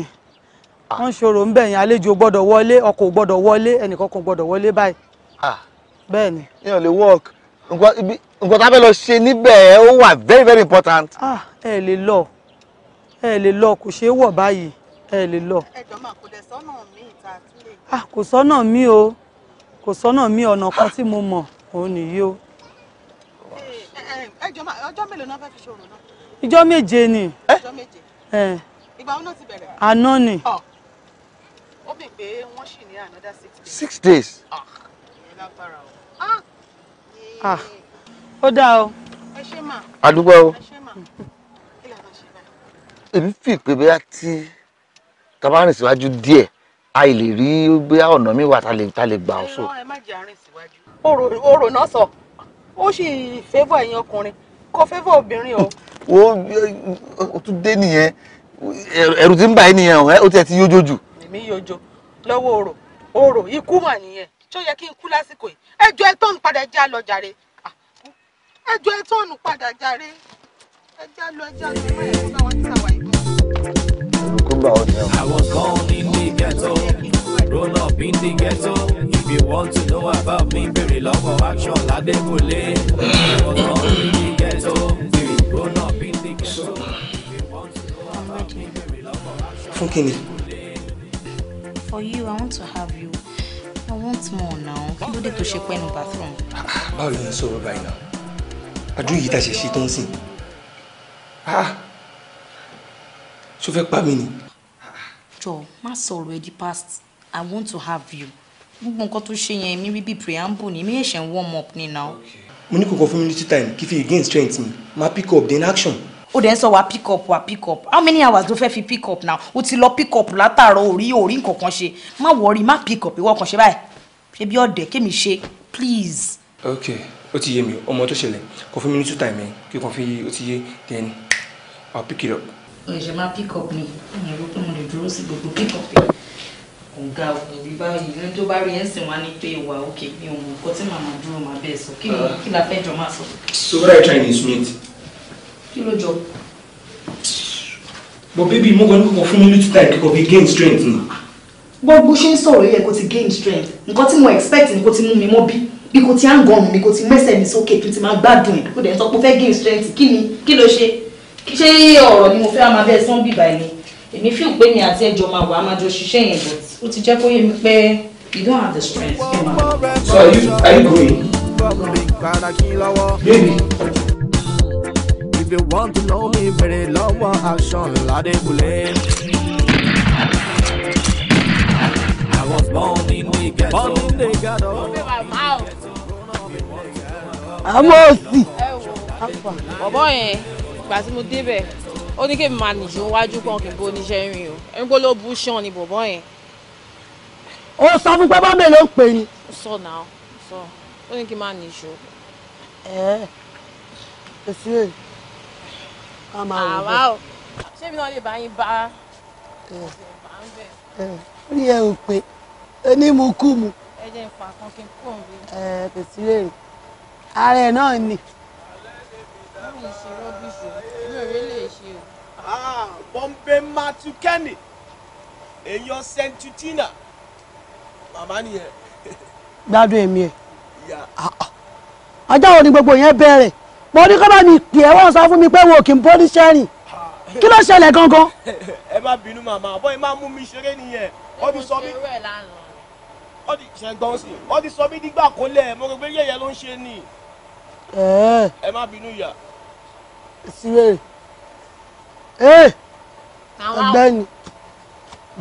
wọ́n ṣòro ń bẹ̀ yẹn àlejò gbọ́dọ̀ wọlé ọkọ̀ gbọ́dọ̀ wọlé ẹnìkan gbọ́dọ̀ wọlé báyìí ah. bẹ́ẹ̀ ni. yíyan lè work nǹkan tá a fẹ́ lọ ṣe níbẹ̀ ó wà very very important. Ah, ẹ lè lọ ẹ lè lọ kò ṣeé wọ̀ báyìí ẹ lè lọ. ẹ jọ máa kò dẹ̀ sọ́nà mi ìta àtúlẹ̀. Ah, kò sọ́nà mi o kò sọ́nà mi ọ̀nà kan tí mo mọ̀ òun nìyí o. ọjọ́ mélòó ìjọ méje ni. ìjọ méje. ìgbà wọn náà ti bẹ̀rẹ̀. àná ni. ó bì pé wọ́n sì ní another six days. six days. ìyẹn lágbára o. Ah. Ah. ó dáa o. ẹ ṣe mà. àdúgbò o. ẹ ṣe mà. kí làwọn ṣe báyìí. èmi fi pé bóyá tí tàbá rìn síwájú díẹ̀ a lè rí bóyá ọ̀nà mi wà tá lè gbà ọ́ sọ. ẹ má jẹ́ àárín síwájú. oòrò náà sọ ó sì fẹ́fọ̀ ẹ̀yin ọkùnrin kò fẹ́fọ́ obìnrin o. o tún dé nìyẹn ẹ̀rù tí ń bà ẹ́ nìyẹn o tiẹ̀ ti yójó jù. èmi yójó lọ́wọ́ orò orò ikú mà nìyẹn tó yẹ kí n kú lásìkò yìí ẹjọ́ ẹ tọ́nu padà já lọ jàre ah, ẹjọ́ ẹ tọ́nu padà jàre ẹjá lọ ẹjá lọ mọ́ ẹ̀kú bá wọn ti sàwà ìbọn. I was born in the ghetto, Roll up in the ghetto. If you want to know about me, very love of action, Adekunle. I was born in the ghetto. fún kí for you i want to have you i want more now kí ló dé tó ṣe pẹ́nu bathroom. báwo ló so sọ̀rọ̀ báyìí náà àdúrà yìí tá a ṣe ṣe tó ń sìn ṣó fẹ́ pa mí ni. jọ má sọ̀rọ̀ ẹ past i want to have you gbogbo nǹkan tó ṣe yẹn mi rí preamble ni mi yẹn ṣe warm up ni now. mo ní kò kàn fún mi time kí fi regain strength mi máa pick up then action ó dẹ̀ ń sọ wa pick up wa pick up how many hours ló fẹ́ fi pick up now o ti lọ pick up látàárọ̀ orí orí nǹkan kan ṣe má wọrí má pick up ìwọ kan ṣe báyìí ṣe bí ọ̀dẹ̀ kémi ṣe please. ok ó ti yé mi ọmọ tó ṣẹlẹ̀ kò fún mi ní two time yẹn kí kan fi ó ti yé then i'll pick it up. ọ̀ṣẹ̀ máa pick up ni ìyẹn ló pé mo lè dúró sí gbogbo pick up yẹn ọ̀gá òbí báyìí ní tó bá rí ẹ̀ ń sìn wá ní pé wà ókè mi ò mọ̀ nǹkan tí màmá dúró máa bẹ́ẹ̀ sọ kí ah. la fẹ́ máa sọ. so where are you trying to insinuate kí ló jọ. but baby mo kàn ní kọkàn fún mi little time kíkọ gain strength na. gbogbo ṣe ń sọ̀rọ̀ yẹ kó ti gain strength nǹkan tí mo expect ni kó ti mú mi mọ́ bí bí kò ti á ń gan mi kò ti mẹ́sẹ̀ mi sókè kí n ti máa gbádùn ẹ̀ kó dẹ̀ sọ pé fẹ́ gain strength kí ni kí ló ṣe ṣé ọ̀rọ̀ ni mo fẹ́ máa bẹ́ẹ̀ sán bíbá ẹni èmi fi pé mi àti ẹjọ́ máa wà á máa jọ ṣiṣẹ́ yẹn but ó ti jẹ́ kó yé mi pé you don't have the strength. so are you are you going. baby. If you want to know me, very love or action, bule. I was born in the ghetto. Born in the ghetto. Amosi. Bọ̀bọ̀ yẹn, ìgbà tí mo débẹ̀, ó ní kí n máa nìyí wájú pọ̀ kí n bó oníṣẹ́ rìn o. Ẹni pé ló bú ṣán ni bọ̀bọ̀ yẹn. Ó sọ fún pé bá mélòó pè ní. Sọ náà, sọ. Ó ní kí n máa nìyí ṣòkò. Ẹ ẹ, èsì rèé a máa ah, wò bẹ́ẹ̀. àwa o ṣé mi náà lè bá yín bá orí ẹ ò pé onímukúmu. ẹ jẹ́ ìfà kan kí n kú òun bí. ẹ kò sí rèé ara ẹ náà ni. mi ì ṣe rọ́bìṣì mi o. Ah, bọ́m̀bé matukẹ́ni èèyàn sẹ́ńtútínà màmá nìyẹn. gbádùn èmi ẹ ọjọ́ ah, wo ni gbogbo yẹn bẹ̀rẹ̀ mo ní kọ́ bá mi pè ẹ́ wọ́n sọ fún mi pé wọn ò kì í bọ́dí sẹ́rìn kí ló ṣẹlẹ̀ gangan. ẹ má bínú màmá ọbọ yìí máa mú mi ṣeré nìyẹn ó ti sọ mí ó ti ṣẹgbọn sí ó ti sọ mí nígbà kólẹ mo rò pé yẹyẹ ló ń ṣe ni. Eh. ẹ má bínú ìyá. síwèrè ee eh. ọ̀gbẹ́ni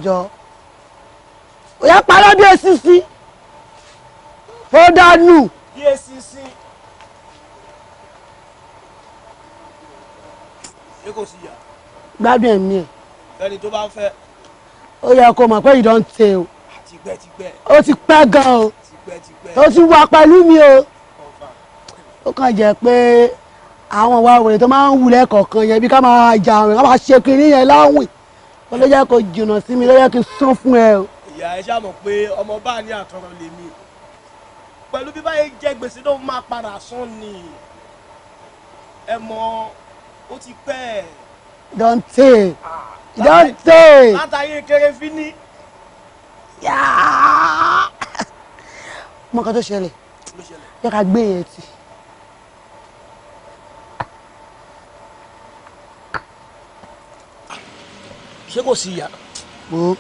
jọ òyà parọ́ bí esisi fọdánù. bí esisi. ṣé kò sí ìyá. gbádùn ẹ̀mí ẹ̀. fẹ́ni tó bá ń fẹ́. ó yẹ kó mọ̀ pé you don tey o. tipẹ́tipẹ́. ó ti pẹ́ gan o. tipẹ́tipẹ́. ó ti wà pẹ̀lú mi o. ó kàn jẹ́ pé àwọn ìwà òwèrè tó máa ń wulẹ̀ kọ̀ọ̀kan yẹn bí ká máa jà àwìn ká máa ṣe kiri yẹn láwìn ó ló jẹ́ kó jìnnà sí mi ló jẹ́ kí n sún fún ẹ o. ìyá ẹ ṣàmọ̀ pé ọmọ bá ní àtọ̀rọ̀ lèmi pẹ̀lú bí báyìí jẹ́ gbèsè ló máa padà sún ni ẹ mọ ó ti pẹ́ ẹ̀. dante dante. látàyè kéré fi ní. mọ nǹkan tó ṣẹlẹ̀ yẹ ká gbé yẹn tì. ṣé kò sí ìyá. mo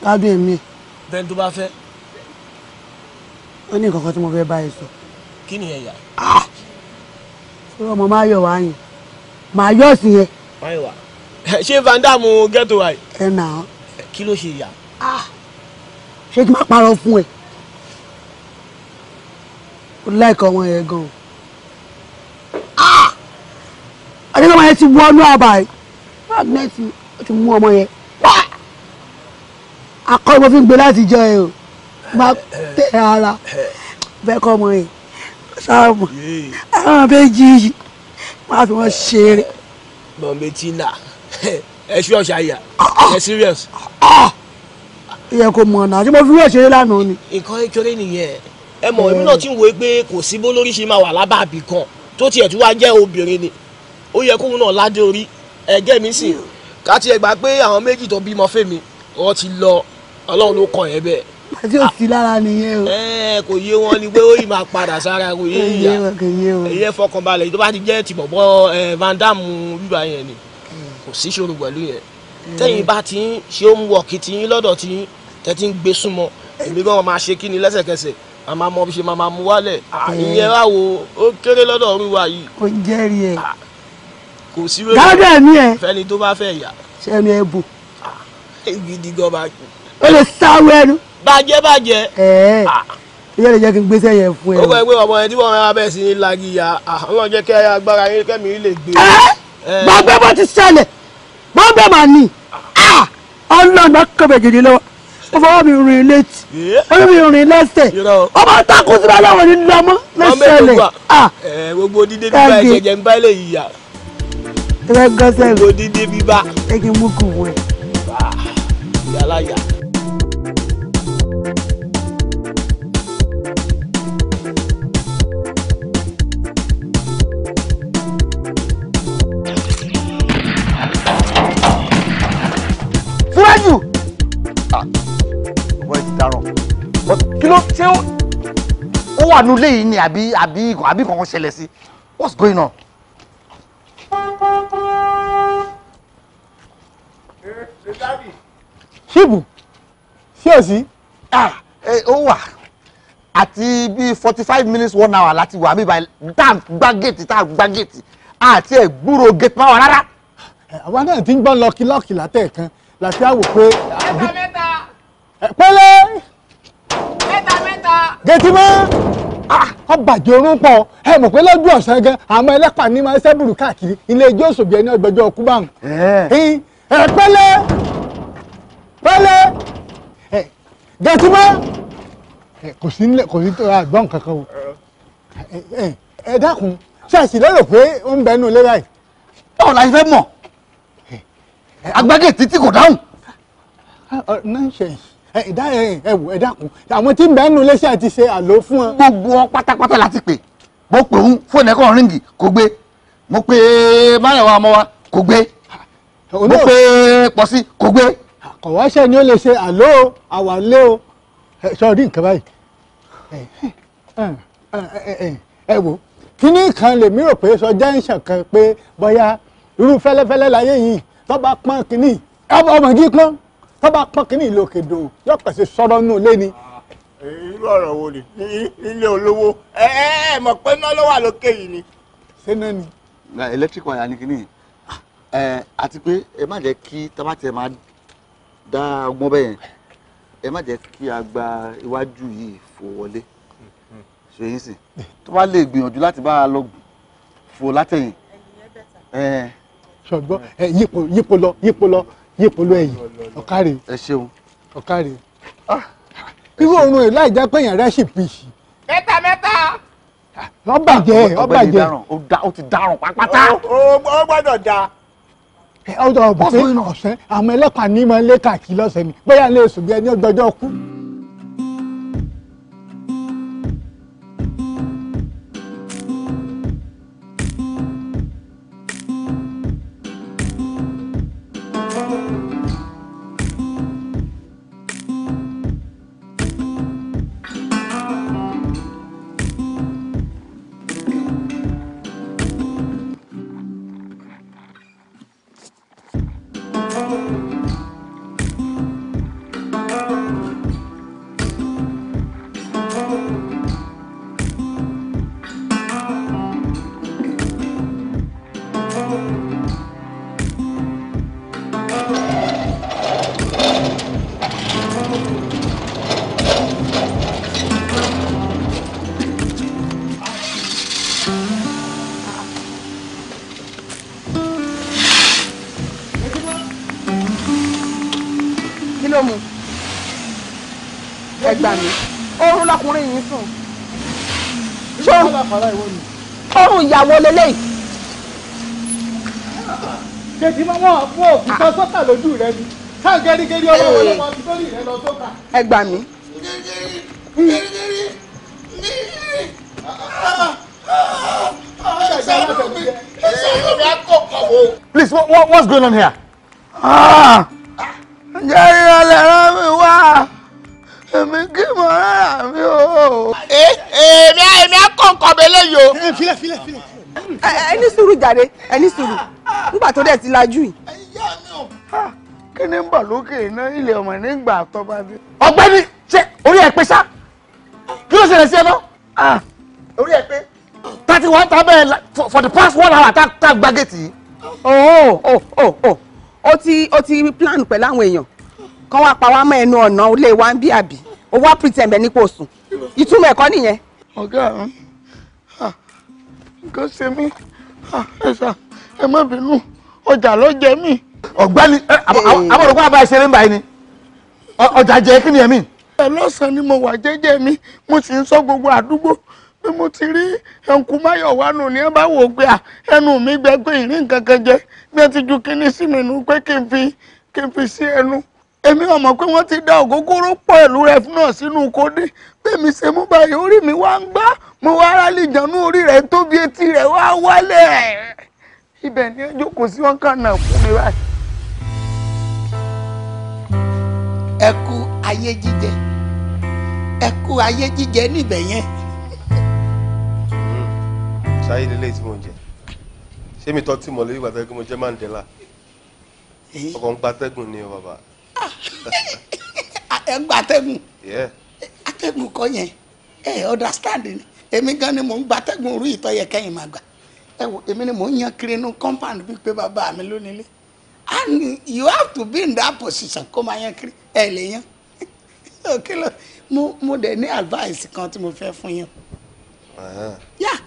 gbádùn èmi. bẹ́ẹ̀ tó bá fẹ́. ó ní nǹkan kan tí mo fẹ́ bá yẹn sọ. kí ni ẹ̀yà. Ah! ṣé ọmọ máa yọ̀ wá yẹn màá yọ sí yẹn. báyìí ṣé van dam ghetto wa yìí. ẹ nà án. kí ló ṣe yà. Ah! ṣé kí n má parọ́ fún ẹ o láìka ọmọ yẹn gan o. Ah! adéka ọmọ yẹn ti wọ ọdún àbá yìí agnes ti mú ọmọ yẹn akọ ni mo fi ń gbé láti jọ ẹ o máa tẹ ara bẹ́ẹ̀ kọ́ ọmọ yẹn sáà mọ̀ àwọn méjì yìí máa fi wọn ṣeré. bọ̀m̀bé tina ẹ ṣú ọ̀ṣà yà ẹ serious. ìyẹn kò mọ̀ náà ṣé mo fi wíwẹ̀ ṣeré lánàá ni. nǹkan ìkórè nìyẹn ẹ mọ̀ èmi náà ti ń wòye pé kò sí bó lórí ṣe máa wà lábàbí kan tó tiẹ̀ tún wá jẹ́ obìnrin ni ó yẹ kóun náà ládé orí ẹ̀jẹ̀ mi sì ká tiẹ̀ gbà pé àwọn méjì tó bímọ fèmi wọ́n ti lọ ọlọ́run ló kọ ẹ̀ bẹ́ẹ̀ àti òsì lára nìyẹn o. ẹ kò yé wọn ni pé ó yìí máa padà sára kò yé ìyá ẹyẹ fọkànbalẹ̀ tó bá ti jẹ́ tìbọ̀bọ̀ Van Dam bíbá yẹn ni kò sí ṣòro pẹ̀lú yẹn tẹ́yìn bá ti ń ṣe ó ń wọ̀ kí ti ń lọ́dọ̀ ti ń tẹ́tí ń gbé súnmọ́ èmi gan máa ṣe kí ni lẹ́sẹ̀kẹsẹ̀ màmá mọ bí ṣe máa mú wálẹ̀ ìyẹn wá wo ó kéré lọ́dọ̀ orí wa yìí. kò jẹ́rìí ẹ̀ kò sí wẹ́rẹ́ dáadáa ni ẹ̀ fẹ́ni tó bá fẹ́ yà. sẹ́nu ẹ̀ bò. gidi o lè sáwọ́ bàjẹ́ bàjẹ́. ẹ ẹ ìyá lè jẹ́ kí n gbéṣẹ́ yẹn fún ẹ. ó gbọ́ pé ọmọ yẹn tí wọ́n máa bẹ̀rẹ̀ sí ní lagiya ah, ọlọ́run jẹ́ kí agbára yín kẹ́mi lè gbé. gbàgbé bó ti ṣẹlẹ̀ wọ́n bẹ̀ mà ní ọlọ́run bá kọ̀bẹ̀ gidi lọ́wọ́ ó fọwọ́ mi rìn létí ó mi rìn lẹ́sẹ̀ ó máa takú sí ọlọ́run ní lọ́mọ lẹ́sẹ̀lẹ̀. Ah! gbogbo dídé bíbá ìjẹjẹ ń bá lè yíyà. gbogbo dídé bíbá. ẹ kí n mú kù wọ ẹ. Ah, yàrá yàrá. kí ó wà nulẹ̀ yìí ni àbí àbí àbí kankan ṣẹlẹ̀ sí what's going on. ṣíbù ṣé ò sí. Ah, ó wà àti bíi forty five minutes one hour láti wà mí báyìí tá géètì tá à gbá géètì àti ẹ̀ gbúrò géètì máa wà rárá. àwa náà ti ń gbọ́ lọ́kìlọ́kì látẹ̀ẹ̀kan láti àwò pé. mẹ́ta mẹ́ta. pẹ́lẹ́ mẹ́ta mẹ́ta. gẹ̀tìmọ́ abàjẹ́ ah, orun pọ̀ ẹ mọ̀ pé lọ́dún ọ̀sán gan àmọ́ ẹlẹ́pà ní máa ṣẹ́bùrù káàkiri ilé ijó òṣòbí ẹni ọgbẹ́jọ́ ọkú bá wọn. ẹ pẹ́lẹ́ pẹ́lẹ́ gẹ̀tìmọ́ kò sí nílẹ̀ kò sí àgbọ̀n kankan o ẹ dákun ṣèṣì lérò pé ó ń bẹnu lé báyìí. báwo la ṣe fẹ́ mọ̀ agbágẹ́ títí kò dáhùn. Ah, ah, nonsense ìdá ẹ wò ẹ dákun àwọn tí mẹ́nu léṣẹ́ ti ṣe àlò fún ọ. gbogbo wọn pátápátá láti pè mo pè ń fóònù ẹ̀kọ́ ríngì kò gbé mo pè márùn-ún ọmọ wa kò gbé mo pè pọ̀ sí kò gbé. àkọ̀wáṣẹ́ ni ó lè ṣe àlò àwàlé o sọ̀rí nǹkan báyìí ẹ wò kíní kan lèmi rò pé sọ jẹ́ǹsàn kan pé bóyá irú fẹ́lẹ́fẹ́lẹ́ láyé yìí tó bá pọ́n kíní ọmọ yìí pọ́n tó bá pọ́n kínní ìlú òkè dùn yóò pèsè sọ̀rọ̀ nù lé ni. irú ọ̀rọ̀ wo ni nílé olówó ẹ ẹ mọ̀ pé iná ló wà lókè yìí ni. ṣé náà ni. electric wire ni kínní ẹ àti pé ẹ má jẹ́ kí tabatẹ máa dá ọgbọ́n bẹ́ẹ̀ ẹ má jẹ́ kí a gba iwájú yìí fò wọlé ṣe yín sìn tó bá lè gbìyànjú láti bá a lọ fò látẹ̀yìn. ṣùgbọ́n yípo lọ yípo lọ yé polo ẹ̀yìn ọ̀kárẹ̀. ẹ ṣeun. ọ̀kárẹ̀. Ah. irú oorun èlò àìjá pé èèyàn rẹ̀ ṣì pìṣì. mẹ́ta mẹ́ta. lọ́bàjẹ́ ọ̀bàjẹ́. ó ti dáràn pápátá. ó gbọ́dọ̀ da. ọ̀dọ̀ ọ̀bọ̀ pé ọ̀sẹ̀ àwọn ẹlẹ́pàá ní máa ń lé káàkiri lọ́sẹ̀ ni bóyá ilé oṣù bí ẹni ọgbọ́jọ́ kú. lójú rẹ ni ká gẹ́rígẹ́rí ọmọ wọn lọ́mọ ti rẹ lọ sókà. ẹ gbà mí. Please, what, what, what's going on here? Ah! Jẹ́rìí mi wá. Èmi kì í rárá mi o. Èmi èmi akọ̀ǹkọ̀ mi eléyìí o. Ẹni sùúrù jàre, ẹni sùúrù. Nígbà tó dẹ̀ ti lajú yìí kí ni ń bọ̀ lókè iná ilé ọmọ nígbà tó bá dé. ọ̀gbẹ́ni ṣe orí ẹ pé sá kí ló ṣẹlẹ̀ sí ẹ náà. orí ẹ pé thirty one tabẹ for the past one hour tá gba géètì yìí. Oh, oh oh oh oh o ti o ti plan pẹ̀lú àwọn èèyàn kan wá pa wá mọ́ ẹnu ọ̀nà ilé wa ń bí àbí o wá pretend bẹ́ẹ̀ nípò sùn ìtumọ̀ ẹ̀kọ́ nìyẹn. ọ̀gá mi nǹkan ṣe mí ẹ ṣá ẹ má bínú ọjà ló jẹ mí ọ̀gbẹ́ni amọ̀rọ̀gbọ́n àbá ìṣeré ń báyìí ni ọjà jẹ́ kí ni ẹ̀mí. ẹlọ́sàn-án ni mo wà jẹ́jẹ́ mi mo sì ń sọ gbogbo àdúgbò pé mo ti rí ẹnkú máyọ̀wá nù ní ẹ bá wò pé ẹnu mi gbẹ pé ìrìn kankan jẹ bí ẹ ti ju kíní sí mi nù pé kí n fi kí n fi sí ẹnu èmi ọmọ pé wọ́n ti da ògógóró pẹ̀lú rẹ̀ náà sínú kódé bẹ́ẹ̀mi ṣe mú báyìí orí mi wá ń gbá mo wá rálì jànú orí rẹ̀ tóbi etí rẹ̀ wá wálẹ̀ ibẹ̀ ni ẹjọ́ kò sí wọn kàn náà fún mi báyìí. ẹ kú ayé jíjẹ ẹ kú ayé jíjẹ níbẹ̀ yẹn. Hmm. ṣáyé lélẹ́yìí tí mo jẹ ṣé mi tọ́ tí mo lè rí gbàtẹ́gùn mo jẹ́ Mandela ọkọ̀ ń gbatẹ́gùn ni o bàbá. ẹ ń gbatẹ́gùn atẹ́gùn kọ́ yẹn ẹ understand ni èmi gan ni mò ń gbatẹ́gùn orí ìtọ́yẹ kẹ́yìn máa gbà ẹ wò èmi ni mò ń yan kiri inú compound bíi pé bàbá mi ló nílé and you have to be in that position kó máa yan kiri ẹ lè yan òkè lọ mo mo dẹ̀ ní advice kan tí mo fẹ́ fún yín. Uh-huh. yeah.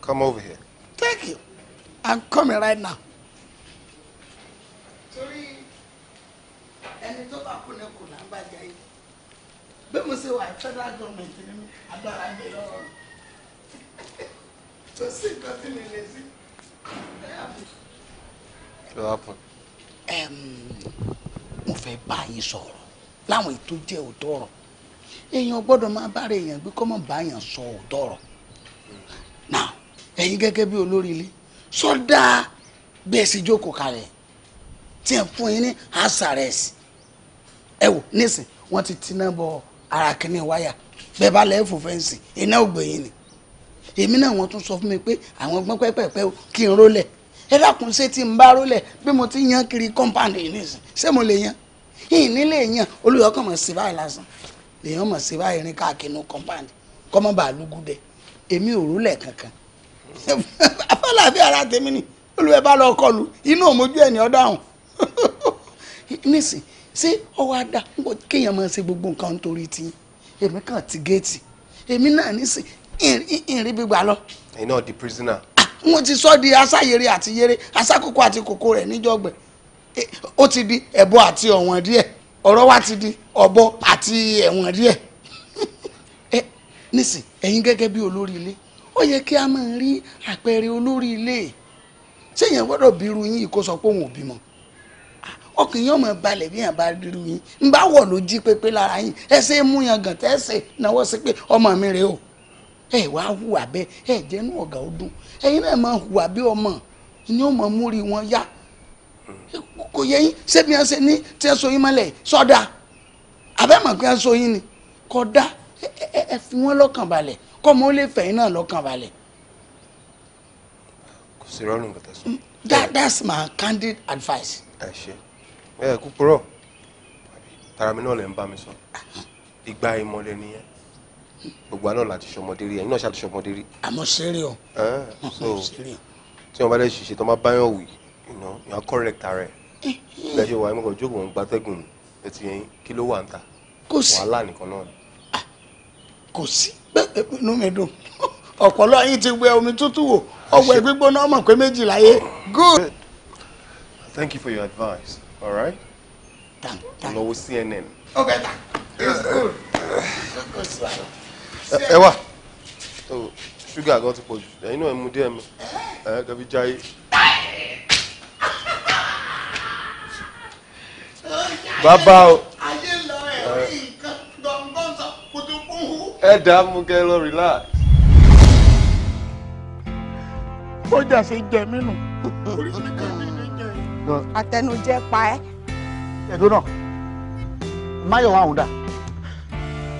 come over here. thank you i'm coming right now. torí ẹni tó bá kú ní kùnà bàjẹ́ yìí bí mo ṣe wà federal government ni agbára ń bẹ lọ́wọ́ what happened? mo fẹ́ bá yín sọ̀rọ̀ láwọn ètò jẹ́ òótọ́ ọ̀rọ̀ èèyàn gbọ́dọ̀ máa bá rẹ̀ èèyàn gbé kọ́mọ̀ bá yàn sọ òótọ́ ọ̀rọ̀ now ẹ̀yin gẹ́gẹ́ bí olórí ilé sọ́dà bẹ́ẹ̀ sì jókòó kalẹ̀ tí ẹ̀ fún yín ní asrs ẹ wò nísìn wọ́n ti tiná bọ ara kìíní wáyà bẹ́ẹ̀ bá lẹ́ẹ̀fù fẹ́ǹsì iná ògbẹ̀yìn ni èmi náà wọ́n tún sọ fún mi pé àwọn gbọ́n pẹ́pẹ́pẹ́ kí n rólẹ̀ ẹ dákun ṣé tí n bá rólẹ̀ pé mo ti yan kiri compound yìí nìsín ṣé mo lè yan yìí nílé yan olùyọ kàn mọ̀ sí báyìí lásán lèyàn mọ̀ sí báyìí rìn káàkiri compound kọ́mọ́ bàálùkù dẹ èmi ò rólẹ̀ kankan afọlábí ara tèmi ni olùwẹ̀ bá lọ kọlu inú òmojú ẹ̀ ní ọ dáhùn nísìn ṣé ọwọ́ adá kéèyàn máa ṣe gbogbo nǹkan nítorí tí èmi kàn ti géètì èmi náà nísìn ìrìn gbígbà lọ. ẹ̀yin náà di prisoner. mo ti sọ di asáyere àti yere asákòókò àti kòkó rẹ̀ níjọ́gbẹ̀ ó ti di ẹ̀bọ àti ọ̀wọ́n díẹ̀ ọ̀rọ̀ wa ti di ọ̀bọ àti ẹ̀wọ̀n díẹ̀ ẹ nísìn ẹ̀yin gẹ́gẹ́ bí olórí ilé ó yẹ kí a máa rí àpẹẹrẹ olórí ilé ṣéyàn gbọ́dọ̀ bírú yín kó sọ pé òun ò bímọ ọkàn yín ọmọ balẹ̀ bí yàn bá rírú yín ń bá wọ̀ ló jí pépé lára yín ẹ ṣe é mú yàn gàn tẹ́ ẹ ṣe náwó sí pé ọmọ mi rèé o ẹ wàá hùwà bẹ́ẹ̀ ẹ jẹ́nu ọ̀gá ó dùn ẹ̀yin náà máa hùwà bí ọmọ ni ó mọ̀ múri wọn yá kò yẹ yín ṣebí ẹ ṣe ní tí ẹ so yín mọ́lẹ̀ sọ́dà àbẹ́mọ̀ pé ẹ so yín ni kódà ẹ fi wọ́n lọ́kàn balẹ̀ kọ́ mọ́ ó lè fẹ̀yìn náà lọ́kàn balẹ̀. kò sí rọrùn kàtà sọ. Mm, that that's my candid advice. ẹ ṣe ẹ kúkúrọ tàràmì náà lè ń bá mi sọ ìgbà ìmọ̀lẹ̀ nìyẹn gbogbo àná láti ṣọmọdé rí ẹ̀yin náà ṣàti ṣọmọdé rí. àmọ́ sẹ́ríọ̀. tí wọ́n bá lè ṣiṣẹ́ tó máa báyọ̀ wì yàn correct ara ẹ̀ eh, bẹ́ẹ̀ ṣe eh. wà ẹ̀ mọ̀ kò jókòó ń gbatẹ́gùn ẹtì yẹn kí ló wà ń ta wàhálà nìkan náà ni. Ah, kò sí inú mi dùn ọ̀pọ̀lọ́ yín ti gbẹ omi tútù wò ọgbẹ́ gbígbóná ọmọ pé méjì láyé good. thank you for your advice all right. lọ wo CNN. Ok. It's ẹ wà ṣúgà gan ti pọ̀ jù ẹ̀yin náà ẹ mú díẹ̀ mi ẹ̀ kẹfí jáyé. bàbá o ẹ dààmú kẹ lọ relax. bójà ṣe jẹ mí nù àtẹnujẹ pa ẹ. ẹ̀dùn náà máyọ̀ wà ń dà.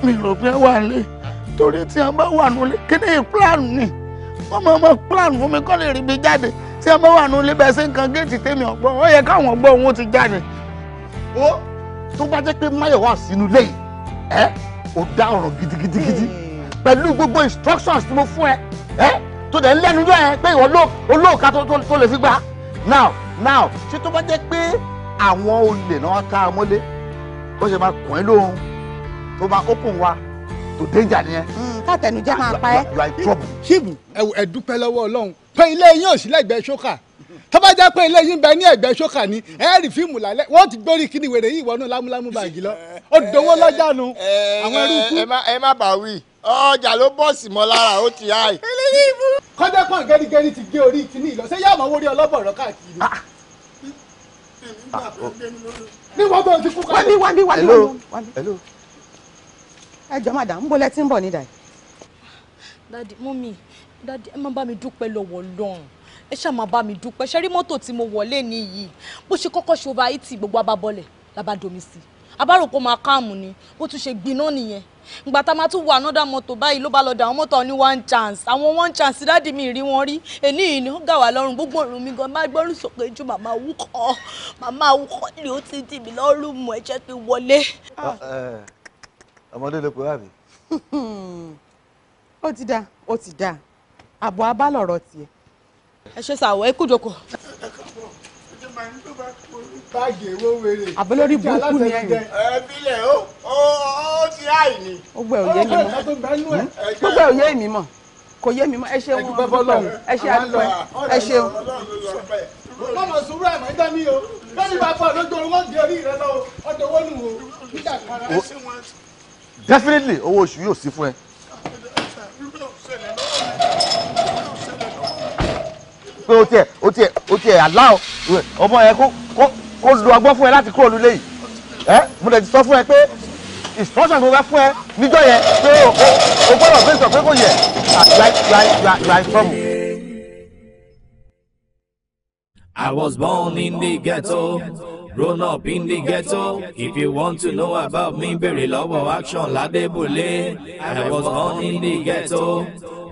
mi ò rò wà lé torí tí a bá wà nulẹ̀ kí ni plan ni wọ́n máa mọ plan fún mi kọ́ lè rí mi jáde tí a bá wà nulẹ̀ bẹ́ẹ̀ sí nǹkan géètì tèmi ọ̀gbọ́n ó yẹ káwọn gbọ́ òun ti jáde. ó tó bá jẹ́ pé Máyọ̀wá sínú lẹ́yìn ẹ́ ó dá ọ̀rọ̀ gidigidigidi pẹ̀lú gbogbo instructions tí mo fún ẹ ẹ́ tó dẹ̀ ń lẹ́nu jọ ẹ pé ìwọ olóòka tó lè fi gbà now now ṣé tó bá jẹ́ pé àwọn olè náà ta ọmọlé ó ṣe máa kàn án lóhun tó máa open wa tó danger nìyẹn. kátẹnujẹ hmm, máa pa ẹ. you are in trouble. ṣíbù ẹ dúpẹ́ lọ́wọ́ ọlọ́run pé ilé yín ò sí lẹ́gbẹ̀ẹ́ ṣókà tó bá jẹ́ pé ilé yín bẹ ní ẹ̀gbẹ́ ṣókà ni ẹ rí fíìmù lálẹ́ wọ́n ti gbórí kíni wèrè yìí wọnú lámúlámú báàgì lọ ó dowó lọ́jà nu eh, eh, àwọn ẹrú kú. ẹ má bà wí ọjà ló bọ́ọ̀sì mọ́ lára ó ti háì. kọ́jà pọ̀ gẹ́rígẹ́rí ti gé orí kíní lọ ṣé yóò máa wọlé ọlọ́bọ̀rọ̀ káàkiri. Ah. ní wọ́n bọ̀ ti kú ká lọ. wọ́n ní wọ́n ní wọ́n ní wọ́n ní ẹ madam ń bo lẹ ń bọ̀ nídà yìí. dadi mọ́mí dadi ẹ má bá mi dúpẹ́ lọ́wọ́ lọ́hùn ẹ ṣáà má bá mi dúpẹ́ ṣe rí mọ́tò tí mo wọlé nìyí bó ṣe kọ́kọ́ ṣe ova eighty gbogbo abábọ́lẹ̀ labádomi sí i abáròkó máa káàmù ni bó tún ṣe gbiná nìyẹn ìgbà tá a máa tún wọ anọ́dà mọ́tò báyìí ló bá lọ dà àwọn mọ́tò ní one chance àwọn one chance dáàdì mi rí wọn rí èní yìí ni ó gà wá lọ́rùn gbogbo òrùn mi gan máa gbọ́rùn sókè ju màmá wúkọ́ màmá wúkọ́ ni ó ti dì mí lọ́rùn mọ́ ẹ̀jẹ̀ pé wọlé. Ah, eh ọmọdé ló pe wá mi. ó ti dáa ó ti dáa àbọ̀ abálọ̀rọ̀ tiẹ̀. ẹ ṣe sàwọ̀ ẹ kú jòkó. báàgì èwo wèrè. àbólórí burúkú ni ẹ̀yìn. ẹbílẹ̀ ó ó ti àìní. ó gbẹ òye mi mọ́ ó gbẹ òye mi mọ́ kò yé mi mọ́ ẹ ṣeun ọmọdé ẹ ṣe àdúpẹ́ ẹ ṣeun lọ́mọ sùúrù àmọ́ ẹ̀dá mi o lẹ́yìn bá lójú orun di orí rẹ lọ́wọ́ ọdọ̀ wọ́n o nígbà definitely owó oṣù yóò sí fún ẹ. pé o tiẹ̀ o tiẹ̀ o tiẹ̀ aláwọ̀ ọmọ yẹn kó kó kó lu ọgbọ́n fún ẹ láti kúrò nílé yìí ẹ mo lè sọ fún ẹ pé instruction tó bá fún ẹ níjọ́ yẹn pé o o gbọ́dọ̀ fẹ́ sọ pé kò yẹ láì ah, fọ́ọ̀mù. I was born in the ghetto. Grown up in the ghetto. If you want to know about me, love lọ́wọ́ Action bule. I was born in the ghetto.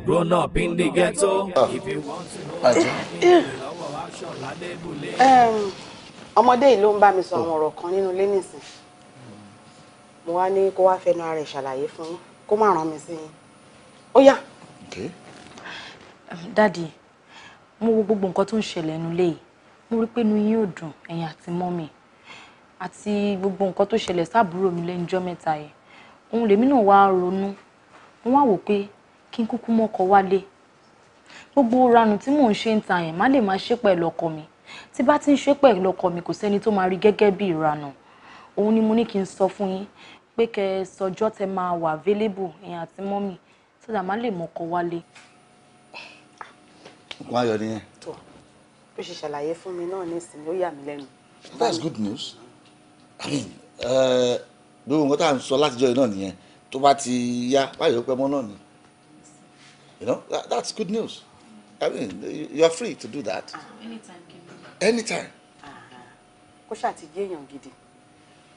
Grown up in the ghetto. Ah. If you want to know about me, béèrè lọ́wọ́ Action Ladebule. Ọmọdé yìí ló ń bá mi sọ àwọn ọ̀rọ̀ kan nínú ilé nìsín. Mo wá ní kó wá fẹnu ara ẹ̀ ṣàlàyé fún kó má rán mi sí yín. Ó yá. Dádì, mo wo gbogbo nǹkan tó ń ṣẹlẹ̀ nílé yìí mo rí pé inú yín ò dùn ẹ̀yin àti mọ́mì àti gbogbo nǹkan tó ṣẹlẹ̀ sábúrò mi lẹ́njọ́ mẹ́ta yẹn òun lèmi náà wá ronú mo wá wò pé kí n kúkú mọ́kọ wálé gbogbo ranù tí mò ń ṣe ń ta yẹn má lè máa ṣe pẹ̀lú ọkọ mi tí bá ti ń ṣe pẹ̀lú ọkọ mi kò sẹ́ni tó máa rí gẹ́gẹ́ bí ìranù òun ni mo ní kí n sọ fún yín pé kẹ́ ẹ sọjọ́ tẹ́ máa wà available ẹ̀yin àti mọ́mì sọ́dà má lè mọ́kọ wálé. wọ́n nìyẹn bó ṣe ṣàlàyé fún mi náà nísìnyí ó yà mí lẹ́nu. that's good news i mean lórí uh, nǹkan tá à ń sọ látijọ́ yìí náà nìyẹn tó bá ti yá báyìí ó pẹ́ mọ́ náà ni you know that's good news i mean you are free to do that. Ah, anytime anytime. kó ṣàtijọ́ èèyàn gidi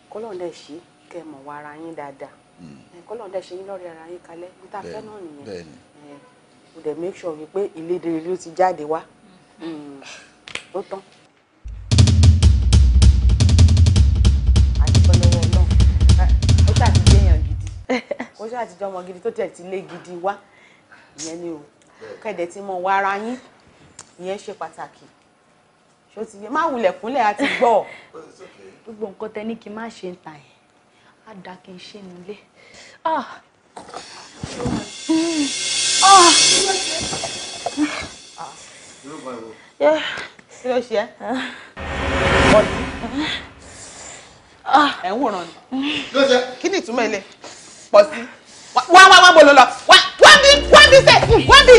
kó lóun dẹ̀ ṣe kẹ́ mọ̀ wá ara yín dáadáa hmm. kó lóun dẹ̀ ṣe yín lọ́rẹ̀ ara yín kalẹ̀ níta fẹ́ náà nìyẹn kó dẹ̀ make sure wípé ìlédèrè ló ti jáde wá. Hmm. Hmm. Ah ó tán. àdúgbò lọ́wọ́ náà ó ṣáàtì gbéyàn gidi ó ṣáàtì jọmọ gidi tó tẹ̀ ti lé gidi wá ìyẹn ni o kẹ̀dẹ̀ tí mo wá ara yín ìyẹn ṣe pàtàkì o ti yẹ má wulẹ̀ kúnlẹ̀ àti gbọ́. gbogbo nǹkan tẹ ní kí n má ṣe ń tà yẹn á dá kí n ṣe nílé. Ah! Ah! Yeah kí ló ṣe ẹ́ bọ́ọ̀lù ẹ̀ ń wòran ni kí ni ìtumọ̀ ilé pọ̀ sí wá wá wá bolo lọ wá wá bí wá bí sẹ́ wá bí.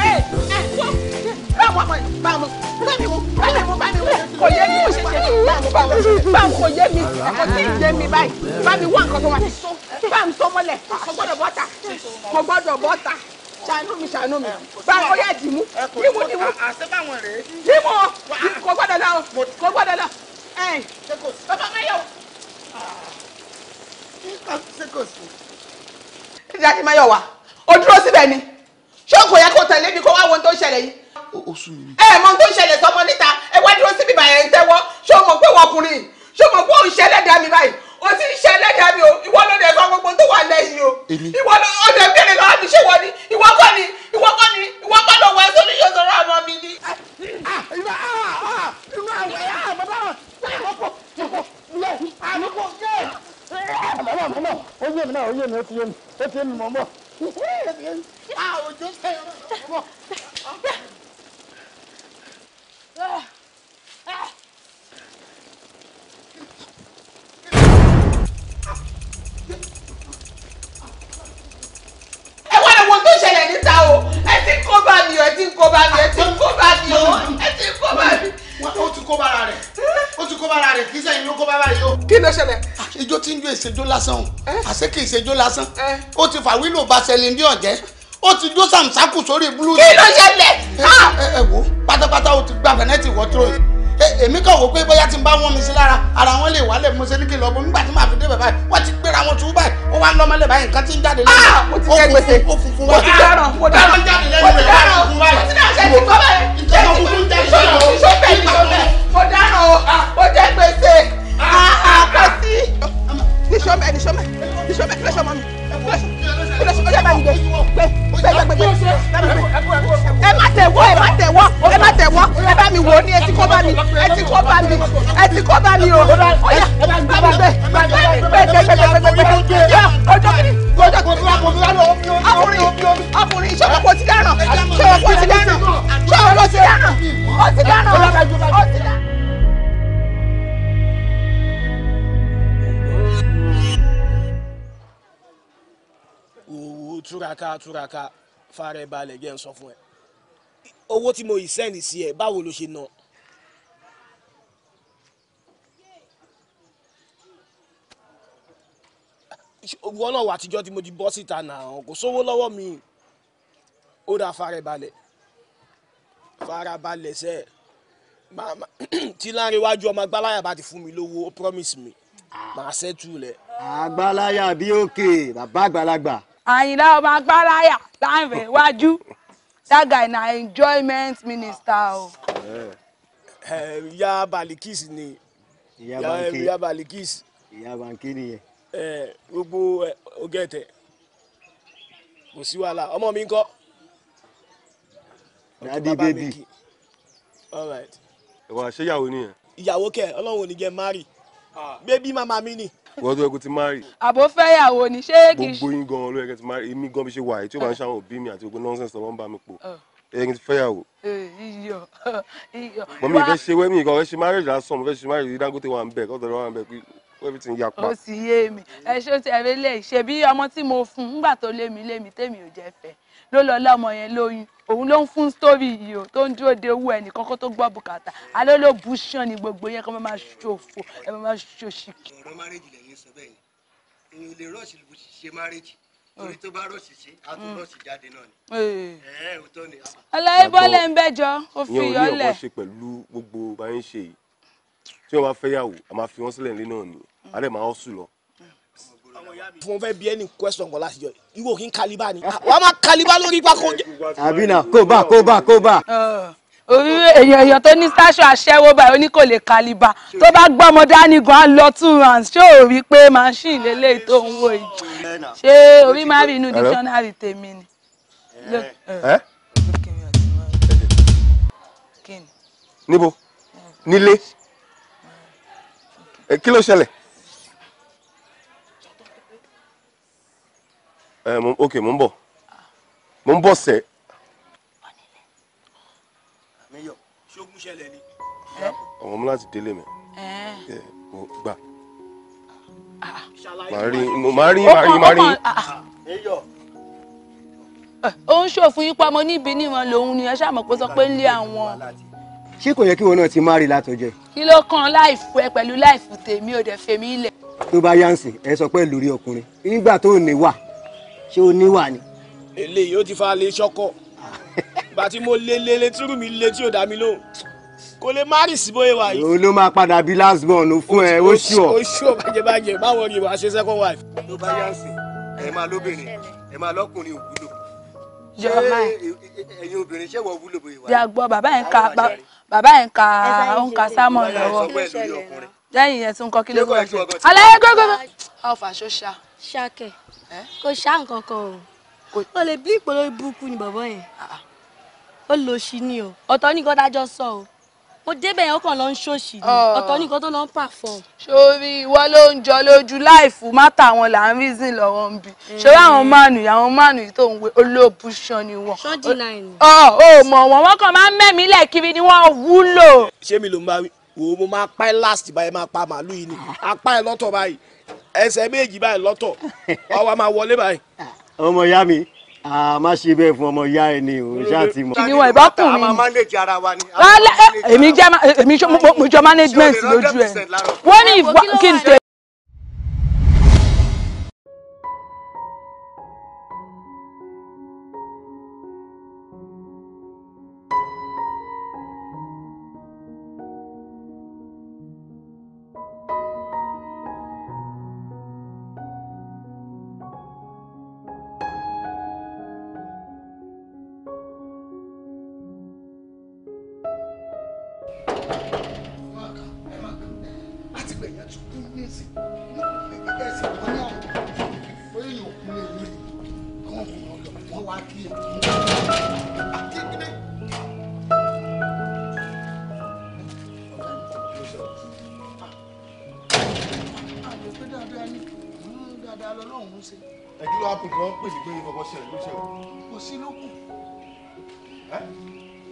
Hey! Hey! Whoa! Báwo báwo báwo báwo báwo kò yé mi bó ṣe ṣe báwo kò yé mi kò tí ì yé mi báyìí bá mi wá nǹkan tó wà bá mi sọ mọ́lẹ̀ kò gbọ́dọ̀ bọ́ta kò gbọ́dọ̀ bọ́ta ṣàánú mi ṣàánú mi bá ọ yá dìmú dìmú dìmú dìmú kò gbọ́dọ̀ lọ kò gbọ́dọ̀ lọ ẹ̀ bàbá mayọ̀. ìdájí mayọ̀ wa o dúró síbẹ̀ ni ṣé kò yẹ kó tẹ̀lé mi kó wá wo ohun tó ṣẹlẹ̀ yìí ó sú mi ni. ẹ mọ tó ń ṣẹlẹ̀ sọmọ níta ẹ wá dúró síbi bàyẹ̀ ń tẹ́wọ́ ṣó mọ̀ pé wọ́n ọkùnrin ṣó mọ̀ pé òun ṣe ẹlẹ́dàá mi báyìí o ti ń ṣe ẹlẹ́dàá mi o ìwọ ló dẹ̀ sọ gbogbo tó wà lẹ́yìn o ìwọ ló ọdẹ bẹ̀rẹ̀ lọ́wọ́ mi ṣé wọ ni ìwọ kọ́ ni ìwọ kọ́ ni ìwọ kọ́ lọ́wọ́ ẹ sórí yóò sọ̀rọ̀ ọmọ mi ni. mọ̀mọ́ mọ̀mọ́ ó yé mi náà ó yé mi ó ti yé mi ó ti yé mi mọ̀mọ́. Ah, ẹ wá ẹ̀wọ̀n tó ṣẹlẹ̀ níta o ẹ ti kó bá mi o ẹ ti kó bá mi ẹ ti kó bá mi o ẹ ti kó bá mi. ó ti kó bára rẹ̀ ó ti kó bára rẹ̀ kì í sẹ́yìn ló kó bára yìí o. kí ló ṣẹlẹ̀. ìjó ah, tí ń jó ìṣèjó lásán o eh? àṣé kì í ṣèjó lásán eh? ó ti fà wílò bá ṣẹlẹ̀ ní ọ̀jẹ́ ó ti jó sàmsákù sórí búlúù. kí ló ṣẹlẹ̀. ẹ ah! ẹ wo pátápátá o ti gba fẹnẹtì wọtúrò yìí èmi kàn wò pé bóyá tí n bá wọn mi sí lára ara wọn lè wálẹ̀ mo ṣe ní kí n lọ bó nígbà tí màá fi débẹ̀ báyìí wọ́n ti gbéra wọn tú báyìí ó wá ń lọ́mọlẹ̀ báyìí nǹkan ti ń jáde lẹ́nu. Ah! mo ti jẹ gbèsè mo ti dáràn mo dáràn mo ti dáràn mo ti dáràn mo ti dáràn ṣe ti kọ́ bẹ́ẹ̀ nǹkan kúkú ń jáde lẹ́nu. ṣé bẹ́ẹ̀ ni sọ́mẹ̀ mo dáràn o ah! mo jẹ gbèsè àkọsí. ní sọ́mẹ̀ ní sọ́mẹ̀ ní sọ́mẹ̀ kí ló ṣọmọ mi ọjọ́ bá mi dé pé pé pé pé ẹ má tẹ̀wọ́ ẹ má tẹ̀wọ́ ẹ má tẹ̀wọ́ ẹ bá mi wò ó ní etí kó bá mi etí kó bá mi etí kó bá mi o ọyà bá mi bẹ bá mi bẹ bẹ bẹ bẹ bẹ bẹ yọ ọjọ́ kí ọjọ́ kí ọkùnrin ọkùnrin ìṣòro kò ti dáná ṣòro kò ti dáná ṣòro kò ti dáná ó ti dáná ó ti dáná. túraká túraká fara ẹ balẹ̀ jẹ́ ń sọ fún ẹ owó tí mo yìí sẹ́ni sí ẹ báwo ló ṣe ná. owó náà wà àtijọ́ tí mo ti bọ́ síta náà kò sówó lọ́wọ́ mi ó dá fara ẹ balẹ̀ fara balẹ̀ sẹ́ ẹ̀ tí láàrin iwájú ọmọ agbáláyà bá ti fún mi lówó ó promise mi màá ṣẹ́tù lẹ̀. àgbáláyà bí òkè bàbá àgbàlagbà àyìnlá ọmọ agbáráyà láǹfẹ̀ iwájú that guy na enjoyment minister o. Eh, eh, ìyá balikis ni ìyá balikis. ìyá banki nìyẹn. Eh, gbogbo ogẹ́tẹ̀ kò sí wàhálà ọmọ mi ń kọ́. baby. all right. ìwà ṣéyàwó nìyẹn. ìyàwó kẹ Ọlọ́run ò ní jẹ́ mari ah. bébí màmá mi ni. Ah wọ́n tó yẹ kó ti marry. àbò fẹ́yàwó ni ṣé kì í ṣe. gbogbo yín gan-an ló yẹ kẹ́ ti marry èmi gan bí ṣe wà yìí tí ó bá ń ṣàwọn òbí mi àti gbogbo nọ́ńsẹ̀nsì tó bá mi pò ẹyin ti fẹ́yàwó. iyọ iyọ. mọ̀mí ìfẹ́ ṣe wẹ́mí ìkan fẹ́ ṣe marriage lásán mo fẹ́ ṣe marriage Dangote wà ń bẹ̀ kọ́tọ̀ lọ́wọ́ ń bẹ̀ pé everything yapa. ó sì yé mi ẹ ṣó ti ẹ̀rẹ́ lè ṣe bí ọmọ tí mo fún nígbà tó lé mi lé mi tèmi ò jẹ́ fẹ́ ló lọ lọ́mọ yẹn lóyún òun ló ń fún sítórì yìí o tó ń dúró de owó ẹnìkan kó tó gbọ́ bùkátà alólòbù ṣàn ní gbogbo yẹn kó máa ṣòfò ẹ máa ṣòṣì. ọ̀rọ̀ máa rèjìlẹ̀ èyàn ò lè rọ́ọ̀ṣì lù ṣe márẹ́jì torí mm. tó bá rọ́ọ̀ṣì ṣe á tún mm. rọ́ọ̀ṣì jáde náà ni. ẹ ò ni. ọlọ́yìn bọ́lẹ̀ ń bẹ́jọ ó fi yọ ìyẹn ò ní ọkọ ṣe pẹ̀lú gbogbo bá ń ṣe yìí tí wọ́n bá fẹ́ yàwó a máa fi wọ́n sílẹ̀ nílé náà ni a dẹ̀ máa sùn lọ. mo fẹ́ bí ẹni question kan láti jọ ìwọ kí n kaliba ni ah, wàá máa kaliba lórí pákó. àbínà èèyàn èèyàn tó ní stasho aṣẹ́wó báyìí ó ní kò lè kaliba tó bá gbọ́ ọmọ dání gan lọ two rounds ṣé ò rí pé machine lélẹ̀ tó ń wò yìí ṣé orí máa rí inú dictionary tèmi ni. Eh. Eh? níbo nílé eh, kí ló ṣẹlẹ̀ ok mo ń bọ̀ mo ń bọ̀ sẹ́ẹ̀. ṣogun ṣẹlẹ̀ ni. àwọn ọmọ láti délé mi mo gbà màá rí màá rí màá rí. Ah, ah. ó ń ṣòfin ipa mo níbi níwọ̀n lòun ni ẹ ṣáà mọ̀ pé sọ pé ń lé àwọn. ṣé kò yẹ kí wọn náà ti máa rí látọjọ́ yìí. kí ló kan láìfù ẹ pẹ̀lú láìfù tèmi ò dẹ̀ fèmí ilẹ̀. tó bá yánsì ẹ sọ pé lórí ọkùnrin nígbà tó ní wà ṣé o ní wà ni. eléyìí ó ti fa lè ṣọkọ ìgbà tí mo lé lé lé túrú mi lé tí ò dá mi lóhùn kò lè má rì sí bóyá wà yìí. òun máa padà bí last fún ẹ ó ṣùọ. ó ṣùọ bàjẹ́bàjẹ́ báwo ni wàá ṣe second wife. ló bá yá sí ẹ máa lóbìnrin ẹ máa lọ́kùnrin òwúlò. yọ̀ọ́mà ẹ̀yin obìnrin ṣé wọ́n wúlò bóyá wà. yàgbọ́ bàbá yẹn ka bàbá yẹn ka ó ka sámọ̀ lọ́wọ́ lẹ́yìn yẹn tún kọ́ kí ló kọ́ ẹ̀ aláyé gbogbo. a ò fàṣọ ṣá. ṣáàkẹ̀ kò ṣá nǹkan kan o kò lè bí ìpolówó burúkú ni bàbá yẹn. Ah, ah ó lọ sí ni o ọ̀tọ̀ ní nǹkan dájọ́ sọ o mo débẹ̀ yẹn ó kàn lọ ń ṣòṣì ni ah. ọ̀tọ̀ ní nǹkan tó lọ ń perform. sórí ìwọ ló ń jọ lójú láìfù mátà àwọn là ń reason lọ́wọ́ ń bi mm. sórí àwọn mánu àwọn mánu yìí tó ń wé olóòbùsàn ni wọn. sọ́jì náà ni. ọ ò mọ̀ wọ́n wọ́n kàn máa ń mẹ́mí lẹ̀ kiri ni wọ́n wúlò. ṣé mi ló máa wí wo mo máa pa ẹ́ last báyìí máa pa màálù yìí ni apá ẹ̀ lọ́tọ̀ báyìí ẹsẹ̀ méjì báyìí lọ́tọ̀ ọwọ́ máa wọlé báyìí. ọmọ ìyá mi a má ṣe bẹ́ẹ̀ fún ọmọ ìyá ẹ ni òun ṣáà ti mọ̀. ìníwọ̀n ìbákùn mi. a wa ni. rálẹ̀ èmi jẹ́ èmi jọ management lójú ẹ̀ wọ́n ní kí n tẹ̀. sí ló kò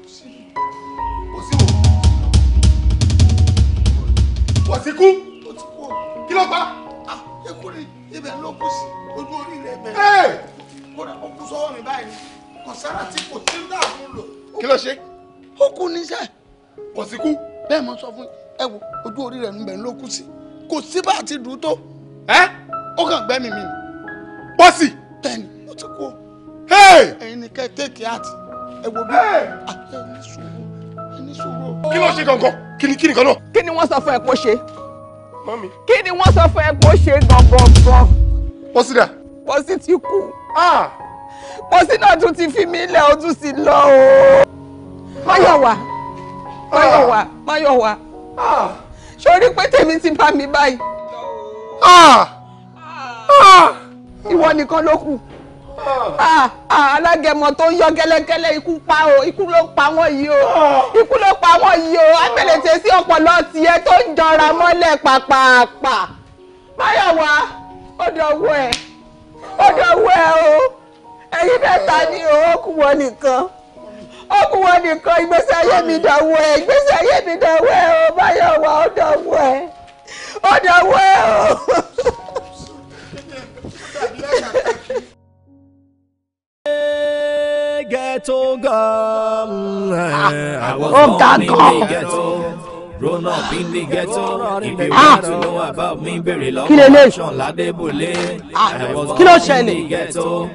sí wò kò sí kú kí ló pa. ẹkú ah, ni ibẹ̀ ló kù sí ojú orí rẹ̀ bẹ̀rẹ̀ kódà ó kú sọ́wọ́ mi báyìí kò sára tí kò sí dáàbò lò. kí ló ṣe. ó kú níṣẹ́. kò sí kú. bẹ́ẹ̀ mo sọ fún ẹ wo ojú orí rẹ̀ bẹ̀ ló kù sí kò sí bá a ti dùn tó. ẹ ó kàn gbẹ́mìí mi pọ́sì. bẹ́ẹ̀ni ó ti kú o ẹ̀yin ni kẹ́ tètè àti ẹ wo bí ah, ẹni sùúrù ẹni sùúrù. kí ló ṣe gangan kí ni kí ni kan náà. kí ni wọ́n sọ fún ẹ kó ṣe. mọ́mí. kí ni wọ́n sọ fún ẹ kó ṣe gangan. pọ́sí dà. pọ́sí ti kú. pọ́sí ah! náà tún ti fi mí lẹ̀ ó tún sí lọ o. máyọ̀wá ah! máyọ̀wá máyọ̀wá sori pé tèmi ti bá mi báyìí. ìwọ nìkan ló kù. Ah. Ah, ah, alágẹmọ tó ń yọ gẹ́lẹ́gẹ́lẹ́ ikú pa o ikú ló pa wọ́n yìí o ikú ló pa wọ́n yìí o abẹ́lẹ̀tẹ̀ sí ọpọlọ tiẹ̀ tó ń jọra mọ́lẹ̀ pàpàpà máyọ̀wá ó dọ̀wọ́ ẹ̀ ó dọ̀wọ́ ẹ̀ o ẹ̀yin mẹ́ta ni o ó kù wọ́n nìkan ó kù wọ́n nìkan ìgbésí ayé mi dọ̀wọ́ ẹ̀ ìgbésí ayé mi dọ̀wọ́ ẹ̀ o máyọ̀wá ó dọ̀wọ́ ẹ̀ ó dọ̀wọ́ ẹ̀ o ghetto girl. Ah, I was oh, born in the ghetto. Grown up in the ghetto. If you want ah. to know about me, very long. Sean Ladebole. I was born in the ghetto.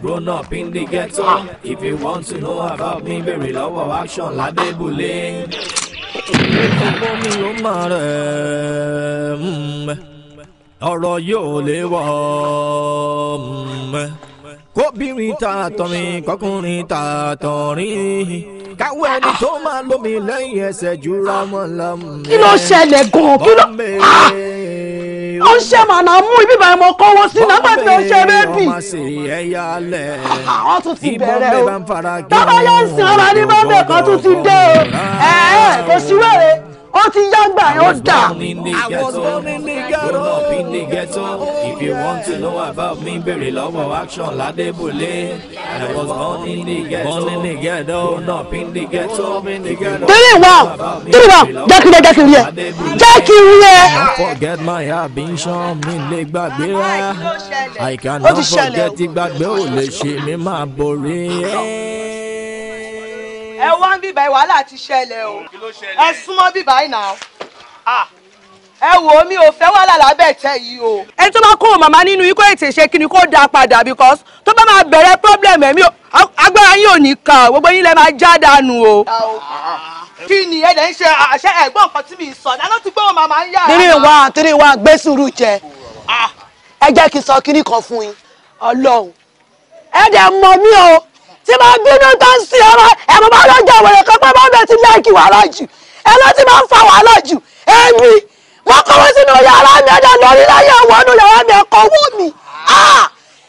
Grown up in the ghetto. Ah. If you want to know about me, very long. Action Ladebole. ọ̀rọ̀ yóò lè wọ̀ ọ́. Mm kóbìnrin ta tọrin kọkùnrin ta tọrin káwọ ẹni tó máa lómi lẹ́yìn ẹsẹ̀ jura mọ́ lọ́mọ. kí ló ṣẹlẹ̀ gan-an kí ló ah! ó ń ṣe màná mú ibi ìbàdàn mọ kọ́wọ́ sí nígbà tí ó ṣe bébì. ó ah, tún ti bẹ̀rẹ̀ o tọ́ba ń sin ọba ní bọ́ọ̀bù ẹ̀kọ́ tún ti dé o ẹ̀ẹ́ kò sí ó ti yá gbà yẹn dà. I was born in the ghetto. Grown up in the ghetto. Oh, If you want to know about me, béèrè lọ́wọ́ Action Ladebule. I was born in the ghetto. Born in the ghetto. Grown up in the ghetto. Tiri wa tiri wa jẹ́ kí n jẹ́ kí n rí ẹ jẹ́ kí n rí ẹ. I forget my ambition mi lè gbàgbé rẹ̀. I cannot forget ìgbàgbé ò lè ṣe mi máa borí ẹ̀ ẹ wá ń bíbá wàhálà ti ṣẹlẹ̀ o ẹ súnmọ́ bíbá iná ẹ wò ó mi ò fẹ́ wàhálà lábẹ́ tẹ yìí o. ẹni tó bá kó màmá nínú yìí kó ètè ṣe kí ni kó dáa padà because tó bá máa bẹ̀rẹ̀ problem ẹ̀mí agbára yín ò ní kà gbogbo yín lẹ máa já dànù o. kí ni ẹ lè ń ṣe àṣẹ ẹ̀gbọ́n nǹkan tí mi sọ dáná ti gbọ́ màmá ń yára. three one three one gbé sùúrù jẹ ẹ jẹ́ kí n sọ kíní kan fún yín ọlọ́run ẹ dẹ̀ mọ̀ mí o tí máa bínú tó ń sin ọmọ ẹ̀mọ́ máa lọ jẹ òwèrè kan pé máa bẹ̀ ti láìkì wàhálà jù ẹ ló ti máa ń fa wàhálà jù èmi wọ́n kọ́wọ́ sínú yàrá mi ọ̀dà lórí láyé ọ̀wọ́ inú yàrá mi ẹ̀kọ́ wọ́ mi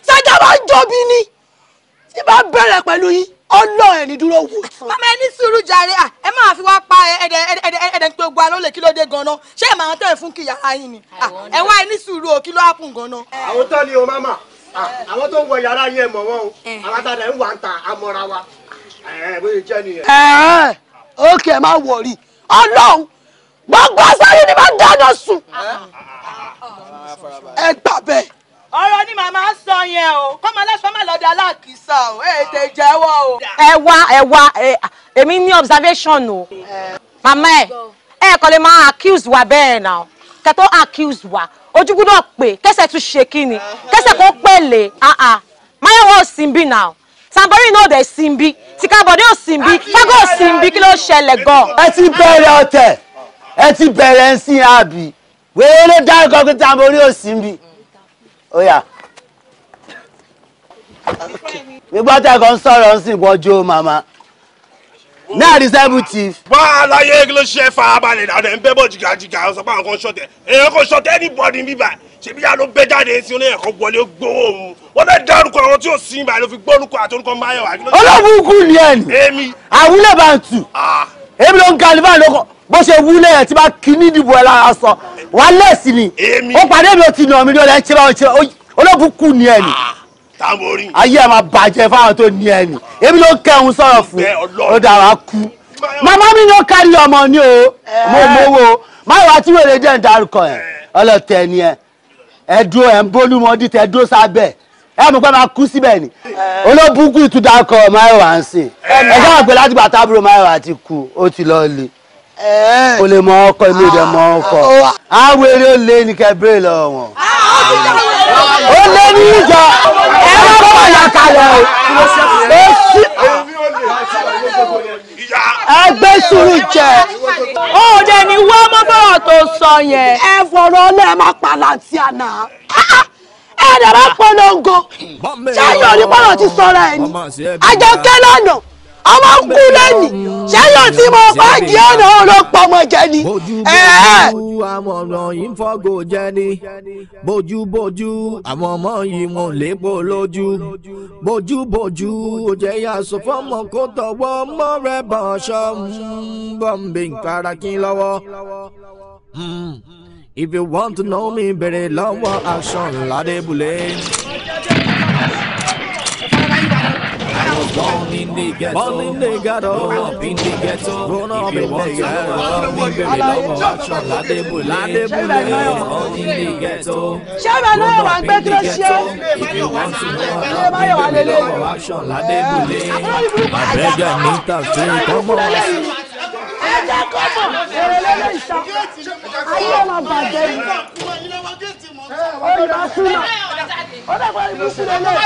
ṣájà máa ń jọbi ni tí bá bẹ̀rẹ̀ pẹ̀lú yín ọlọ́run ẹni dúró wò. mama ẹni sùúrù jàre ẹ máa fi wá pa ẹdẹ ẹdẹ ẹdẹ tó gba ló lè kí ló dé ganan ṣé ẹ máa tẹ̀ fún kí yàrá yín ni ẹ wá ẹni sùúrù o kí ló hápùn ganan. àwọn tó ni o máma Ah, àwọn tó ń wọ yàrá yẹn mọ̀ wọ́n o eh. àwọn àtàdé ń wà ń ta amọ̀ra wa eh, bó ṣe jẹ́ nìyẹn. ókè eh, ẹ má wọrí ọlọ́run gbogbo sẹ́yìn ni máa ń dáná sùn ah, ẹ gbà bẹẹ. ọ̀rọ̀ ni màmá sọ yẹn o kọ́mọ aláṣọ má lọ́ọ́ di aláàkísà o ètè ìjẹ́wọ́ o. ẹ wá ẹ wá èmi ní observation o màmá ẹ ẹ kò lè máa accuse wa bẹ́ẹ̀ náà kẹ́tọ́ accuse wa. ojú gbúdọ̀ pé kẹsẹ̀ tún ṣe kí ni kẹsẹ̀ kó pẹ̀lẹ́ máyọ̀wọ̀ ò sí bí náà sambori náà dẹ̀ simbi, bí tìkàbọ̀dé ò simbi, bí kágó ò sí bí kí ló ṣẹlẹ̀ gan. ẹ ti bẹ̀rẹ̀ ọ̀tẹ̀ ẹ ti bẹ̀rẹ̀ ń sin àbí wèrè ló dárúkọ pé sambori ò sí bí ó yá. nígbà ń sọ̀rọ̀ ń sìn wọ́n màmá náà reservative. wá aláyé ló ṣe farabalẹ̀ náà ẹ̀ ń bẹ́ bọ̀ jìgàjìgà ọ̀sán pàrọ̀ kan ṣọ̀tẹ̀ èèyàn kan ṣọ̀tẹ̀ anybody bíbà ṣebí yà ló bẹ́ jáde sí oníyàn kan wọlé gbowó mu wọ́n fẹ́ dárúkọ àwọn tí ò sí ibà ló fi gbórúkọ àtọ́nukọ máyọ̀ wá. olóògùn kù ni ẹ ní. èmi. àwúlẹ̀ bá ń tù. Ah. èmi ló ń ga àlùfáà lóko bó ṣe wúlẹ̀ ẹ̀ tí bá kíní ìdìbò ẹ̀ lára sọ wà lẹ́sìn ni. èmi. ó parí èmi ò ti nà mí lọ́lẹ̀ ẹ̀ ń ṣe báwọn ṣe olóògùn kù ni ẹ ní tamori. ayé ẹ máa bàjẹ́ fáwọn tó ní ẹni èmi ló kẹun sọ̀rọ̀ fún ó dára kú màmá mi ló kárí ọmọ ni o mo mowó má wàá tí wèrè dẹ̀ ń darúkọ ẹ̀ ọlọ́tẹ̀ ni ẹ ẹ dúró ẹ ń bólúmọdí tẹ dúró sábẹ́ ẹ mú pé máa kú síbẹ̀ ni olóbùkú ìtúdàkọ máyọ̀wá ń sìn ẹ sábà pé láti gbà tábúrò máyọ̀wá ti kú ó ti lọ le o lè mọ ilé ìdẹ mọ ọkọ àwọn eré olè ní kẹbíre lọ wọn ó lé ní ìjà ẹ má bọ́ ọ̀yà kalẹ̀ o ó sì ẹgbẹ́ sùúrù jẹ. ó dẹ̀ ní wá mọ́bọ̀rọ̀ tó sọ yẹn. ẹ fọ̀rọ̀ ọlẹ́ ẹ má pàlà tí a nà á ẹ dẹ̀ bá polongo ṣáà yóò ní bọ́lọ̀ ti sọ̀rọ̀ ẹ̀ ní àjọkẹ́ lọ́nà ọmọ kú lẹ́nu sẹ́yìn tí mo bá jẹ́ ọ̀nà ọlọ́pàá ọmọ jẹ ni. bójúbójú àwọn ọ̀nà yìí ń fọ́gò jẹ ni bójúbójú àwọn ọmọ yìí wọn lè pò lójú bójúbójú òjè yà sọ fọmọ kó tọwọ́ mọ́ rẹ̀ bọ̀ ṣọ́ bọ́m̀bì nkarakí lọ́wọ́. Hmm. If you want to know me, bẹ̀rẹ̀ lọ́wọ́ action ládébùlé. Àròkọ ni in the ghetto. Born in the ghetto. Grown up in the ghetto. Grown up in the ghetto. Níbèrè lọ́wọ́ aṣọ ládébùlé. Ládébùlé. Born in the ghetto. Ṣé ìbẹ̀ náà wà ń gbé kí ló ṣe? Ìbí wọn ti lọ wá. Níbèrè lọ́wọ́ aṣọ ládébùlé. Àbẹ́jà ní tàfé kọ́mọ́. Ẹ jẹ́ kọ́mọ̀. Èrè lélẹ̀ ìta. Ayé ọ̀la bàjẹ́ yìí ó yọ súnà ó dẹ̀ pẹ̀lú ibi sílẹ̀ lẹ̀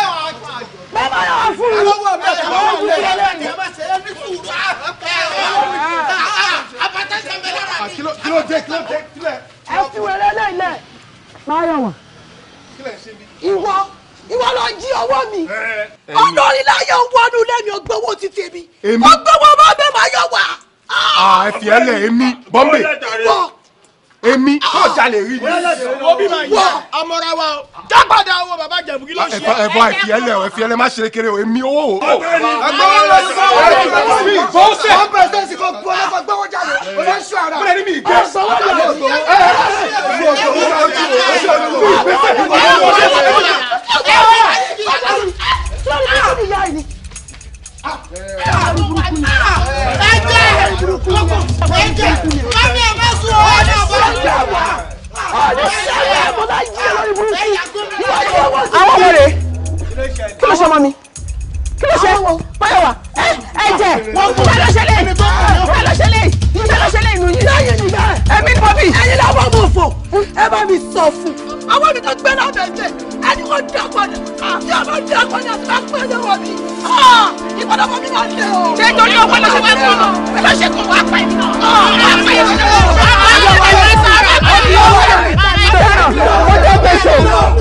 bàbá yà wá fún mi lọ́wọ́ mi àti àwọn ojú sílẹ̀ lẹ̀ ni. kìlọ̀ jẹ́ kìlọ̀ jẹ́ kílẹ̀. ẹ fi wẹ̀rẹ̀ lẹ́yìn lẹ̀ máa yọ̀ wọ̀n. ìwọ ìwọ lọ jí ọwọ́ mi ọlọ́rin láyé owó ọdún lẹ́mi ọgbọ́wọ́ ti tèmi ọgbọ́wọ́ bá bẹ́ẹ̀ máa yọ̀ wá. àìfẹ́ lẹ̀ èmi bọ́m̀bè èmi kò ah! jalè rí ni. wo bí ma yà amọ̀ra wa o jágbádá owó bàbá jẹ̀bú kí ló ṣe. ẹ bọ àìfi ẹlẹ o ẹfi ẹlẹ má ṣe kéré o èmi owó o. ẹgbẹ́ mi bọ́ sẹ́. wọ́n bẹ̀rẹ̀ sẹ́sì kan gbọ́ ẹ fọ gbọ́wọ́ jalè o lè ṣọ ara. bẹ́ẹ̀ ni mi gbé. ọ̀sán wọn lè lọ sọ. ẹ ẹ ẹ lọ sọ wọn lọ sọ wọn lọ sọ wọn lọ sọ wọn lọ ẹjẹ ẹjẹ mami ẹ bá àwọn wọlé kí ló ṣe ọmọ mi kí ló ṣe báyọ̀ wá ẹ ẹ jẹ kí ló ṣẹlẹ̀ kí ló ṣẹlẹ̀ iṣẹ́ ló ṣe lẹ́yìn lóyún. lẹ́yìn ni bẹ́ẹ̀. ẹ̀mí bọ́ mi. ẹ̀yin làwọn ọmọ òfò ẹ bá mi sọ fún. àwọn mi tó gbé náà bẹ̀ jẹ́ ẹni wọ́n dá padà àti àwọn dá padà tó bá pẹ́ lọ́wọ́ mi. ìpadà bọ́ mi máa lé o. ṣé torí ọkọ ló ṣe máa ń kọ́ ọ ló ṣe kọ́ wá pẹ́ mi náà. wá pẹ́ mi náà. wọ́n jẹ́ gbèsè wọ́n yẹ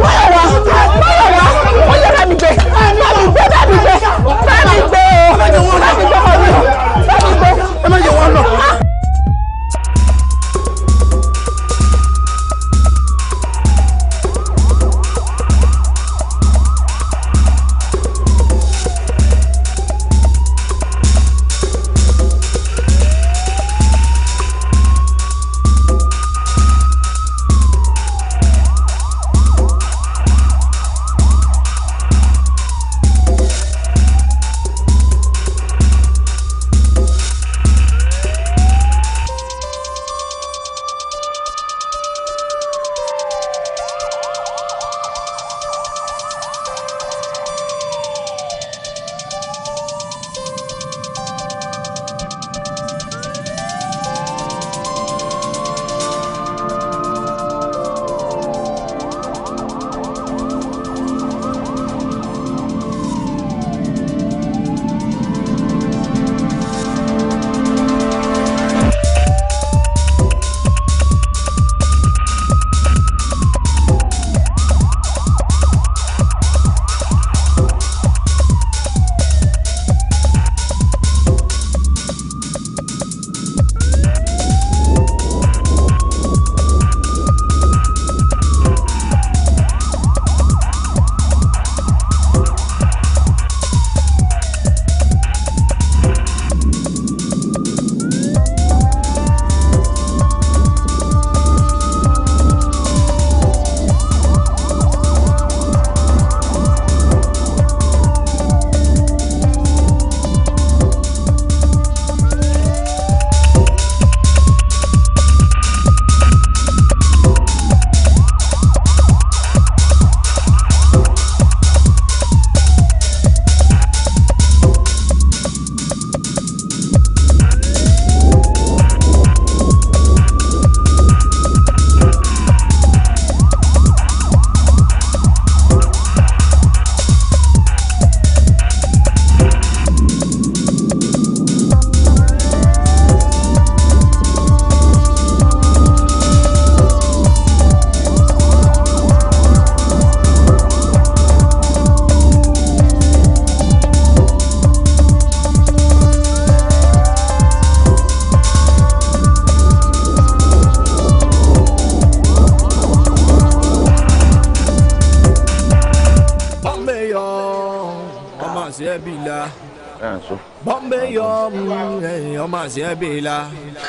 wá wọ́n yẹ láti gbé láti gbé láti gbé láti gbé o láti gbé ọmọ mi láti gbé ẹ má jẹ wọn lọ.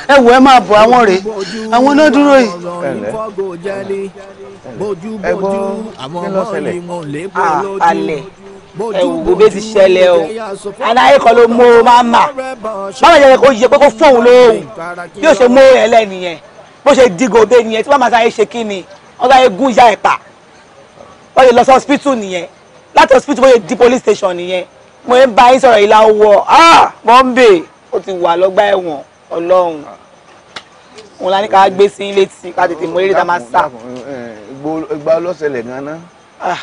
ẹ wò ẹ máa bọ̀ àwọn rèé àwọn náà dúró yìí. ẹ gbọ́ kí ló ṣẹlẹ̀ alẹ́ ẹ wò bó bẹ́ẹ̀ ti ṣẹlẹ̀ o aláyé kan ló mú o máa mà báwo ni kò yẹ pé kó fóun lóhùn bí o ṣe mú o ẹlẹ́ nìyẹn bó ṣe dìgò bẹ́ẹ̀ nìyẹn tí wọ́n máa sáyé ṣe kí ni wọ́n sáyé gún ìyá ẹ̀ pa wọ́n lè lọ sí hospital nìyẹn láti hospital wọ́n lè di police station nìyẹn mo ń bá yín sọ̀rọ̀ ìlà owó ah mọ́ńbè ó ti wà lọ́gbà ẹ̀wọ̀n. Ọlọ́run òun la ní ká gbé sí ilé tí ká tètè mọ eré tá a máa sá. ìgbà ọlọ́sẹ̀lẹ̀ gan-an. Ah.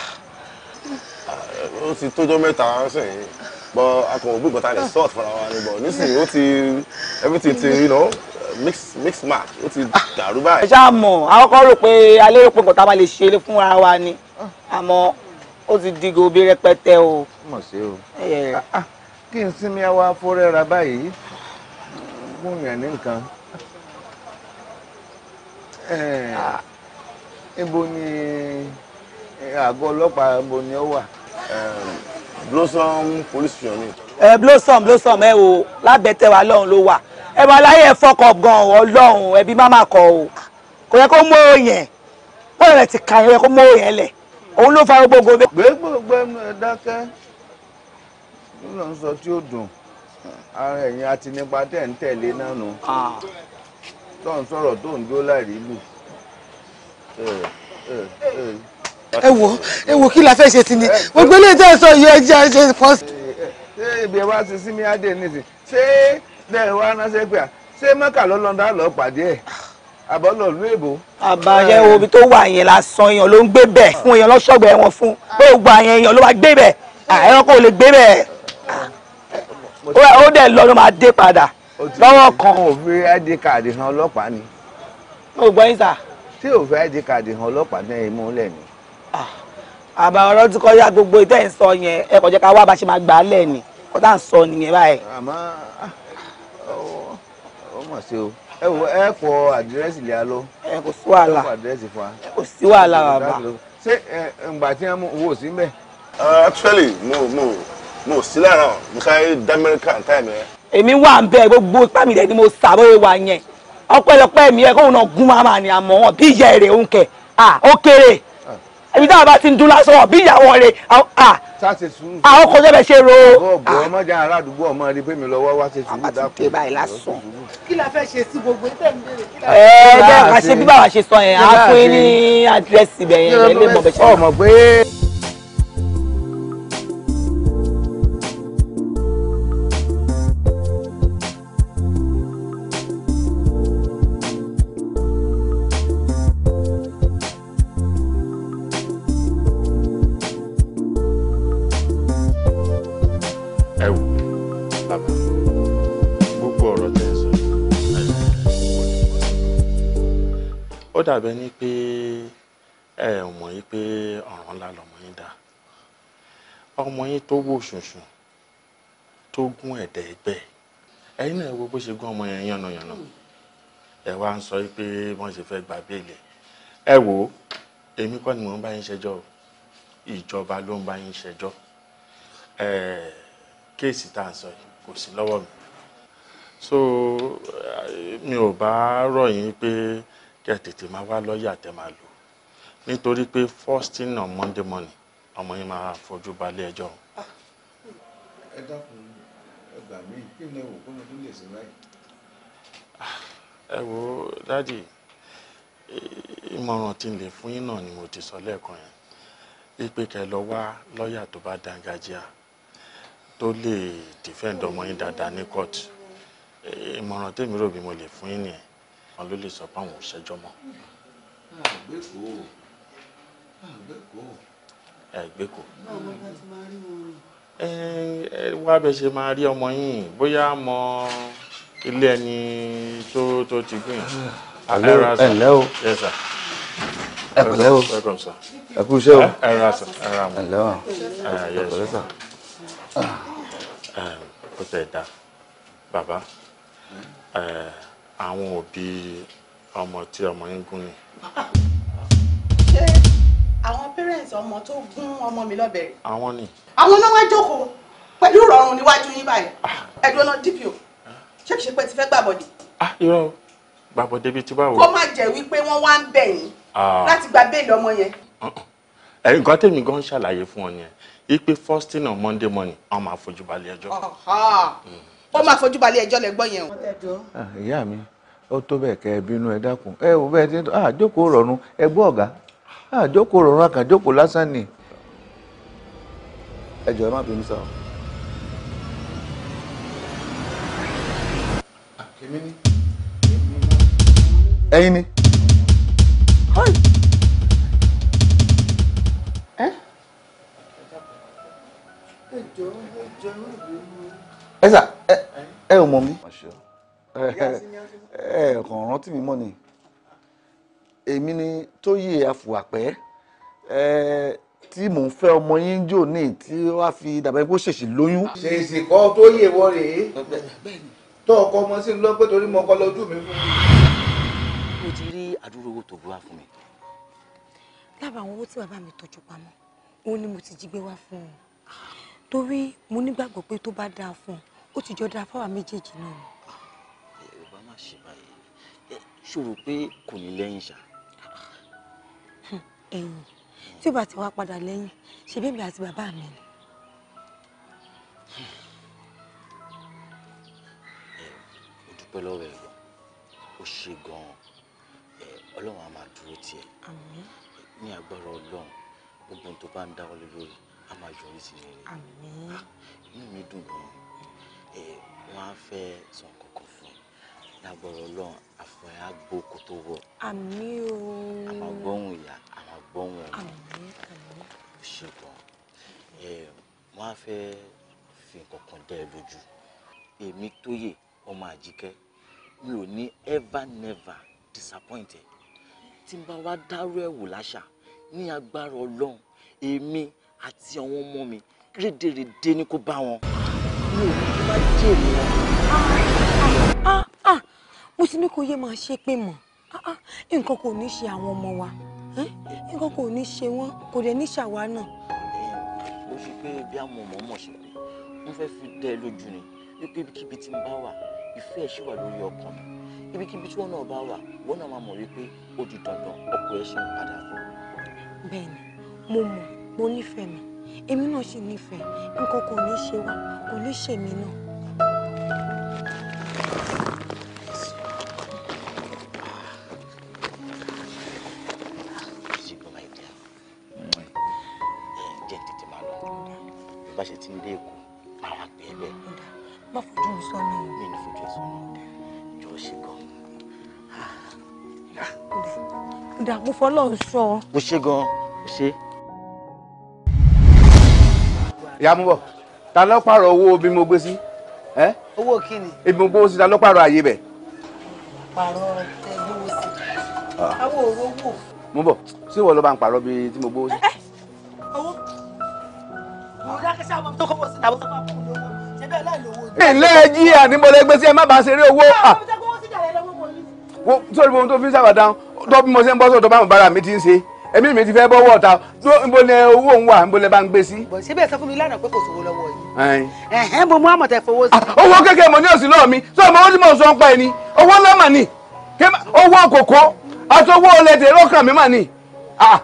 ó ti tójọ́ mẹ́ta sẹ́yìn bọ́ akọ̀wé gbígbọ́n ta lè sọ́ọ̀t fúnra wa ni bọ̀ nísìnyí ó ti everything ti you know mix mix match ó ti ah. dàrú báyìí. ẹ ṣáà mọ̀ àwọn kan rò pé alẹ́ rò pé nǹkan tá a máa lè ṣe fúnra wa ni ah. àmọ́ ó ti di gòbí rẹpẹtẹ o. mọ̀ sí o eh. kí n sinmi àwa afọ́rẹ́ra báyìí gún yàn ní nǹkan ibo ni àgọ́ ọlọ́pàá ibo ni ó wà. Blossom police station ẹ Blossom Blossom ẹ o lábẹ́tẹ̀wá lọ́hùn ló wà ẹ wà láyé ẹ fọkọ̀ gan ọlọ́hùn ẹbí má má kọ o kò yẹ kó mú òyìn bọ́ọ̀lù rẹ̀ ti kà yẹ kó mú òyìn lẹ̀ òun ló fa gbogbo. gbégbó gbẹ́nu dákẹ́ ló sọ tí ó dùn ara ẹ̀yin àti nípa tẹ̀ ń tẹ̀lé náà nù tó ń sọ̀rọ̀ tó ń jó láìrí lù. ẹ wo ẹ wo kí la fẹ́ ṣe ti ni gbogbo ilé tẹ́ ẹ sọ yìí ẹ jẹ́ ẹ ṣe fọ́. ṣé ibi ẹ wá sí sími adé nìsín ṣé bẹ́ẹ̀ wá ránṣẹ́ pé à ṣé mọ́kà ló lọ́ndà lọ́ọ́ pàdé ẹ̀ àbọ̀lọ̀ ìlú èbó. àbáyẹ omi tó wà yẹn lásán èèyàn ló ń gbé bẹ̀ fún èèyàn lọ́sọ̀gbọ̀ ẹ̀wọ̀n fún gbogbo àyẹn èèyàn ló wá gbé bẹ̀ ẹ̀rọ kò lè gbé bẹ̀ ó dẹ̀ lọ máa dé padà lọ́wọ́ kan. o fi id card hàn ọlọ́pàá ni. mo gbọ́ yín sà. tí o fi id card hàn ọlọ́pàá náà mú lẹ̀ ni. àbá ọ̀rọ̀ tí kọjá gbogbo ìtẹ́ ń sọ yẹn ẹ kò jẹ́ ká wá bá ṣe máa gbà á lẹ̀ ni kó tá à ń sọ nìyẹn báyìí. àmọ́ ah, ó mọ̀ sí o ẹ wo ẹ kọ àdírẹ́sì lé a lọ. ẹ kò sí wàhálà ẹ kọ àdírẹ́sì fún wa. ẹ kò sí wàhálà bàbá. ṣé ǹgbà tí wọ́n wò sí mbẹ́. Uh, actually mo mo mo sí lára ọ̀ mo sáré d'Amẹ́ríkà táìmù yẹn. èmi wà ń bẹ gbogbo ipá mi rẹ ni mo sà bóyá wà yẹn ọpẹ́lọpẹ́ mi ẹ kóun náà gún wa máa ní àmọ́ wọn bí ìyá èrè òun kẹ à ó kéré ẹbí táwọn bá ti ń dún lásán wọn bí ìyàwó rẹ à àwọn kọjá bẹ ṣe ro. ọgbọ ọmọdé ará àdúgbò ọmọ rí pé mi lọ́wọ́ wá ṣe sùúrù dákú. àti tèbá ìlàsàn. kí la fẹ́ ṣe sí gbogbo ìtẹ̀ ń bèrè. ẹ bẹ́ẹ̀ wá ṣe bí báwa ṣe sọ yẹn á pín ní àdírẹ́sì bẹ̀yẹn lè mọ̀ bẹ́ẹ̀ ṣe. dàbẹ́ ni pé ẹ ò mọ̀ yín pé ọ̀ràn ńlá lọmọ yín dá ọmọ yín tó wò ṣùnṣùn tó gún ẹ̀dẹ̀ ẹgbẹ́ ẹ̀yin náà wo bó ṣe gún ọmọ yẹn yànnàyànnà ẹ wá ń sọ pé wọ́n ṣe fẹ́ gba béèlì ẹ wò ó èmi kọ́ ni mò ń bá yín ṣẹjọ́ ìjọba ló ń bá yín ṣẹjọ́ kéèsì tá à ń sọ yìí kò sí lọ́wọ́ mi so mi ò bá rọ̀ yín pé. Pe kẹ́ ẹ tètè máa wá lọ́ọ̀yà tẹ́ máa lò nítorí pé first thing on monday morning ọmọ yín máa fojú balẹ̀ ẹjọ́. ẹ dákun ẹ gbà mí kí ni ẹ wò kó ló tún lè ṣe báyìí. ẹ wo dádì ìmọ̀ràn tí n lè fún yín náà ni mo ti sọ lẹ́ẹ̀kan yẹn wípé kẹ́ lọ wá lọ́ọ̀yà tó bá dángájíá tó lè defend ọmọ yín dáadáa ní court ìmọ̀ràn tèmi rò bí mo lè fún yín nìyẹn wọn ló lè sọ pé àwọn ò ṣẹjọ́ mọ́. àgbẹ̀kọ́ àgbẹ̀kọ́. ẹ gbẹ́kọ̀. báwo ni wọ́n ti máa rí wọn rìn. ẹ ẹ wá bẹ ṣe máa rí ọmọ yín bóyá mọ ilé ẹni tó tó ti gbìn. àlọ́ ẹ ǹlẹ́ o ẹ pẹ̀lẹ́ o ẹ kú iṣẹ́ o ẹ ra sà ẹ ra mọ ẹ ǹlẹ́ o ah, ẹ pẹ̀lẹ́ sà. Ah, ó tẹ̀ dá bàbá àwọn òbí ọmọ tí ọmọ yín gún ni. ṣé àwọn parents ọmọ tó gún ọmọ mi lọ́bẹ̀rẹ̀. àwọn ni. àwọn náà wá jókòó pẹ̀lú ìrọ̀rùn níwájú yín báyìí ẹ̀dùn náà DPO ṣé kìí ṣe pé ti fẹ́ gbàbọ̀dì. ah irọ́ gbàbọ̀dì bíi ti báwo. kó má jẹ́ wípé wọ́n wá ń bẹ̀ yín ah. láti gba béèlì ọmọ yẹn. Eh, nǹkan tèmi gan ṣàlàyé fún ọ yẹn ipe first thing on Monday morning wọn máa fojú balẹ̀ ẹjọ́. ó máa fojú balẹ̀ ẹjọ́ lẹ gbọ́ yẹn o. ìyá mi ó tó bẹ́ẹ̀ kẹ́ ẹ bínú ẹ dákun ẹ ò bẹ́ẹ̀ tí à jókòó rọrùn ẹ ọ̀gá à jókòó rọrùn àkàn jókòó lásán ni. ẹ ẹ má bínú sọ. ni ẹ ẹ ẹ ẹ sà ẹ ò mọ̀ mí ẹ kàn rántí mi mọ́ ni èmi ni Tóyè Afùwàpẹ́ ẹ tí mò ń fẹ́ ọmọ yín jò ní tí wàá fi dàbẹ́ kó ṣèṣì lóyún. ṣèṣì kọ́ Tóyè wọ rèé tó ọkọ ọmọ sí lọ pé torí mo kọ lójú mi fún mi. mo ti rí àdúrà owó tó wá fún mi. lábàá àwọn owó tí bàbá mi tọ́jú pamọ́ òun ni mo ti jí gbé wá fún un torí mo nígbàgbọ́ pé tó bá dáa fún un ó ti jọ dáa fáwọn méjèèjì náà. Ah, yorùbá má ṣe báyìí ṣòro pé kò ní lẹ́yìn ṣá. Hm, ẹ̀yìn tí ó bá ti wá padà lẹ́yìn ṣe bébí àti bàbá mi ni. ó dúpẹ́ lọ́wọ́ ẹ̀ gan ó ṣe gan-an ọlọ́run á máa dúró tiẹ̀ ní agbára ọlọ́run gbogbo ohun tó bá ń dáwọ́ lórí á máa yọrí sí rere ah, inú mi dùn gan-an wọ́n á fẹ́ san kankan fún un lágbọ̀rọ̀ ọlọ́run àfọ̀n ẹ̀ á gbó kó tó wọ̀. àmì o. àmà gbọ́hùn ìyá àmà gbọ́hùn ọmọ. àmì àmì. ṣùgbọ́n wọ́n á fẹ́ fi kankan dẹ́ ẹ lójú èmi tó yè ọmọ àjíkẹ́ mi ò ní ever never disappoint ẹ tí n bá wá dárú ẹ̀ wò láṣà ní agbára ọlọ́run èmi àti àwọn ọmọ mi rédèrèdè ni kò bá wọn wò tó bá jẹ́ ènìyàn. mo ti ní kó yé máa ṣe pé mọ̀ ah, ah, nǹkan kò ní ṣe àwọn ọmọ wa nǹkan kò ní ṣe wọ́n kò dẹ̀ ní ṣàwa náà. ó ṣe pé bí àwọn ọmọ ọmọ ṣe pé wọ́n fẹ́ fi dẹ́ lójú ni wípé ibikíbi tí ń bá wà ìfẹ́ ẹ̀ ṣì wà lórí ọkàn mi ibikíbi tí wọ́n náà bá wà wọ́n náà máa mọ̀ wípé ó di dandan ọkọ ẹ̀ ṣì ń padà fún. bẹ́ẹ̀ni mo mọ̀ mo nífẹ̀ẹ́ mi èmi náà ṣì nífẹ̀ẹ́ nǹkan kò ní ṣe wá kò ní ṣèmi náà. bá ṣe ti ń dé èkó ara pè é bẹ́ẹ̀. má fojú mi sọ́nà o. mi ní fojú ẹ sọ́nà jọ ṣe gan. ó dà mo fọlọ́ sọ. mo ṣe gan mo ṣe ìyá mú bọ̀ ta ló pààrọ̀ owó bí mo gbé sí. owó kíni. ibi mo gbówó sí ta ló pààrọ̀ àyè bẹ̀. pààrọ̀ tẹ gbówó sí. àwọn ah. òró wò. mú bọ̀ sí ìwọ ló bá ń pààrọ̀ bí tí mo gbówó sí. Eh, eh, owó mo dákẹ́ sábà tó kọ́kọ́ sí tàbí sábà fún mi lówó ṣe bẹ́ẹ̀ láì lówó. ilé ẹjí ànímọ́lẹ́gbẹ́sí ẹ má bàa ṣeré owó. àwọn ah. ọmọ tó gbówó sí sórí ohun tó fi ń èmi mi ti fẹ́ bọ́ wọ́ọ̀ta níbo ni owó ń wà níbo ni bá ń gbé sí. bọ̀ síbẹ̀ sọ fún mi lánàá pé kò sówó lọ́wọ́ yìí. ẹ̀hẹ́n bo mú àmọ̀tẹ́ fowó sí. Ah, owó kékeré mo ní òsì lọ́ọ̀ mi sọ ma sọ owó lọ́mà ni owó kòkó àti owó ọlẹ́dẹ̀ lọ́kàn mi ni. Ah,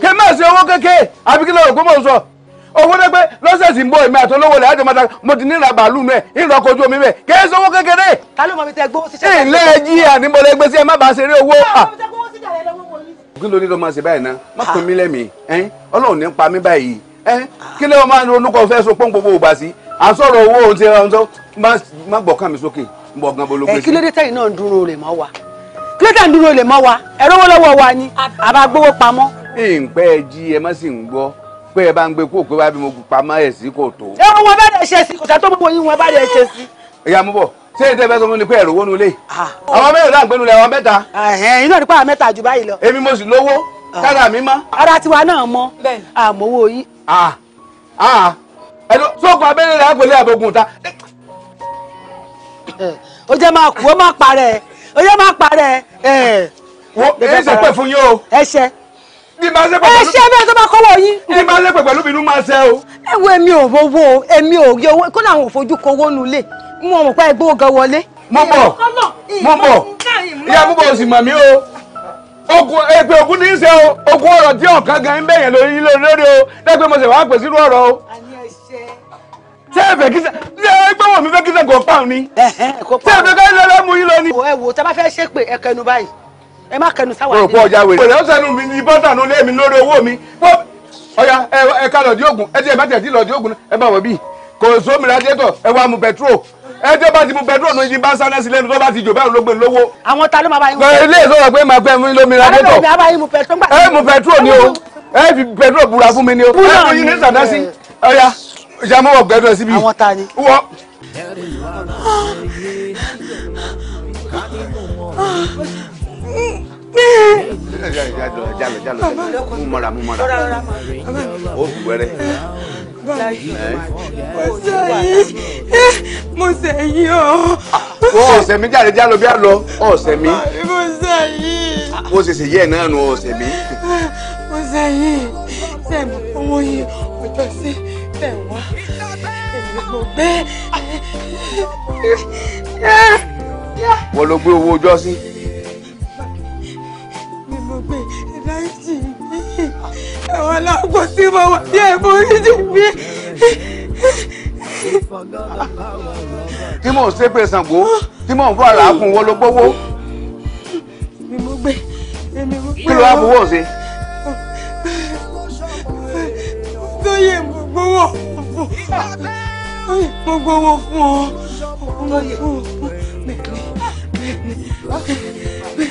kí n ṣe owó kékeré àbí kí sọ owó lọ́sẹ̀ ń bọ̀ èmi àti olówó kí ló ní ló máa ṣe báyìí náà má pin mí lẹ́mìí ẹ́n ọlọ́run ní pa mí báyìí ẹ́n kí ló máa ronú kọ́ fẹ́ so pọ́npọ́n gbogbo ògbà sí à ń sọ̀rọ̀ owó ohun tí wọ́n sọ má gbọ̀kàn mi sókè ń bọ̀ gan bológbèsè. ẹ kí ló dé tẹ́yìn náà ń dúró rẹ̀ mọ́ wa kí ló dé tẹ́yìn dúró rẹ̀ mọ́ wa ẹ̀rọ owó lọ́wọ́ wa ni àbá gbowó pamọ́. ìǹpẹ́ ẹ jí ẹ má sì ń gbọ́ pé ẹ bá ń gbé kó pé bá bí mo pamọ́ ẹ̀ sí kò tó. ẹ wọn bá dẹ̀ ṣe sí kò sá tó gbogbo yín wọn bá dẹ̀ ṣe sí. ìyá mú bọ̀ ṣé ètò ìfẹ́ sọ fún mi pé ẹ̀rọ owó ah. nulẹ̀ àwọn mẹ́rin náà gbẹ́nu lẹ̀ àwọn mẹ́ta. ẹ̀hìn iná nípa àwọn mẹ́ta jù báyìí lọ. èmi mo sì lówó kára ah. mi mọ́. ara tiwa náà mọ àmọ́wó yín. Ah. ẹ̀dùn sóògùn abẹ́rẹ́ rẹ̀ àgbélé àbògùn ta. ó jẹ́ máa kú ó máa parẹ́ ó jẹ́ máa parẹ́. wo èyí ṣe pẹ̀ fún yín o. ẹ ṣe bí máa ṣe pẹ̀lú. ẹ ṣe bí ẹ tó bá kọ́wọ́ yín. bí máa ṣe pẹ̀lú bínú máa ṣe o. ẹ wo èmi ò rówó èmi ò rí owó kó náà àwọn òfojú kọ owó nulẹ̀ mo mọ̀ pé ẹgbẹ́ ogan wọlé. mo bọ̀ mo bọ̀ ìyá mo bọ̀ sì mọ̀ o ogun èpè ògùn ní í ṣe o ogun ọ̀rọ̀ tí ọ̀kan gan ń bẹ̀yẹn lórí lórí o dẹ́gbẹ́ mo sì wá pè sínú ọ̀rọ̀ o. ṣé ẹ fẹ́ kí ṣe ẹ gbọ́wọ́ mi fẹ́ kí ṣe kò pa ni. ṣé ẹ fẹ́ kí ṣe lọ́mú yín lónìí. ẹ wò tá a bá fẹ́ ṣépè ẹ kẹnu báyìí ẹ má kẹnu sáwà nílẹ̀. òpó ọjà wèrè. pẹ̀lẹ́ ó sẹ́nu mi ní bọ́tà nù ẹ tó bá ti mu bẹdúrò ní ìjìnbá sáná sí lẹ́nu tó bá ti jò bẹ́ẹ̀ ló gbé lówó. àwọn ta ló máa bá yín mu pẹtrol. ilé ìsọ̀rọ̀ pé màá pẹ́ mi lómi radiator. ẹ mu pẹtrol ni o ẹ fi pẹtrol búra fún mi ni o. búra mi ni ẹ ọya ìjà mọ́ wọ gbẹdúrà síbi. àwọn ta ni. wọ. mú mọ́ra mú mọ́ra mo sẹ́yìn o. wọ́n ọ̀sẹ̀ mi jáde jálọ bí a lọ ọ̀sẹ̀ mi. mo sẹ́yìn. mo ṣèṣe yẹ́ ẹ̀ náà nu ọ̀sẹ̀ mi. mo sẹ́yìn sẹ́mi owó yìí ọjọ́ sí tẹ̀wá èmi mo gbé. wọ́n ló gbé owó ọjọ́ sí. mi mo gbé ẹ̀dá ìjì mi àwọn aláàbò tí mo wà ní ẹ̀fọ́ríjì mi. tí mò ń ṣépè Ṣàngó tí mò ń fọ àlàáfún wọn ló gbówó. èmi mo gbé èmi mo gbé. kí ló wá fowó ṣe. tóyè mo gbówó fún mo gbówó fún ọ mo fún ọ.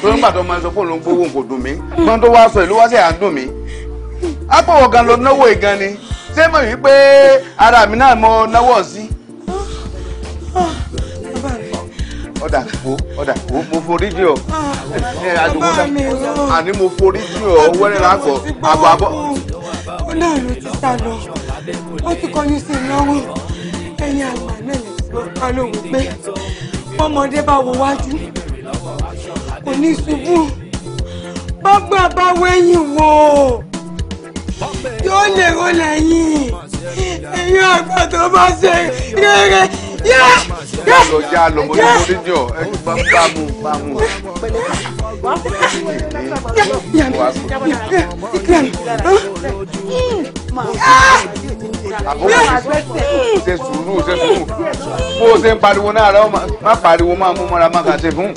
tó ń gbàdọ̀ máa ń sọ fóònù gbówó kò dùn mí gbọ́n tó wá sọ ìlú wá sí à ń dùn mí ápọ̀wọ̀ gan ló náwó ìgan ni ṣé mọ̀ wípé ara mi náà mo náwó sí. ọ̀dà wo ọ̀dà wo mo forí jì ọ́ àní mo forí jì ọ́ wẹ́rẹ́ lápọ̀ àbọ̀ àbọ̀. ó náà ló ti sá lọ ó ti kọjú sí ìnáwó ẹ̀yìn àgbà náà lè gbọ́ lóhùn pé ọmọdé bá wo wájú kò ní ṣubú bá gbà bá wò ó yóò lè ro lẹ́yìn ẹ̀yin àgbà tó bá ṣe rere yá yá yá ṣe sùúrù ṣe sùúrù bó o ṣe ń pariwo náà rẹ má pariwo máa mú mọ́ra má kà ṣe fún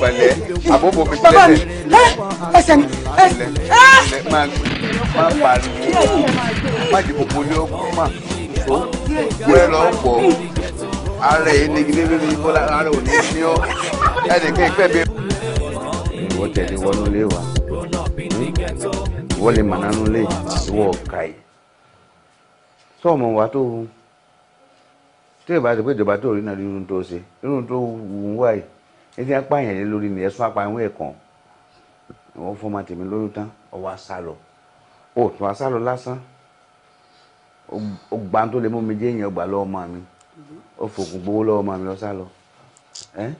pẹ̀lẹ́ àbóbò mi sílẹ̀ ẹsẹ̀ mi ẹsẹ̀ mi má pariwo má jẹ gbogbo ní ọgbọ́n mà tó wẹ́ lọ pọ̀ ara ẹ̀ negide lórí bọ́lá ara ò ní ní ọ́ ẹnìkan ìpẹ́ bẹ́ẹ̀. ìwọ tẹ̀lé wọnú ilé wa ìwọ lè mà nánú ilé ìwọ ọ̀ka yìí sọ́ọ̀mù wa tó hun tí ìbá ti pé ìjọba tó rí náà irun tó ṣe irun tó wù ú wáyé ní apá yẹn lórí ni ẹ̀sùn apá ẹ̀wọ̀n ẹ̀kan wọ́n fọ́ máa tèmi lóyún tán ọwọ́ á lọ ó tún wá sálọ lásán ó gbà tó lè mú mi jẹ́ èèyàn gbà lọ́wọ́ ọmọ mi ó fòkùn gbowó lọ́wọ́ ọmọ mi lọ sálọ ẹ́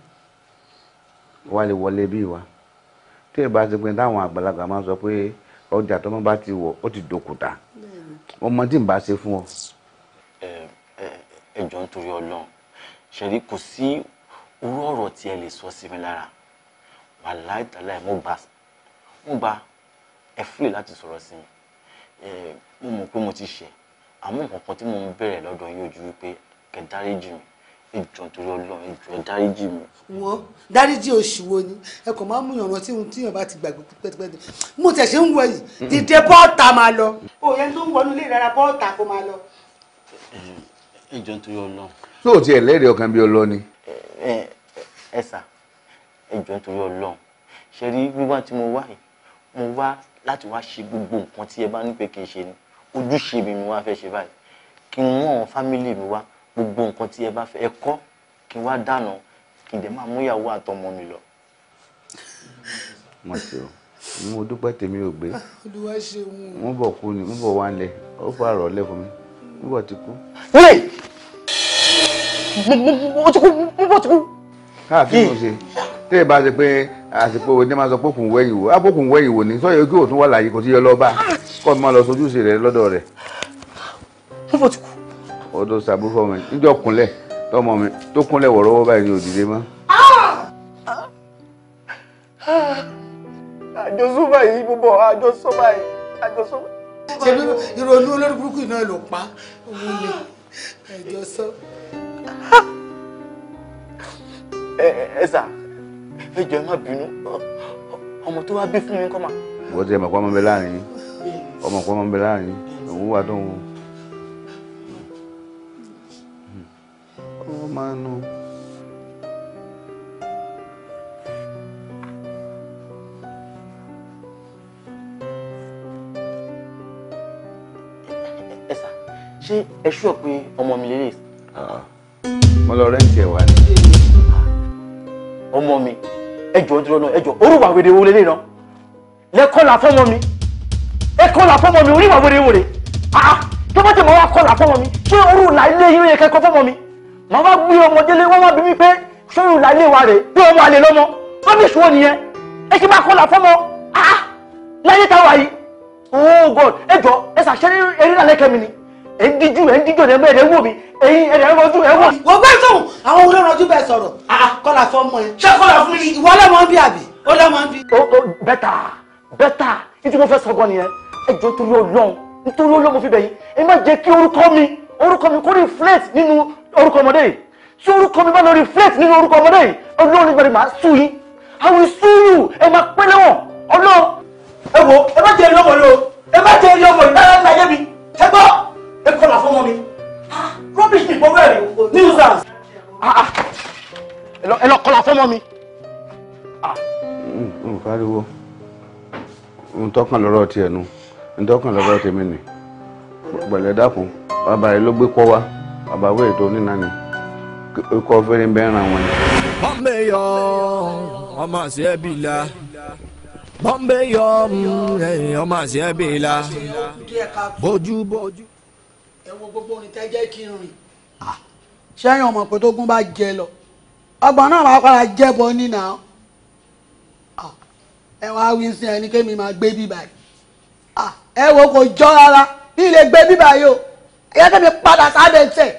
wá lè wọlé bí wa tí ìbá ti pin táwọn àgbàlagbà máa ń sọ pé ọjà tó mọ́ bá ti wọ̀ ó ti dòkúta ọmọ tí ń bá ṣe fún ọ. ẹ ẹ ẹ jọ nítorí Ọlọ́run ṣẹlí kò sí irú ọ̀rọ̀ tí ẹ lè sọ sí mi lára wàláì tàláì mo bá mo bá ẹ fúlè láti sọ̀rọ̀ sí mi Eh, mo mọ̀ pé mo ti ṣẹ̀ àmọ́ nǹkan tí mo ń bẹ̀rẹ̀ lọ́dọ̀ yín ojú wípé kẹ́ dáríjì mi ìjọ torí Ọlọ́run ìjọ dáríjì mi. wo dáríjì oṣù wo ni ẹ kò máa ń múyàn rántí ohun tíyàn bá ti gbàgbé pípẹ́tipẹ́ti mo tẹ̀ ṣe ń wọ yìí dìde bọ́ọ̀tà máa lọ. o yẹn tó ń wọnú ilé rárá bọ́ọ̀tà kó máa lọ. ìjọ eh, torí Ọlọ́run. tó o tiẹ̀ lẹ́rìí ọkàn bíi ọlọ́ni. ẹ eh, ẹ sà ìjọ torí Ọlọ́run ṣe rí wíwá tí mo wá yìí mo wá láti wá ṣe gbogbo nǹkan tí ẹ bá ní pé kí n ṣe ni ojúṣe mi mi wá fẹ́ ṣe báyìí kí n mú àwọn fámìlì mi wá gbogbo nǹkan tí ẹ bá fẹ́ ẹ kọ́ kí n wá dáná kí n dẹ̀ máa mú ìyàwó àtọmọ mi lọ. mo ṣe o mo dúpẹ́ tèmi ò gbé mo bọ̀ kú ni mo bọ̀ wá lẹ̀ ó fà rọ̀ lẹ̀ fún mi mo bọ̀ ti kú. mo ti kú mo bọ̀ ti kú. káàkiri mo ṣe tí ì bá ṣe pé àsìkò òde máa sọ pé òkùn wẹ̀ ìwò àpòkùn ah, wẹ̀ ìwò ni sọ yẹ kí òtún wà láàyè kò sí yọ lọ́ba kọ́ mi máa lọ sojúṣe rẹ lọ́dọ̀ rẹ̀. wọ́n fò ti kú. odò sàbú fọ mi níjọ kúnlẹ̀ tọmọ mi tó kúnlẹ̀ wọ̀rọ̀wọ́ báyìí ni òdìdé mọ́. Ah! àjọsọ báyìí bọ̀bọ̀ àjọsọ báyìí àjọsọ. ṣe ìrònú olórí burúkú iná ló pa òun lè àjọsọ. ẹ ẹ sà ẹ jọ̀ọ́ ẹ má bínú ọmọ tó wá bí fún mi kọ́ mà. wọ́n ti ẹ̀ mọ̀ pé ọmọ bẹ láàrin yín ọmọ pé ọmọ bẹ láàrin yín òun wà tó ń wò. ọmọ máa ń nu. ṣé ẹ ṣúọ̀ ọmọ mi lélẹ̀. Ah. mo lọ rẹ́ǹtì ẹ̀ wá ni. ọmọ mi ẹjọ ń dúró náà ẹjọ orúwà wèrè wo lélẹ̀ náà lẹ́kọ́là fọ́mọ mi ẹkọ́là fọ́mọ mi oríwà wèrè wèrè ah tó bá tẹ̀ mọ́ wá kọ́là fọ́mọ mi ṣé orú là ilé yìí yẹ kẹ́kọ́ fọ́mọ mi màá wá gbé ọmọ délé wọ́n wá bí mi pé ṣé orú là ilé wa rè pé ọmọ àlè lọ́mọ wọ́n bí sùn nìyẹn ẹ ṣe máa kọ́là fọ́mọ ah láyé táwa yìí oh god ẹjọ ẹ ṣàṣẹ eré lálẹ́ kẹ́mi ni ẹ ń díjú ẹ ń díjú ọ̀dẹ̀ bẹ́ẹ̀ ẹ wò mí ẹyin ẹ̀dẹ̀ ẹ mọ́tò ẹ wò. wọ́n gbé sóhùn àwọn olórin ojú bẹ́ẹ̀ sọ̀rọ̀ ah, ah, kọ́lá fọ́ mọ́ ẹ. ṣé kọ́lá fún mi. ìwọ ọlọ́mọ ń bí àbí ó lọ́mọ ń bí. o o bẹ́tà bẹ́tà ní tí mo fẹ́ sọ gan nìyẹn ẹ jọ torí Ọlọ́run nítorí Ọlọ́run mo fi bẹ̀ yín ẹ má jẹ́ kí orúkọ mi orúkọ mi kó reflect nínú orúkọ ọmọdé yìí tí orúkọ mi bá lọ reflect nínú orúkọ ọmọdé yìí Ọlọ́run nígbà tí màá sùn yín àwọn ìsúyù ẹ máa pẹ́lẹ́ ọmọ mi. Ah. n pariwo n tọkàn lọ́rọ̀ tiẹ̀ nu n tọkàn lọ́rọ̀ tèmi ni pẹ̀lẹ́ dákun bàbá rẹ ló gbé kọ wá bàbá wẹrẹ tó ní nani kọ fẹrẹ ń bẹ ń ra bọ́m̀bé yọ ọmọ sí ẹbí la bọ́m̀bé yọ mm, ọmọ sí ẹbí la bójú bójú. ẹ wo gbogbo orin tẹ́ jẹ́ kí n rìn. sẹ́yìn ah. ọmọ pé tó gún bá jẹ lọ ọgbọ̀n náà máa padà jẹ́bọ nínà ẹ wá wí sí ẹni kémi máa gbé bíbà yìí ẹ wo kò jọ rárá bí ilé gbé bíbà yìí o ẹ yẹ kémi padà sábẹ́ tẹ̀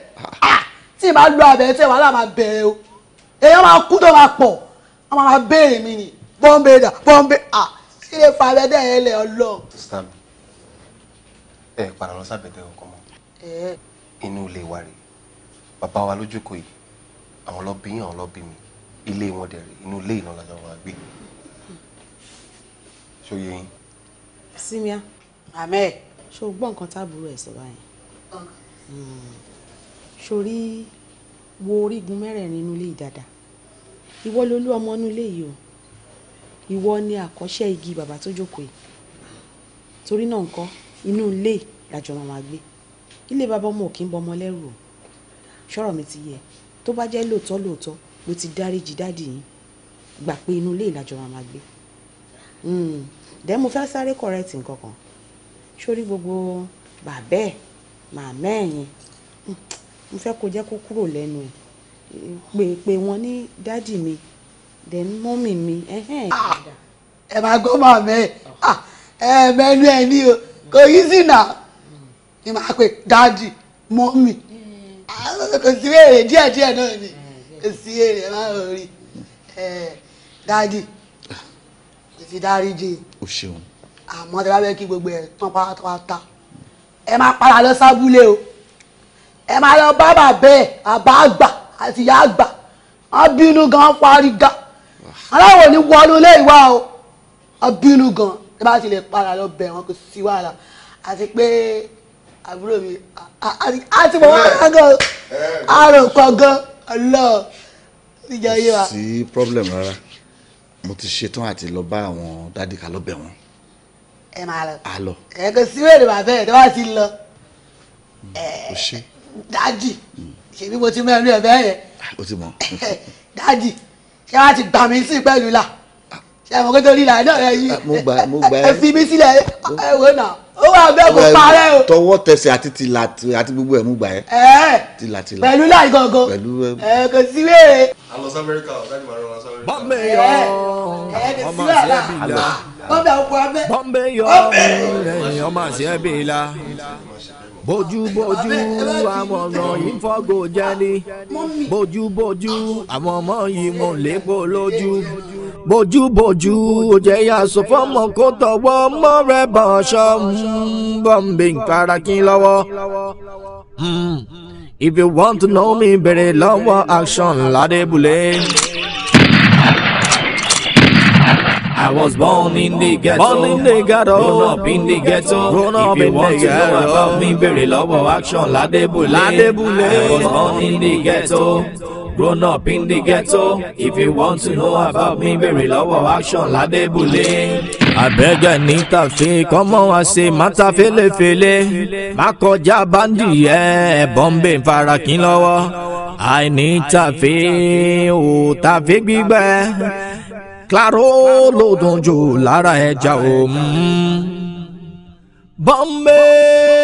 tí ì máa lo abẹ́ tẹ̀ wàhálà máa bẹ̀rẹ̀ o èèyàn máa kú tó máa pọ̀ wọ́n máa béèrè mi nì bọ́m̀bé dà bọ́m̀bé à kí lè fa abẹ́ dẹ̀ ẹ lẹ̀ ọlọ́. sísá mi ẹ padà lọ sábẹ́ tẹ̀ ọkọ mọ́ inú ilé wa rèé bàbá wa lójú kò yìí àwọn lọ bí yín àwọn lọ bí mi ilé wọn dẹ̀ inú ilé ìnáwó làjọ wọn gbé ṣó yé yín. simia ahmed ṣó o gbọ́ nǹkan táàbùrù ẹ̀ sọ báyìí sórí hmm. wo orígun mẹ́rẹ̀ẹ̀rin inú ilé yìí dáadáa ìwọ lolú ọmọ inú ilé yìí o ìwọ ni àkọ́ṣẹ́ igi bàbá tó jókòó yìí torí náà ńkọ́ inú ilé làjọ máa gbé ilé bàbá ọmọ ò kí ń bọ ọmọ lẹ́rù o ṣọ́rọ̀ mi ti yẹ tó bá jẹ́ lóòótọ́ lóòótọ́ ló ti dáríjì dáàdì yín gbà pé inú ilé ìlàjọ máa máa gbé dẹ́ hmm. mo fẹ́ sáré correct nǹkan kan sórí gbogbo bàbẹ́ ẹ̀ màmá ẹ̀yìn mo fẹ́ kó jẹ́ kó kúrò lẹ́nu ẹ̀ pé pé wọ́n ní dáàdì mi then mọ́mì mi ah, ẹ máa gbọ́ màmá ẹ ah, ẹ mẹ́nu ẹ ní o kò yí sí nà ẹ máa pè dáàdì mọ́mì. Ah, kò sí èrè díẹ̀ díẹ̀ náà ni kò sí èrè má lọ rí eh, dáàdì ìfi dáríjì o ṣeun àmọ́ tí wọ́n bẹ kí gbogbo ẹ̀ tán pátápátá ẹ máa para lọ sábúlé o ẹ máa lọ bá bàbá ẹ àbá àgbà àti ìyá àgbà wọ́n bínú gan parí ga aláwọ̀ ní wọnú ilé ìwà o wọ́n bínú gan tí wọ́n bá ti lè para lọ bẹ̀ wọ́n kò sí wàhálà àti pé àbúrò mi àti mọ̀ wá gan àrùn kan gan lọ níjọ yé wa. sí problem rárá mo ti ṣetán àti lọ bá àwọn dádì ká lọ bẹ̀ wọ́n. ẹ máa lọ a lọ. ẹ kò sí wèrè bàbá ẹ tó bá ti lọ. Hmm, o ṣe. dádì hmm. ṣèbí mo ti mẹ́rin ẹ̀ bẹ́ẹ̀ yẹn. Ah, o ti mọ. dádì ṣé wàá ti gbà mí sí pẹ̀lú là ah. ṣé àwọn kótó lílà náà ẹ yí ah, ẹ fi mí sílẹ̀ ẹ wò náà ó wà bẹ́ẹ̀ kó parẹ́ o. tọwọ́ tẹsẹ̀ àti tìlà àti gbogbo ẹ̀ mú gbà ẹ́. tìlà tìlà láì gangan eh. kò sí wéèrè. a lọ sí amẹ́ríkà láti máa rọra sí amẹ́ríkà. bọ́m̀bẹ̀ yọ ọmọ àṣẹ́bìlà bọ́m̀bẹ̀ ọkọ̀ abẹ́. bọ́m̀bẹ̀ yọ ọmọ àṣẹ́bìlà bójúbójú àwọn ọmọ yìí ń fọ́gò jẹ́ni bójúbójú àwọn ọmọ yìí mò ń lépo lójú bójúbójú òjẹ́ sọ fọ́mọ kó tọwọ́ mọ́ rẹ bọ̀ṣọ́ bọ́m̀bì nkàràkí lọ́wọ́. Hmm. If you want to know me bèrè lọ́wọ́ action Ládébúlé. I was born in the ghetto. Born in the ghetto. Grown up in the ghetto. Grown up if you want to know about me, bèrè lọ́wọ́ action Ládébúlé. Ládébúlé. I was born in the ghetto. Grown up in the ghetto. If you want to know about me, béèrè lọ́wọ́ action I beg ládébùlé. Àbẹ̀gẹ̀ ní tàfé kọ́mọ́ wa ṣe mátà fẹ́lẹ́fẹ́lẹ́. Má kọjá báńdì ẹ̀ bọ́m̀bẹ̀ ń fara need lọ́wọ́. Àìní tàfé ò tàfé gbígbẹ. Claro ló dùn jù lára ẹja òun. Mm. Bọ́m̀bẹ̀.